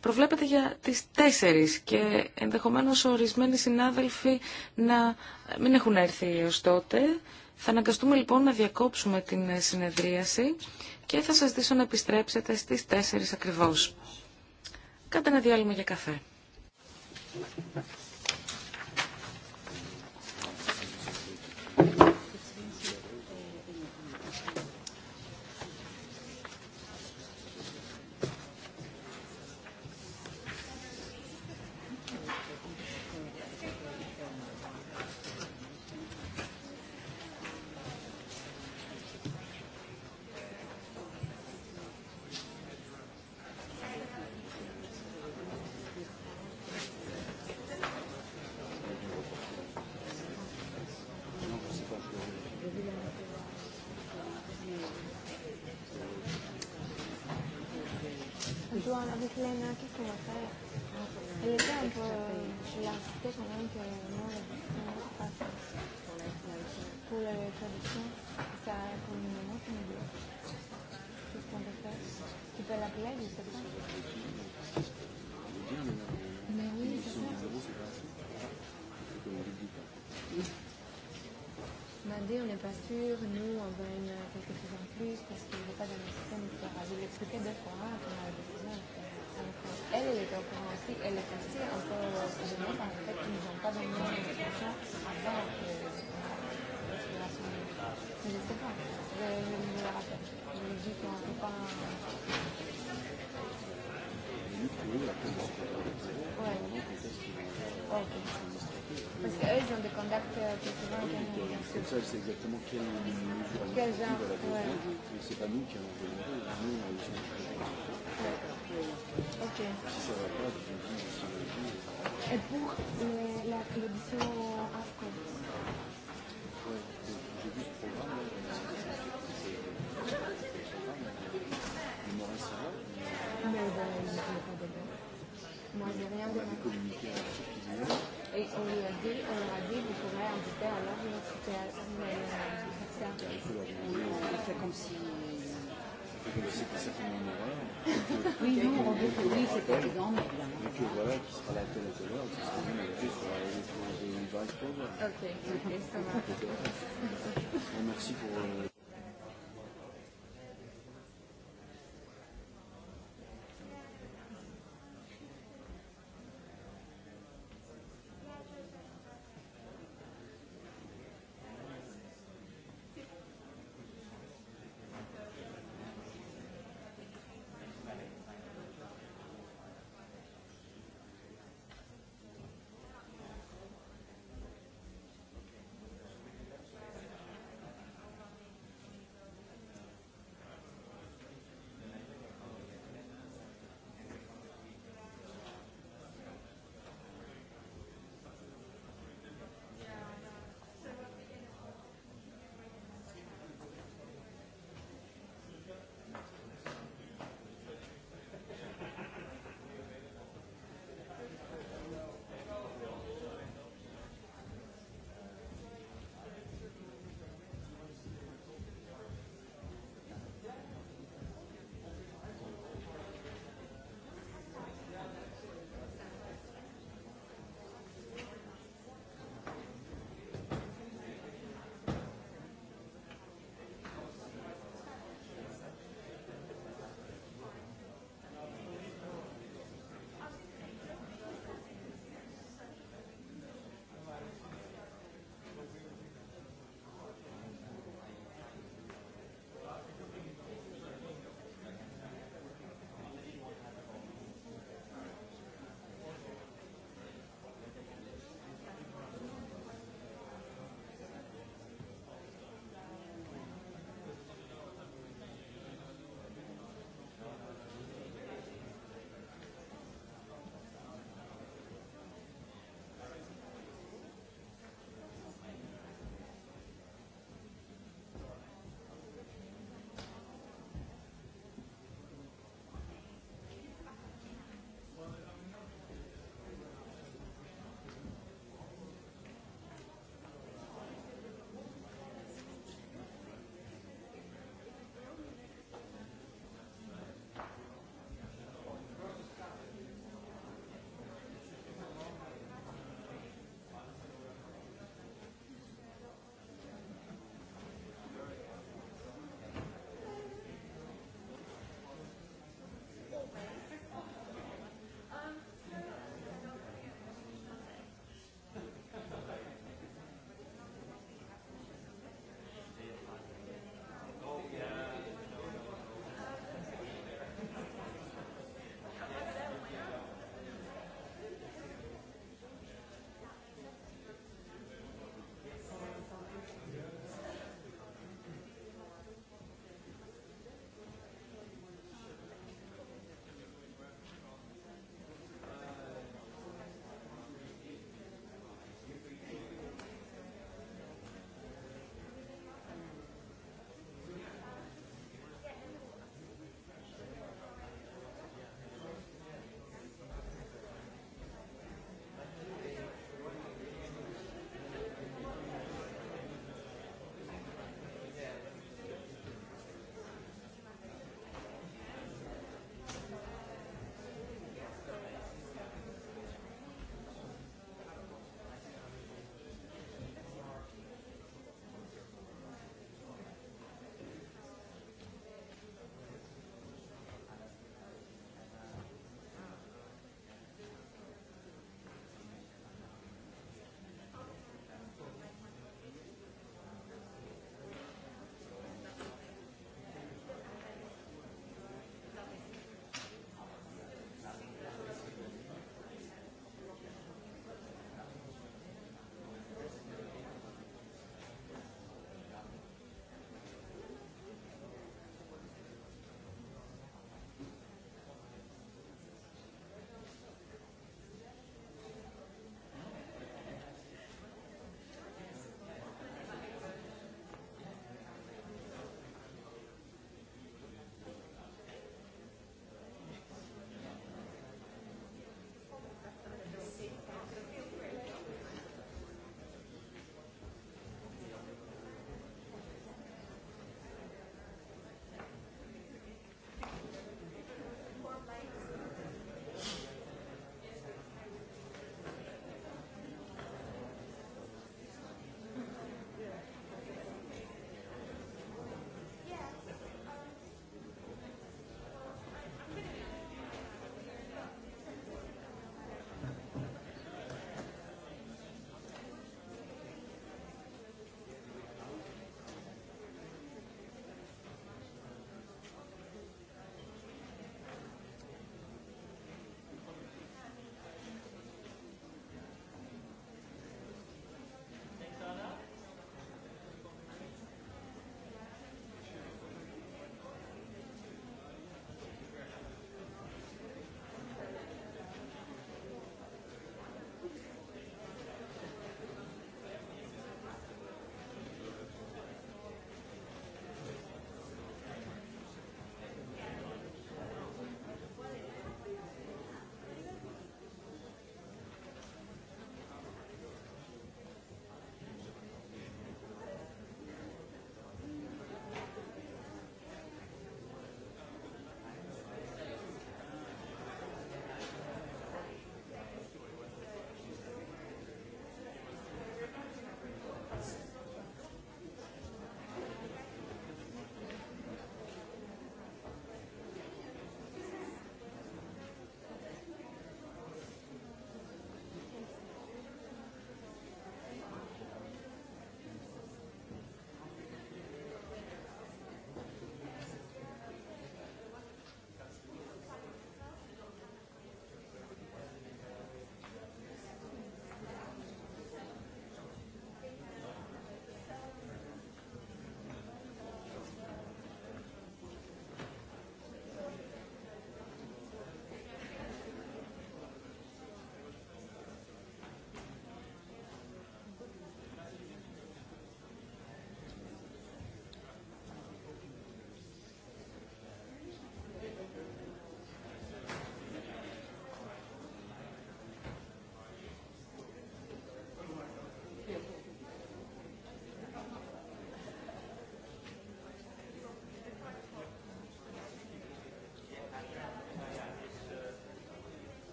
προβλέπεται για τις τέσσερις και ενδεχομένως ορισμένοι συνάδελφοι να μην έχουν έρθει έως τότε. Θα αναγκαστούμε λοιπόν να διακόψουμε την συνεδρίαση και θα σας δείσω να επιστρέψετε στις τέσσερις ακριβώς. Κάντε ένα διάλειμμα για καφέ. peinture, AUTHORWAVE c'est exactement quel ouais. c'est pas nous qui avons ok si ça va pas je et pour la télévision ouais j'ai vu ce programme là il moi j'ai rien on a et on lui a dit on a dit vous pourrez inviter l'heure comme Oui, non, on veut que oui, c'est pas évident, mais bien. Merci pour.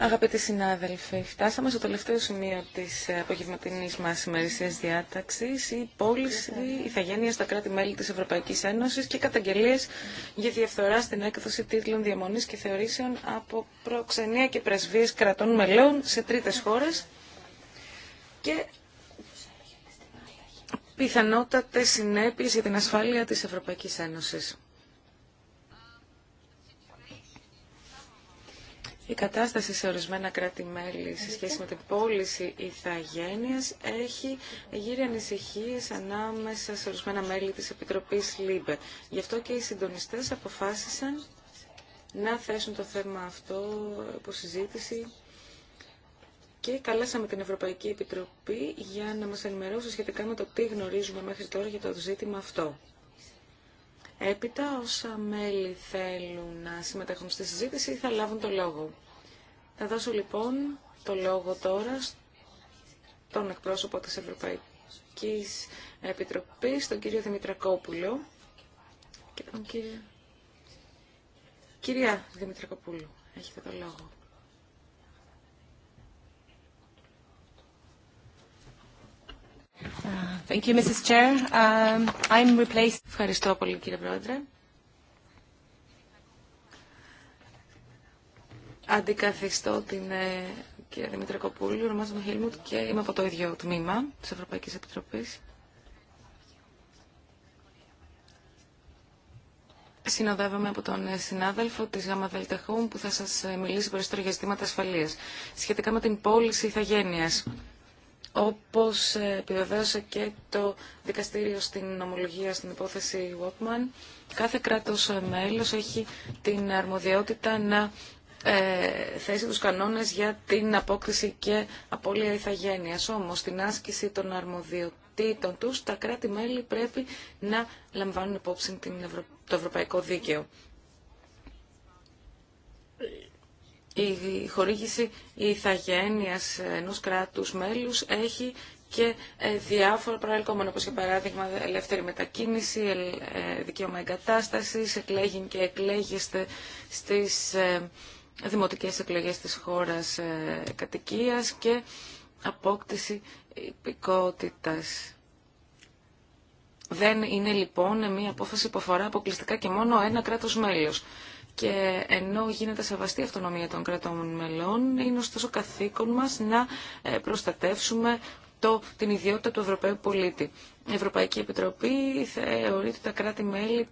Αγαπητοί συνάδελφοι, φτάσαμε στο τελευταίο σημείο της απογευματινής μας ημερησίας διάταξης, η πώληση ηθαγένεια στα κράτη-μέλη της Ευρωπαϊκής Ένωσης και καταγγελίες για διαφθορά στην έκδοση τίτλων διαμονής και θεωρήσεων από προξενία και πρεσβείες κρατών μελών σε τρίτες χώρες και πιθανότατες συνέπειες για την ασφάλεια της Ευρωπαϊκής Ένωσης. Η κατάσταση σε ορισμένα κράτη-μέλη σε σχέση με την πώληση ηθαγένειας έχει γύρει ανησυχίες ανάμεσα σε ορισμένα μέλη της Επιτροπής ΛΥΜΠΕ. Γι' αυτό και οι συντονιστές αποφάσισαν να θέσουν το θέμα αυτό υπό συζήτηση και καλέσαμε την Ευρωπαϊκή Επιτροπή για να μας ενημερώσει σχετικά με το τι γνωρίζουμε μέχρι τώρα για το ζήτημα αυτό. Έπειτα, όσα μέλη θέλουν να συμμετέχουν στη συζήτηση θα λάβουν το λόγο. Θα δώσω λοιπόν το λόγο τώρα στον εκπρόσωπο της Ευρωπαϊκής Επιτροπής, τον κύριο Δημητρακόπουλο και τον Κυρία Δημητρακόπουλο, έχετε το λόγο. Thank you, um, Ευχαριστώ πολύ, κύριε Πρόεδρε. Αντικαθιστώ την ε, κυρία Δημήτρη Κοπούλη, ονομάζομαι Χίλμουτ και είμαι από το ίδιο τμήμα της Ευρωπαϊκής Επιτροπής. Συνοδεύομαι από τον ε, συνάδελφο τη ΓΑΜΑ που θα σα ε, μιλήσει περισσότερο για ζητήματα ασφαλεία σχετικά με την πώληση ηθαγένεια όπως επιβεβαίωσε και το δικαστήριο στην ομολογία στην υπόθεση Walkman, κάθε κράτος μέλος έχει την αρμοδιότητα να ε, θέσει τους κανόνες για την απόκριση και απώλεια ηθαγένειας. Όμως, την άσκηση των αρμοδιοτήτων τους, τα κράτη-μέλη πρέπει να λαμβάνουν υπόψη την το ευρωπαϊκό δίκαιο. η χορήγηση ηθαγένειας ενός κράτους μέλους έχει και ε, διάφορα προελκόμενα, όπως για παράδειγμα ελεύθερη μετακίνηση, ε, δικαίωμα εγκατάστασης, εκλέγην και εκλέγεστε στις ε, δημοτικές εκλογές της χώρας κατοικίας και απόκτηση υπηκότητας. Δεν είναι λοιπόν μια απόφαση που αφορά αποκλειστικά και μόνο ένα κράτος μέλο και ενώ γίνεται σεβαστή η αυτονομία των κρατών μελών, είναι ωστόσο καθήκον μας να ε, προστατεύσουμε το, την ιδιότητα του Ευρωπαίου πολίτη. Η Ευρωπαϊκή Επιτροπή θεωρεί ότι τα κράτη-μέλη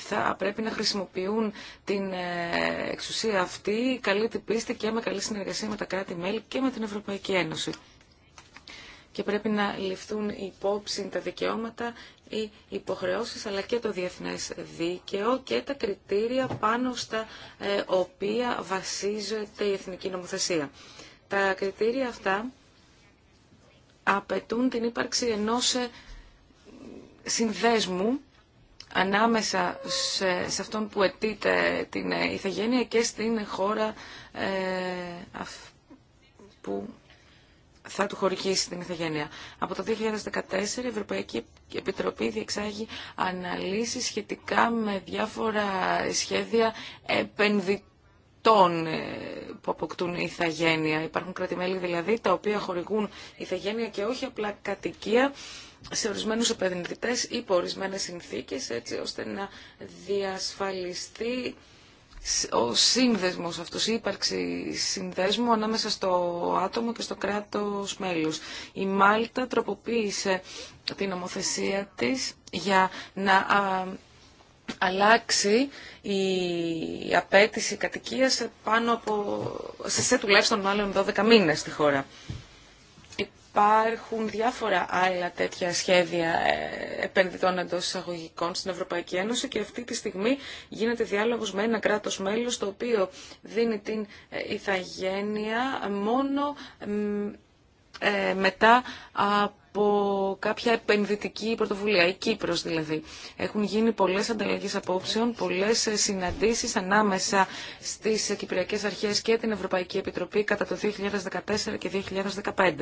θα πρέπει να χρησιμοποιούν την ε, εξουσία αυτή, καλή την πίστη και με καλή συνεργασία με τα κράτη-μέλη και με την Ευρωπαϊκή Ένωση και πρέπει να ληφθούν υπόψη τα δικαιώματα, οι υποχρεώσεις αλλά και το διεθνές δίκαιο και τα κριτήρια πάνω στα ε, οποία βασίζεται η εθνική νομοθεσία. Τα κριτήρια αυτά απαιτούν την ύπαρξη ενός ε, συνδέσμου ανάμεσα σε, αυτόν που αιτείται την ε, ηθαγένεια και στην χώρα ε, που θα του χορηγήσει την ηθαγένεια. Από το 2014 η Ευρωπαϊκή Επιτροπή διεξάγει αναλύσεις σχετικά με διάφορα σχέδια επενδυτών ε, που αποκτούν ηθαγένεια. Υπάρχουν κρατημέλη δηλαδή τα οποία χορηγούν ηθαγένεια και όχι απλά κατοικία σε ορισμένους επενδυτές ή ορισμένε συνθήκες έτσι ώστε να διασφαλιστεί ο σύνδεσμος αυτός, η ύπαρξη συνδέσμου ανάμεσα στο άτομο και στο κράτος μέλους. Η Μάλτα τροποποίησε την νομοθεσία της για να αλλάξει η απέτηση κατοικίας πάνω από, σε, σε τουλάχιστον μάλλον 12 μήνες στη χώρα υπάρχουν διάφορα άλλα τέτοια σχέδια ε, επενδυτών εντό εισαγωγικών στην Ευρωπαϊκή Ένωση και αυτή τη στιγμή γίνεται διάλογος με ένα κράτος μέλος το οποίο δίνει την ε, ηθαγένεια μόνο ε, μετά από κάποια επενδυτική πρωτοβουλία, η Κύπρος δηλαδή. Έχουν γίνει πολλές ανταλλαγές απόψεων, πολλές συναντήσεις ανάμεσα στις Κυπριακές Αρχές και την Ευρωπαϊκή Επιτροπή κατά το 2014 και 2015.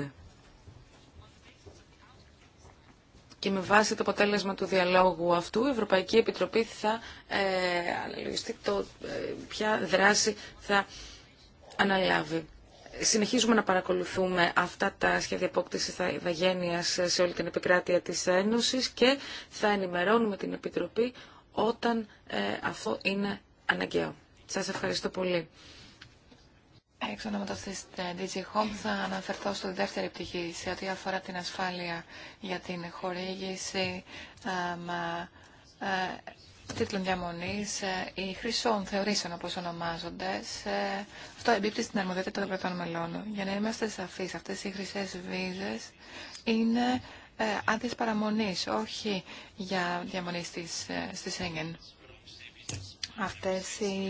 Και με βάση το αποτέλεσμα του διαλόγου αυτού, η Ευρωπαϊκή Επιτροπή θα ε, αναλογιστεί το ε, ποια δράση θα αναλάβει. Συνεχίζουμε να παρακολουθούμε αυτά τα σχέδια απόκτηση ηθαγένεια σε όλη την επικράτεια της Ένωσης και θα ενημερώνουμε την Επιτροπή όταν ε, αυτό είναι αναγκαίο. Σας ευχαριστώ πολύ. Εξ ονόματος της ε, DG Home θα αναφερθώ στη δεύτερη πτυχή σε ό,τι αφορά την ασφάλεια για την χορήγηση ε, ε, τίτλων διαμονή, ή χρυσών θεωρήσεων όπω ονομάζονται. Αυτό εμπίπτει στην αρμοδιότητα των κρατών μελών. Για να είμαστε σαφεί, αυτέ οι χρυσέ βίζε είναι άδειε παραμονή, όχι για διαμονή στη Σέγγεν. Αυτές οι,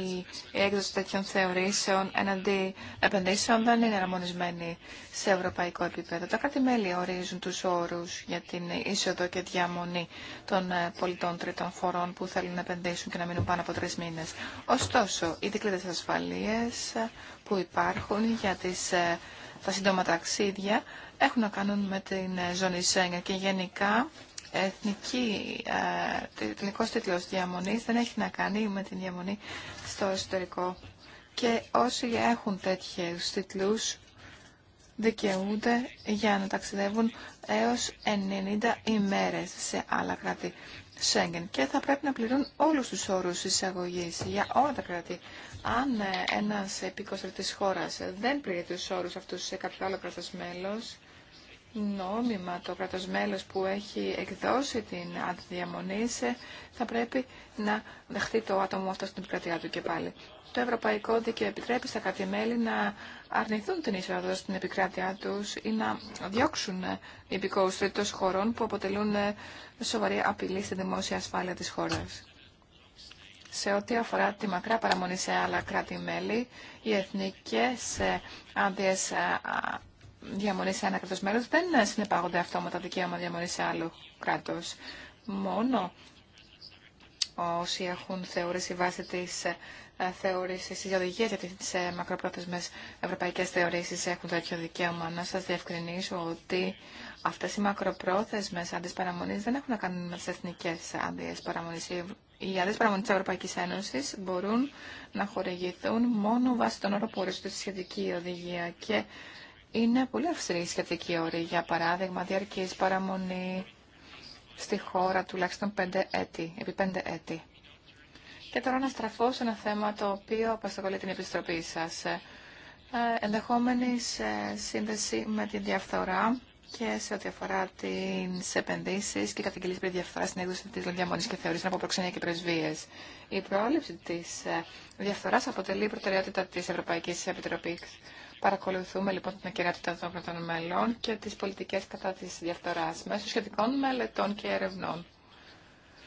η έκδοση τέτοιων θεωρήσεων εναντί επενδύσεων δεν είναι αρμονισμένη σε ευρωπαϊκό επίπεδο. Τα κράτη-μέλη ορίζουν τους όρους για την είσοδο και διαμονή των ε, πολιτών τρίτων φορών που θέλουν να επενδύσουν και να μείνουν πάνω από τρεις μήνες. Ωστόσο, οι δικλείδες ασφαλείες που υπάρχουν για τις, ε, τα σύντομα ταξίδια έχουν να κάνουν με την ε, ζώνη και γενικά εθνική, ε, εθνικός τίτλος διαμονής δεν έχει να κάνει με την διαμονή στο εσωτερικό. Και όσοι έχουν τέτοιους τίτλους δικαιούνται για να ταξιδεύουν έως 90 ημέρες σε άλλα κράτη Σέγγεν και θα πρέπει να πληρούν όλους τους όρους εισαγωγής για όλα τα κράτη. Αν ε, ένας επίκος χώρας δεν πληρεί τους όρους αυτούς σε κάποιο άλλο κράτος μέλος, νόμιμα το κράτος μέλος που έχει εκδώσει την αντιδιαμονή σε, θα πρέπει να δεχτεί το άτομο αυτό στην επικρατεία του και πάλι. Το Ευρωπαϊκό Δίκαιο επιτρέπει στα κράτη-μέλη να αρνηθούν την είσοδο στην επικράτειά τους ή να διώξουν υπηκόου τρίτος χωρών που αποτελούν σοβαρή απειλή στη δημόσια ασφάλεια της χώρας. Σε ό,τι αφορά τη μακρά παραμονή σε άλλα κράτη-μέλη, οι εθνικές άδειες διαμονή σε ένα κράτο μέρο δεν συνεπάγονται αυτόματα δικαίωμα διαμονή σε άλλο κράτο. Μόνο όσοι έχουν θεώρηση βάσει τη ε, θεώρηση τη οδηγίε για τι ε, μακροπρόθεσμε ευρωπαϊκέ θεωρήσει έχουν τέτοιο δικαίωμα. Να σα διευκρινίσω ότι αυτέ οι μακροπρόθεσμες άντρε παραμονή δεν έχουν να κάνουν με τι εθνικές άντρε παραμονή. Οι άντρε παραμονή τη Ευρωπαϊκή Ένωση μπορούν να χορηγηθούν μόνο βάσει των όρων που ορίζονται στη σχετική οδηγία και είναι πολύ αυστηρή η σχετική όρη, για παράδειγμα, διαρκής παραμονή στη χώρα τουλάχιστον πέντε έτη, επί πέντε έτη. Και τώρα να στραφώ σε ένα θέμα το οποίο απασχολεί την επιστροπή σας. Ε, ενδεχόμενη σε σύνδεση με τη διαφθορά και σε ό,τι αφορά τι επενδύσει και καταγγελίε περί διαφθορά στην έκδοση τη διαμονή και θεωρήσεων από προξενία και πρεσβείε. Η πρόληψη τη ε, διαφθορά αποτελεί προτεραιότητα τη Ευρωπαϊκή Επιτροπή Παρακολουθούμε λοιπόν την ακεράτητα των κρατών μελών και τις πολιτικές κατά της διαφθοράς μέσω σχετικών μελετών και ερευνών.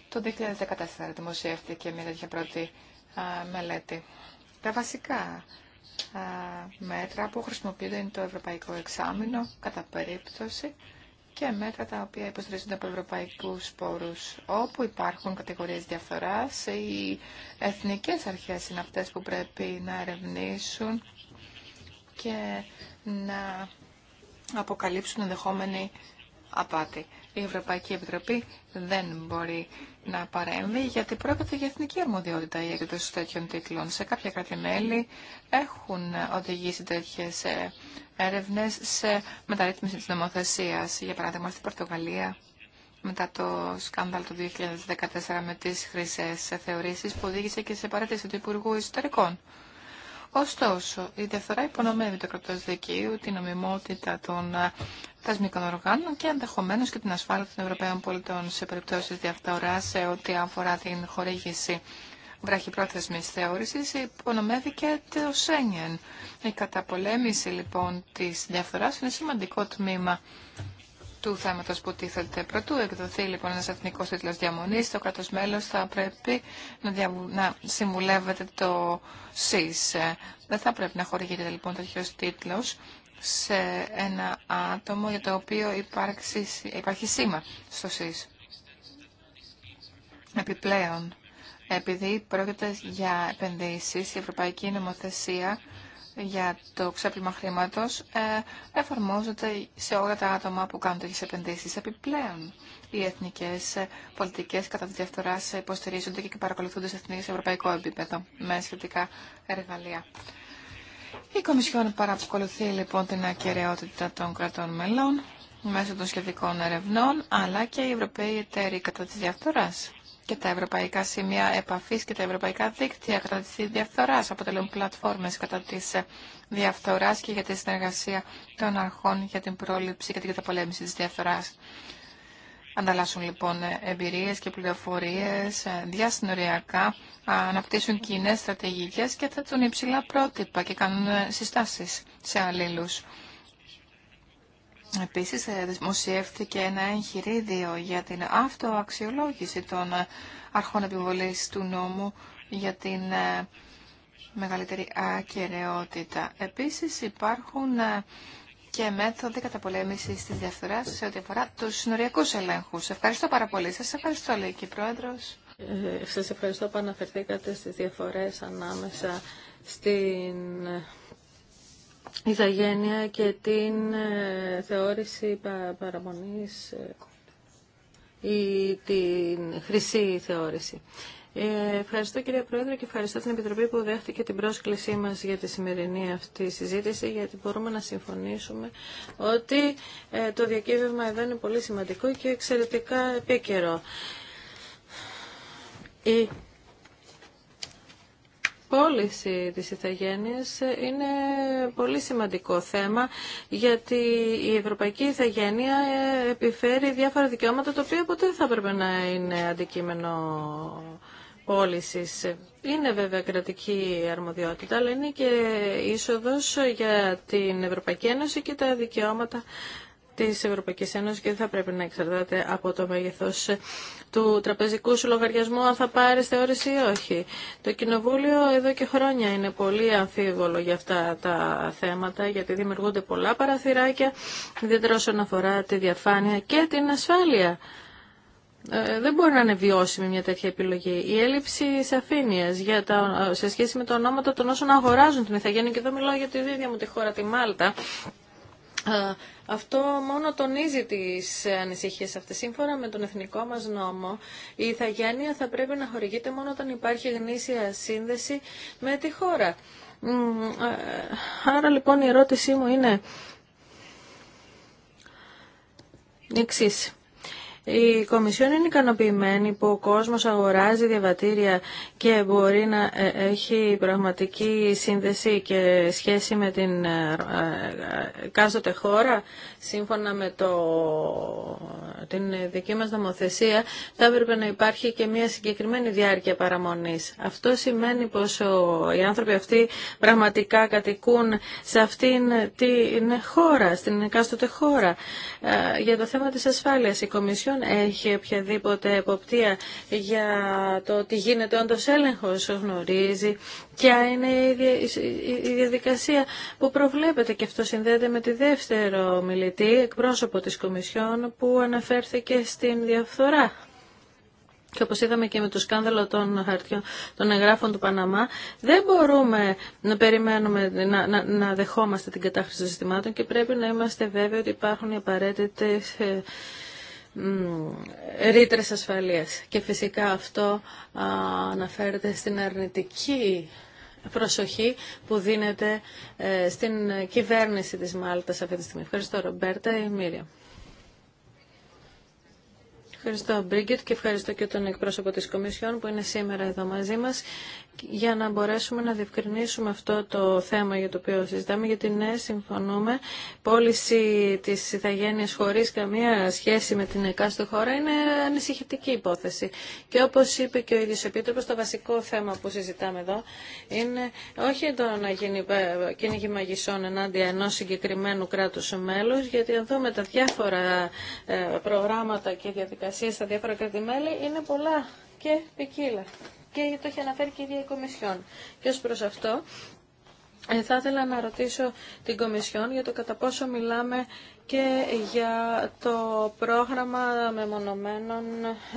Το 2014 δημοσιεύτηκε μια τέτοια πρώτη α, μελέτη. Τα βασικά α, μέτρα που χρησιμοποιούνται είναι το Ευρωπαϊκό Εξάμεινο κατά περίπτωση και μέτρα τα οποία υποστηρίζονται από ευρωπαϊκού πόρου. Όπου υπάρχουν κατηγορίε διαφθορά, οι εθνικέ αρχέ είναι αυτέ που πρέπει να ερευνήσουν και να αποκαλύψουν ενδεχόμενη απάτη. Η Ευρωπαϊκή Επιτροπή δεν μπορεί να παρέμβει γιατί πρόκειται για εθνική αρμοδιότητα η έκδοση τέτοιων τίτλων. Σε κάποια κράτη-μέλη έχουν οδηγήσει τέτοιε έρευνε σε μεταρρύθμιση τη νομοθεσία. Για παράδειγμα, στην Πορτογαλία, μετά το σκάνδαλο του 2014 με τι χρυσέ θεωρήσει που οδήγησε και σε παρέτηση του Υπουργού Ιστορικών. Ωστόσο, η διαφθορά υπονομεύει το κρατό δικαίου, την νομιμότητα των ε, θεσμικών οργάνων και ενδεχομένω και την ασφάλεια των Ευρωπαίων πολιτών σε περιπτώσει διαφθορά σε ό,τι αφορά την χορήγηση βραχυπρόθεσμη θεώρηση, υπονομεύει και το Σένιεν. Η καταπολέμηση λοιπόν της διαφθοράς είναι σημαντικό τμήμα του θέματο που τίθεται. Πρωτού εκδοθεί λοιπόν ένα εθνικό τίτλο διαμονή, το κράτο μέλο θα πρέπει να, διαβου... να συμβουλεύεται το ΣΥΣ. Δεν θα πρέπει να χορηγείται λοιπόν τέτοιο τίτλο σε ένα άτομο για το οποίο υπάρξει... υπάρχει σήμα στο ΣΥΣ. Επιπλέον, επειδή πρόκειται για επενδύσει, η Ευρωπαϊκή Νομοθεσία για το ξέπλυμα χρήματο ε, εφαρμόζονται σε όλα τα άτομα που κάνουν τέτοιε επενδύσει. Επιπλέον, οι εθνικέ πολιτικέ κατά τη διαφθορά υποστηρίζονται και παρακολουθούνται σε εθνικό και ευρωπαϊκό επίπεδο με σχετικά εργαλεία. Η Κομισιόν παρακολουθεί λοιπόν την ακαιρεότητα των κρατών μελών μέσω των σχετικών ερευνών, αλλά και οι Ευρωπαίοι εταίροι κατά τη διαφθοράς και τα ευρωπαϊκά σημεία επαφής και τα ευρωπαϊκά δίκτυα κατά τη διαφθορά, αποτελούν πλατφόρμες κατά τη ε, διαφθορά και για τη συνεργασία των αρχών για την πρόληψη και την καταπολέμηση τη διαφθορά. Ανταλλάσσουν λοιπόν ε, εμπειρίε και πληροφορίε, ε, διασυνοριακά, αναπτύσσουν κοινέ στρατηγικέ και θέτουν υψηλά πρότυπα και κάνουν συστάσει σε αλλήλους. Επίσης, ε, δημοσιεύτηκε ένα εγχειρίδιο για την αυτοαξιολόγηση των ε, αρχών επιβολής του νόμου για την ε, μεγαλύτερη ακαιρεότητα. Επίσης, υπάρχουν και μέθοδοι καταπολέμησης της διαφθοράς σε ό,τι αφορά τους συνοριακούς ελέγχους. Ευχαριστώ πάρα πολύ. Σας ευχαριστώ, Λίκη και Πρόεδρος. σας ευχαριστώ που αναφερθήκατε στις διαφορές ανάμεσα στην ηθαγένεια και την ε, θεώρηση παραμονής ε, ή την χρυσή θεώρηση. Ε, ευχαριστώ κύριε Πρόεδρε και ευχαριστώ την Επιτροπή που δέχτηκε την πρόσκλησή μας για τη σημερινή αυτή συζήτηση γιατί μπορούμε να συμφωνήσουμε ότι το διακύβευμα εδώ είναι πολύ σημαντικό και εξαιρετικά επίκαιρο. Η πώληση της ηθαγένειας είναι πολύ σημαντικό θέμα γιατί η ευρωπαϊκή ηθαγένεια επιφέρει διάφορα δικαιώματα τα οποία ποτέ θα έπρεπε να είναι αντικείμενο πώλησης. Είναι βέβαια κρατική αρμοδιότητα, αλλά είναι και είσοδος για την Ευρωπαϊκή Ένωση και τα δικαιώματα Τη Ευρωπαϊκή Ένωση και δεν θα πρέπει να εξαρτάται από το μέγεθο του τραπεζικού σου λογαριασμού αν θα πάρει θεώρηση ή όχι. Το Κοινοβούλιο εδώ και χρόνια είναι πολύ αμφίβολο για αυτά τα θέματα γιατί δημιουργούνται πολλά παραθυράκια ιδιαίτερα όσον αφορά τη διαφάνεια και την ασφάλεια. Ε, δεν μπορεί να είναι βιώσιμη μια τέτοια επιλογή. Η έλλειψη σαφήνεια σε σχέση με τα ονόματα των όσων αγοράζουν την Ιθαγένεια, και εδώ μιλάω για τη δίδια μου τη χώρα, τη Μάλτα, αυτό μόνο τονίζει τις ανησυχίες αυτές. Σύμφωνα με τον εθνικό μας νόμο, η ηθαγένεια θα πρέπει να χορηγείται μόνο όταν υπάρχει γνήσια σύνδεση με τη χώρα. Άρα λοιπόν η ερώτησή μου είναι εξής. Η Κομισιόν είναι ικανοποιημένη που ο κόσμος αγοράζει διαβατήρια και μπορεί να ε, έχει πραγματική σύνδεση και σχέση με την ε, ε, κάστοτε χώρα. Σύμφωνα με το, την δική μας νομοθεσία θα έπρεπε να υπάρχει και μια συγκεκριμένη διάρκεια παραμονής. Αυτό σημαίνει πως οι άνθρωποι αυτοί πραγματικά κατοικούν σε αυτήν την χώρα, στην κάστοτε χώρα. Για το θέμα της ασφάλειας η Κομισιόν έχει οποιαδήποτε εποπτεία για το τι γίνεται όντως έλεγχος, γνωρίζει ποια είναι η διαδικασία που προβλέπεται και αυτό συνδέεται με τη δεύτερο μιλητή, εκπρόσωπο της Κομισιόν που αναφέρθηκε στην διαφθορά. Και όπως είδαμε και με το σκάνδαλο των χαρτιών των εγγράφων του Παναμά, δεν μπορούμε να περιμένουμε να, να, να δεχόμαστε την κατάχρηση των συστημάτων και πρέπει να είμαστε βέβαιοι ότι υπάρχουν οι απαραίτητες ε, ρήτρε ασφαλείας. Και φυσικά αυτό αναφέρεται στην αρνητική προσοχή που δίνεται ε, στην κυβέρνηση της Μάλτας αυτή τη στιγμή. Ευχαριστώ Ρομπέρτα ή Μύρια. Ευχαριστώ Μπρίγκετ και ευχαριστώ και τον εκπρόσωπο της Κομισιόν που είναι σήμερα εδώ μαζί μας για να μπορέσουμε να διευκρινίσουμε αυτό το θέμα για το οποίο συζητάμε, γιατί ναι, συμφωνούμε, πώληση της ηθαγένειας χωρίς καμία σχέση με την εκάστοτε χώρα είναι ανησυχητική υπόθεση. Και όπως είπε και ο ίδιος Επίτροπος, το βασικό θέμα που συζητάμε εδώ είναι όχι το να γίνει κυνηγή μαγισσών ενάντια ενός συγκεκριμένου κράτους μέλους, γιατί αν δούμε τα διάφορα ε, προγράμματα και διαδικασίες στα διάφορα κράτη-μέλη είναι πολλά και ποικίλα και το έχει αναφέρει και η ίδια η Κομισιόν. Και ως προς αυτό ε, θα ήθελα να ρωτήσω την Κομισιόν για το κατά πόσο μιλάμε και για το πρόγραμμα μεμονωμένων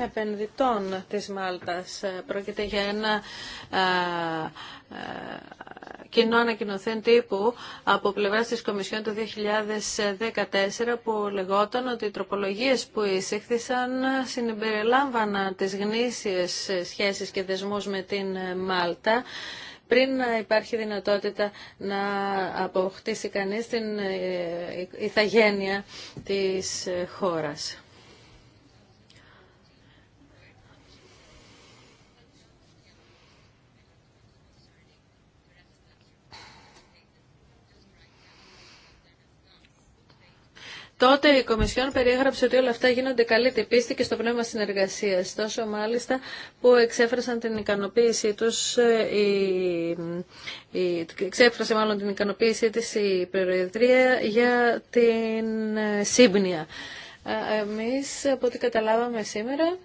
επενδυτών της Μάλτας. Ε, πρόκειται για ένα ε, κοινό ανακοινωθέν τύπου από πλευρά της Κομισιόν το 2014 που λεγόταν ότι οι τροπολογίε που εισήχθησαν συμπεριλάμβαναν τι γνήσιε σχέσεις και δεσμού με την Μάλτα πριν να υπάρχει δυνατότητα να αποκτήσει κανείς την ε, ε, ηθαγένεια της ε, χώρας. Τότε η Κομισιόν περιέγραψε ότι όλα αυτά γίνονται καλή τυπίστη πίστη και στο πνεύμα συνεργασία. Τόσο μάλιστα που εξέφρασαν την ικανοποίησή του, ε, εξέφρασε μάλλον την ικανοποίησή τη η Προεδρία για την ε, σύμπνοια. Ε, Εμεί από ό,τι καταλάβαμε σήμερα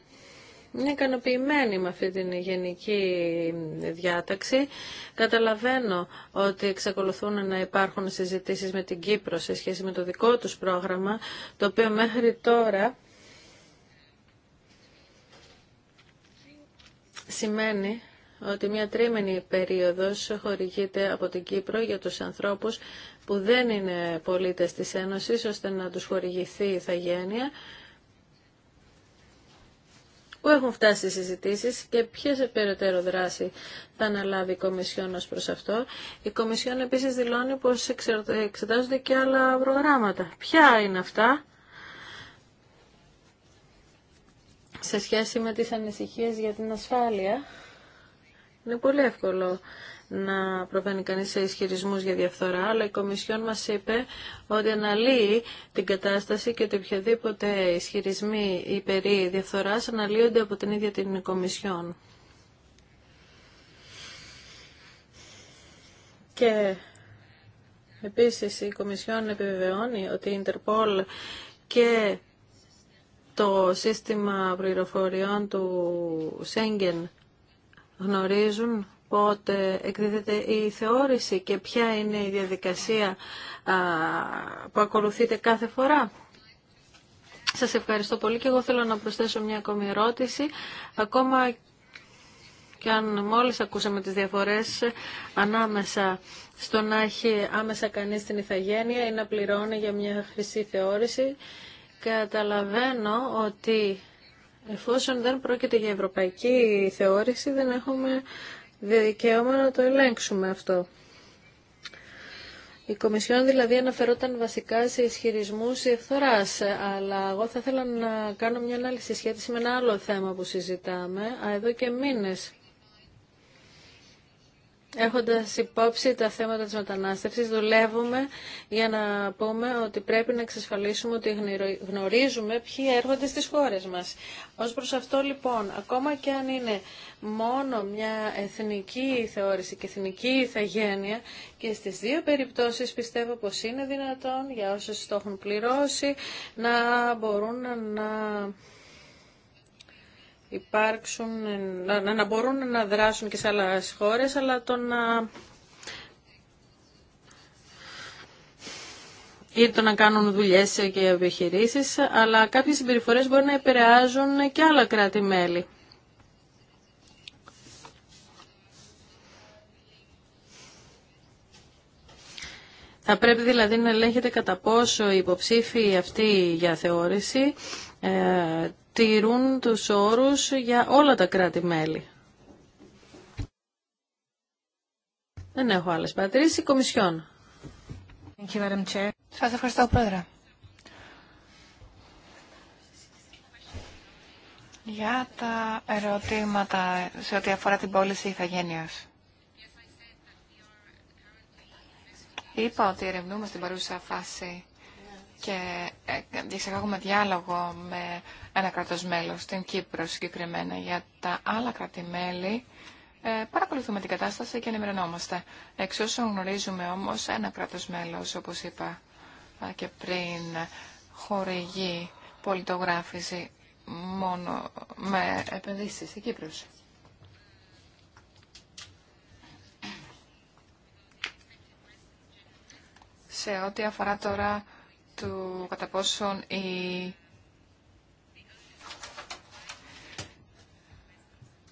είναι ικανοποιημένη με αυτή την γενική διάταξη. Καταλαβαίνω ότι εξακολουθούν να υπάρχουν συζητήσεις με την Κύπρο σε σχέση με το δικό τους πρόγραμμα, το οποίο μέχρι τώρα σημαίνει ότι μια τρίμηνη περίοδος χορηγείται από την Κύπρο για τους ανθρώπους που δεν είναι πολίτες της Ένωσης, ώστε να τους χορηγηθεί η θαγένεια Πού έχουν φτάσει οι συζητήσει και ποιε περαιτέρω δράση θα αναλάβει η Κομισιόν ω προς αυτό. Η Κομισιόν επίσης δηλώνει πως εξετάζονται και άλλα προγράμματα. Ποια είναι αυτά σε σχέση με τις ανησυχίες για την ασφάλεια. Είναι πολύ εύκολο να προβαίνει κανείς σε ισχυρισμούς για διαφθορά, αλλά η Κομισιόν μας είπε ότι αναλύει την κατάσταση και ότι οποιαδήποτε ισχυρισμοί ή περί διαφθοράς αναλύονται από την ίδια την Κομισιόν. Και επίσης η Κομισιόν επιβεβαιώνει ότι η Ιντερπόλ και το σύστημα πληροφοριών του Σέγγεν γνωρίζουν πότε εκδίδεται η θεώρηση και ποια είναι η διαδικασία που ακολουθείτε κάθε φορά. Σας ευχαριστώ πολύ και εγώ θέλω να προσθέσω μια ακόμη ερώτηση. Ακόμα και αν μόλις ακούσαμε τις διαφορές ανάμεσα στο να έχει άμεσα κανείς την ηθαγένεια ή να πληρώνει για μια χρυσή θεώρηση, καταλαβαίνω ότι εφόσον δεν πρόκειται για ευρωπαϊκή θεώρηση δεν έχουμε δικαίωμα να το ελέγξουμε αυτό. Η Κομισιόν δηλαδή αναφερόταν βασικά σε ισχυρισμού ευθορά, αλλά εγώ θα ήθελα να κάνω μια ανάλυση σχέση με ένα άλλο θέμα που συζητάμε εδώ και μήνε. Έχοντας υπόψη τα θέματα της μετανάστευσης, δουλεύουμε για να πούμε ότι πρέπει να εξασφαλίσουμε ότι γνωρίζουμε ποιοι έρχονται στις χώρες μας. Ως προς αυτό λοιπόν, ακόμα και αν είναι μόνο μια εθνική θεώρηση και εθνική ηθαγένεια και στις δύο περιπτώσεις πιστεύω πως είναι δυνατόν για όσους το έχουν πληρώσει να μπορούν να υπάρξουν, να, να μπορούν να δράσουν και σε άλλες χώρες, αλλά το να ή το να κάνουν δουλειές και επιχειρήσει, αλλά κάποιες συμπεριφορέ μπορεί να επηρεάζουν και άλλα κράτη-μέλη. Θα πρέπει δηλαδή να ελέγχεται κατά πόσο οι υποψήφοι αυτοί για θεώρηση ε, τηρούν τους όρους για όλα τα κράτη-μέλη. Δεν έχω άλλες παρατηρήσεις. Κομισιόν. Σας ευχαριστώ, Πρόεδρε. Για τα ερωτήματα σε ό,τι αφορά την πώληση ηθαγένειας. Είπα ότι ερευνούμε στην παρούσα φάση και ε, διεξαγάγουμε διάλογο με ένα κράτος μέλος, την Κύπρο συγκεκριμένα, για τα άλλα κράτη-μέλη. Ε, παρακολουθούμε την κατάσταση και ενημερωνόμαστε. Εξ όσων γνωρίζουμε όμως, ένα κράτος μέλος, όπως είπα ε, και πριν, χορηγεί πολιτογράφηση μόνο με επενδύσεις στην Κύπρο. Σε ό,τι αφορά τώρα του κατά πόσον η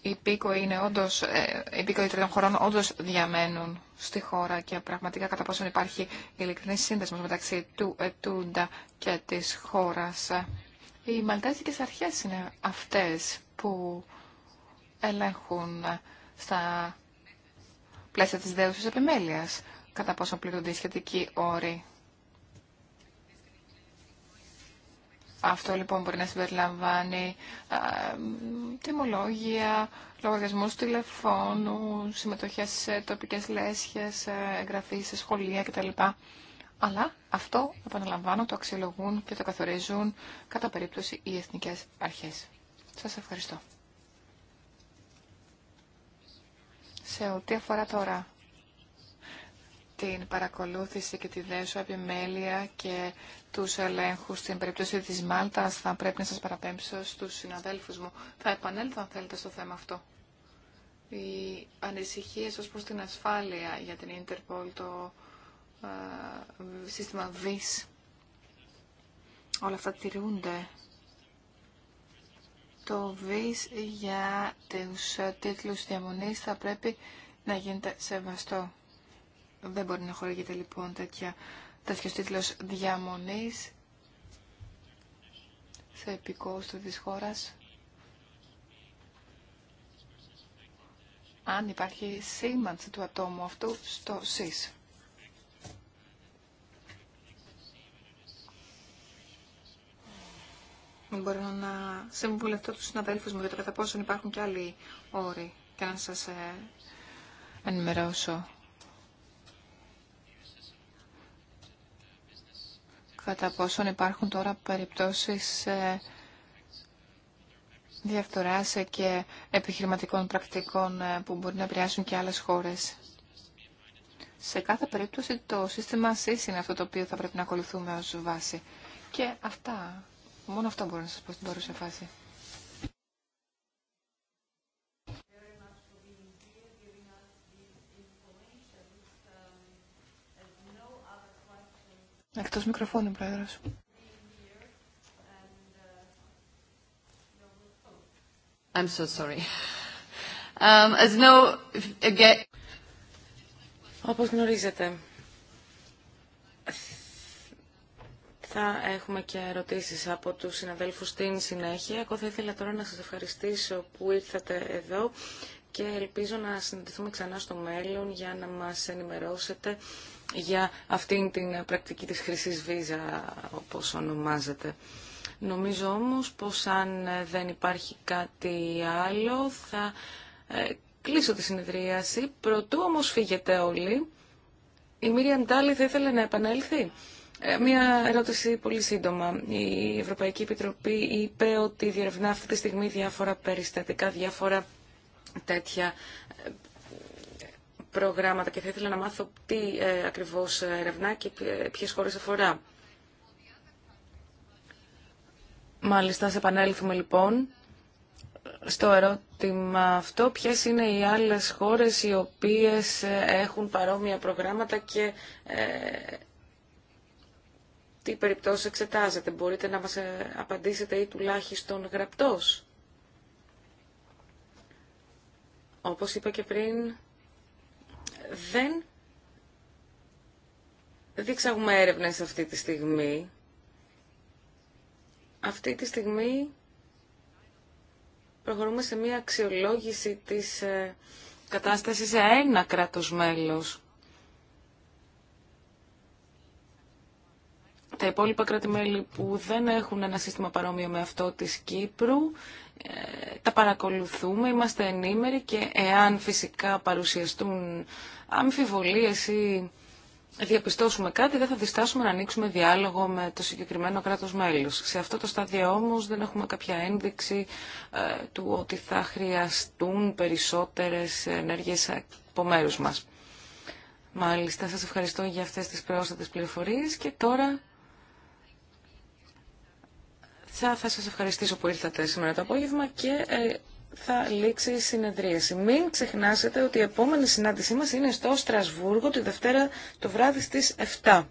η είναι όντως, τρίτων ε, χωρών όντω διαμένουν στη χώρα και πραγματικά κατά πόσον υπάρχει ειλικρινή σύνδεσμος μεταξύ του Ετούντα και της χώρας. Οι Μαλτέζικες αρχές είναι αυτές που ελέγχουν στα πλαίσια της δέουσης επιμέλειας κατά πόσον πληρούνται οι σχετικοί όροι. Αυτό λοιπόν μπορεί να συμπεριλαμβάνει α, τιμολόγια, λογαριασμού τηλεφώνου, συμμετοχές σε τοπικέ λέσχες, εγγραφή σε σχολεία κτλ. Αλλά αυτό, επαναλαμβάνω, το αξιολογούν και το καθορίζουν κατά περίπτωση οι εθνικές αρχές. Σας ευχαριστώ. Σε ό,τι αφορά τώρα την παρακολούθηση και τη δέσο επιμέλεια και τους ελέγχους στην περίπτωση της Μάλτας θα πρέπει να σας παραπέμψω στους συναδέλφους μου. Θα επανέλθω αν θέλετε στο θέμα αυτό. Οι ανησυχίες ως προς την ασφάλεια για την Interpol, το ε, σύστημα ΒΙΣ, όλα αυτά τηρούνται. Το ΒΙΣ για τους τίτλους διαμονής θα πρέπει να γίνεται σεβαστό. Δεν μπορεί να χορηγείται λοιπόν τέτοια, τέτοιος τίτλος διαμονής σε επικόστο της χώρας. Αν υπάρχει σήμανση του ατόμου αυτού στο ΣΥΣ. Μπορώ να συμβουλευτώ τους συναδέλφους μου για το κατά πόσο υπάρχουν και άλλοι όροι και να σας ε, ενημερώσω. κατά πόσον υπάρχουν τώρα περιπτώσεις ε, διαφθοράς ε, και επιχειρηματικών πρακτικών ε, που μπορεί να επηρεάσουν και άλλες χώρες. Σε κάθε περίπτωση το σύστημα ΣΥΣ είναι αυτό το οποίο θα πρέπει να ακολουθούμε ως βάση. Και αυτά, μόνο αυτό μπορώ να σας πω στην παρούσα φάση. Εκτός μικροφώνου, Πρόεδρος. I'm so sorry. Um, as no, again... Όπως γνωρίζετε, θα έχουμε και ερωτήσεις από τους συναδέλφους στην συνέχεια. Εγώ θα ήθελα τώρα να σας ευχαριστήσω που ήρθατε εδώ και ελπίζω να συναντηθούμε ξανά στο μέλλον για να μας ενημερώσετε για αυτήν την πρακτική της χρυσή βίζα, όπως ονομάζεται. Νομίζω όμως πως αν δεν υπάρχει κάτι άλλο θα ε, κλείσω τη συνεδρίαση. Προτού όμως φύγετε όλοι, η Μίρια Ντάλη δεν ήθελε να επανέλθει. Ε, Μία ερώτηση πολύ σύντομα. Η Ευρωπαϊκή Επιτροπή είπε ότι διερευνά αυτή τη στιγμή διάφορα περιστατικά, διάφορα τέτοια προγράμματα και θα ήθελα να μάθω τι ε, ακριβώς ερευνά και ποιες χώρες αφορά. Μάλιστα, σε επανέλθουμε λοιπόν στο ερώτημα αυτό. Ποιες είναι οι άλλες χώρες οι οποίες ε, έχουν παρόμοια προγράμματα και ε, τι περιπτώσεις εξετάζετε. Μπορείτε να μας ε, απαντήσετε ή τουλάχιστον γραπτός. Όπως είπα και πριν, δεν διεξάγουμε έρευνες αυτή τη στιγμή. Αυτή τη στιγμή προχωρούμε σε μια αξιολόγηση της ε, κατάστασης σε ένα κράτος μέλος. Τα υπόλοιπα κράτη-μέλη που δεν έχουν ένα σύστημα παρόμοιο με αυτό της Κύπρου, ε, τα παρακολουθούμε, είμαστε ενήμεροι και εάν φυσικά παρουσιαστούν αμφιβολίες ή διαπιστώσουμε κάτι, δεν θα διστάσουμε να ανοίξουμε διάλογο με το συγκεκριμένο κράτος μέλος. Σε αυτό το στάδιο όμως δεν έχουμε κάποια ένδειξη ε, του ότι θα χρειαστούν περισσότερες ενέργειες από μέρους μας. Μάλιστα, σας ευχαριστώ για αυτές τις πρόσθετες πληροφορίες και τώρα θα, θα σας ευχαριστήσω που ήρθατε σήμερα το απόγευμα και ε, θα λήξει η συνεδρίαση. Μην ξεχνάσετε ότι η επόμενη συνάντησή μας είναι στο Στρασβούργο τη Δευτέρα το βράδυ στις 7.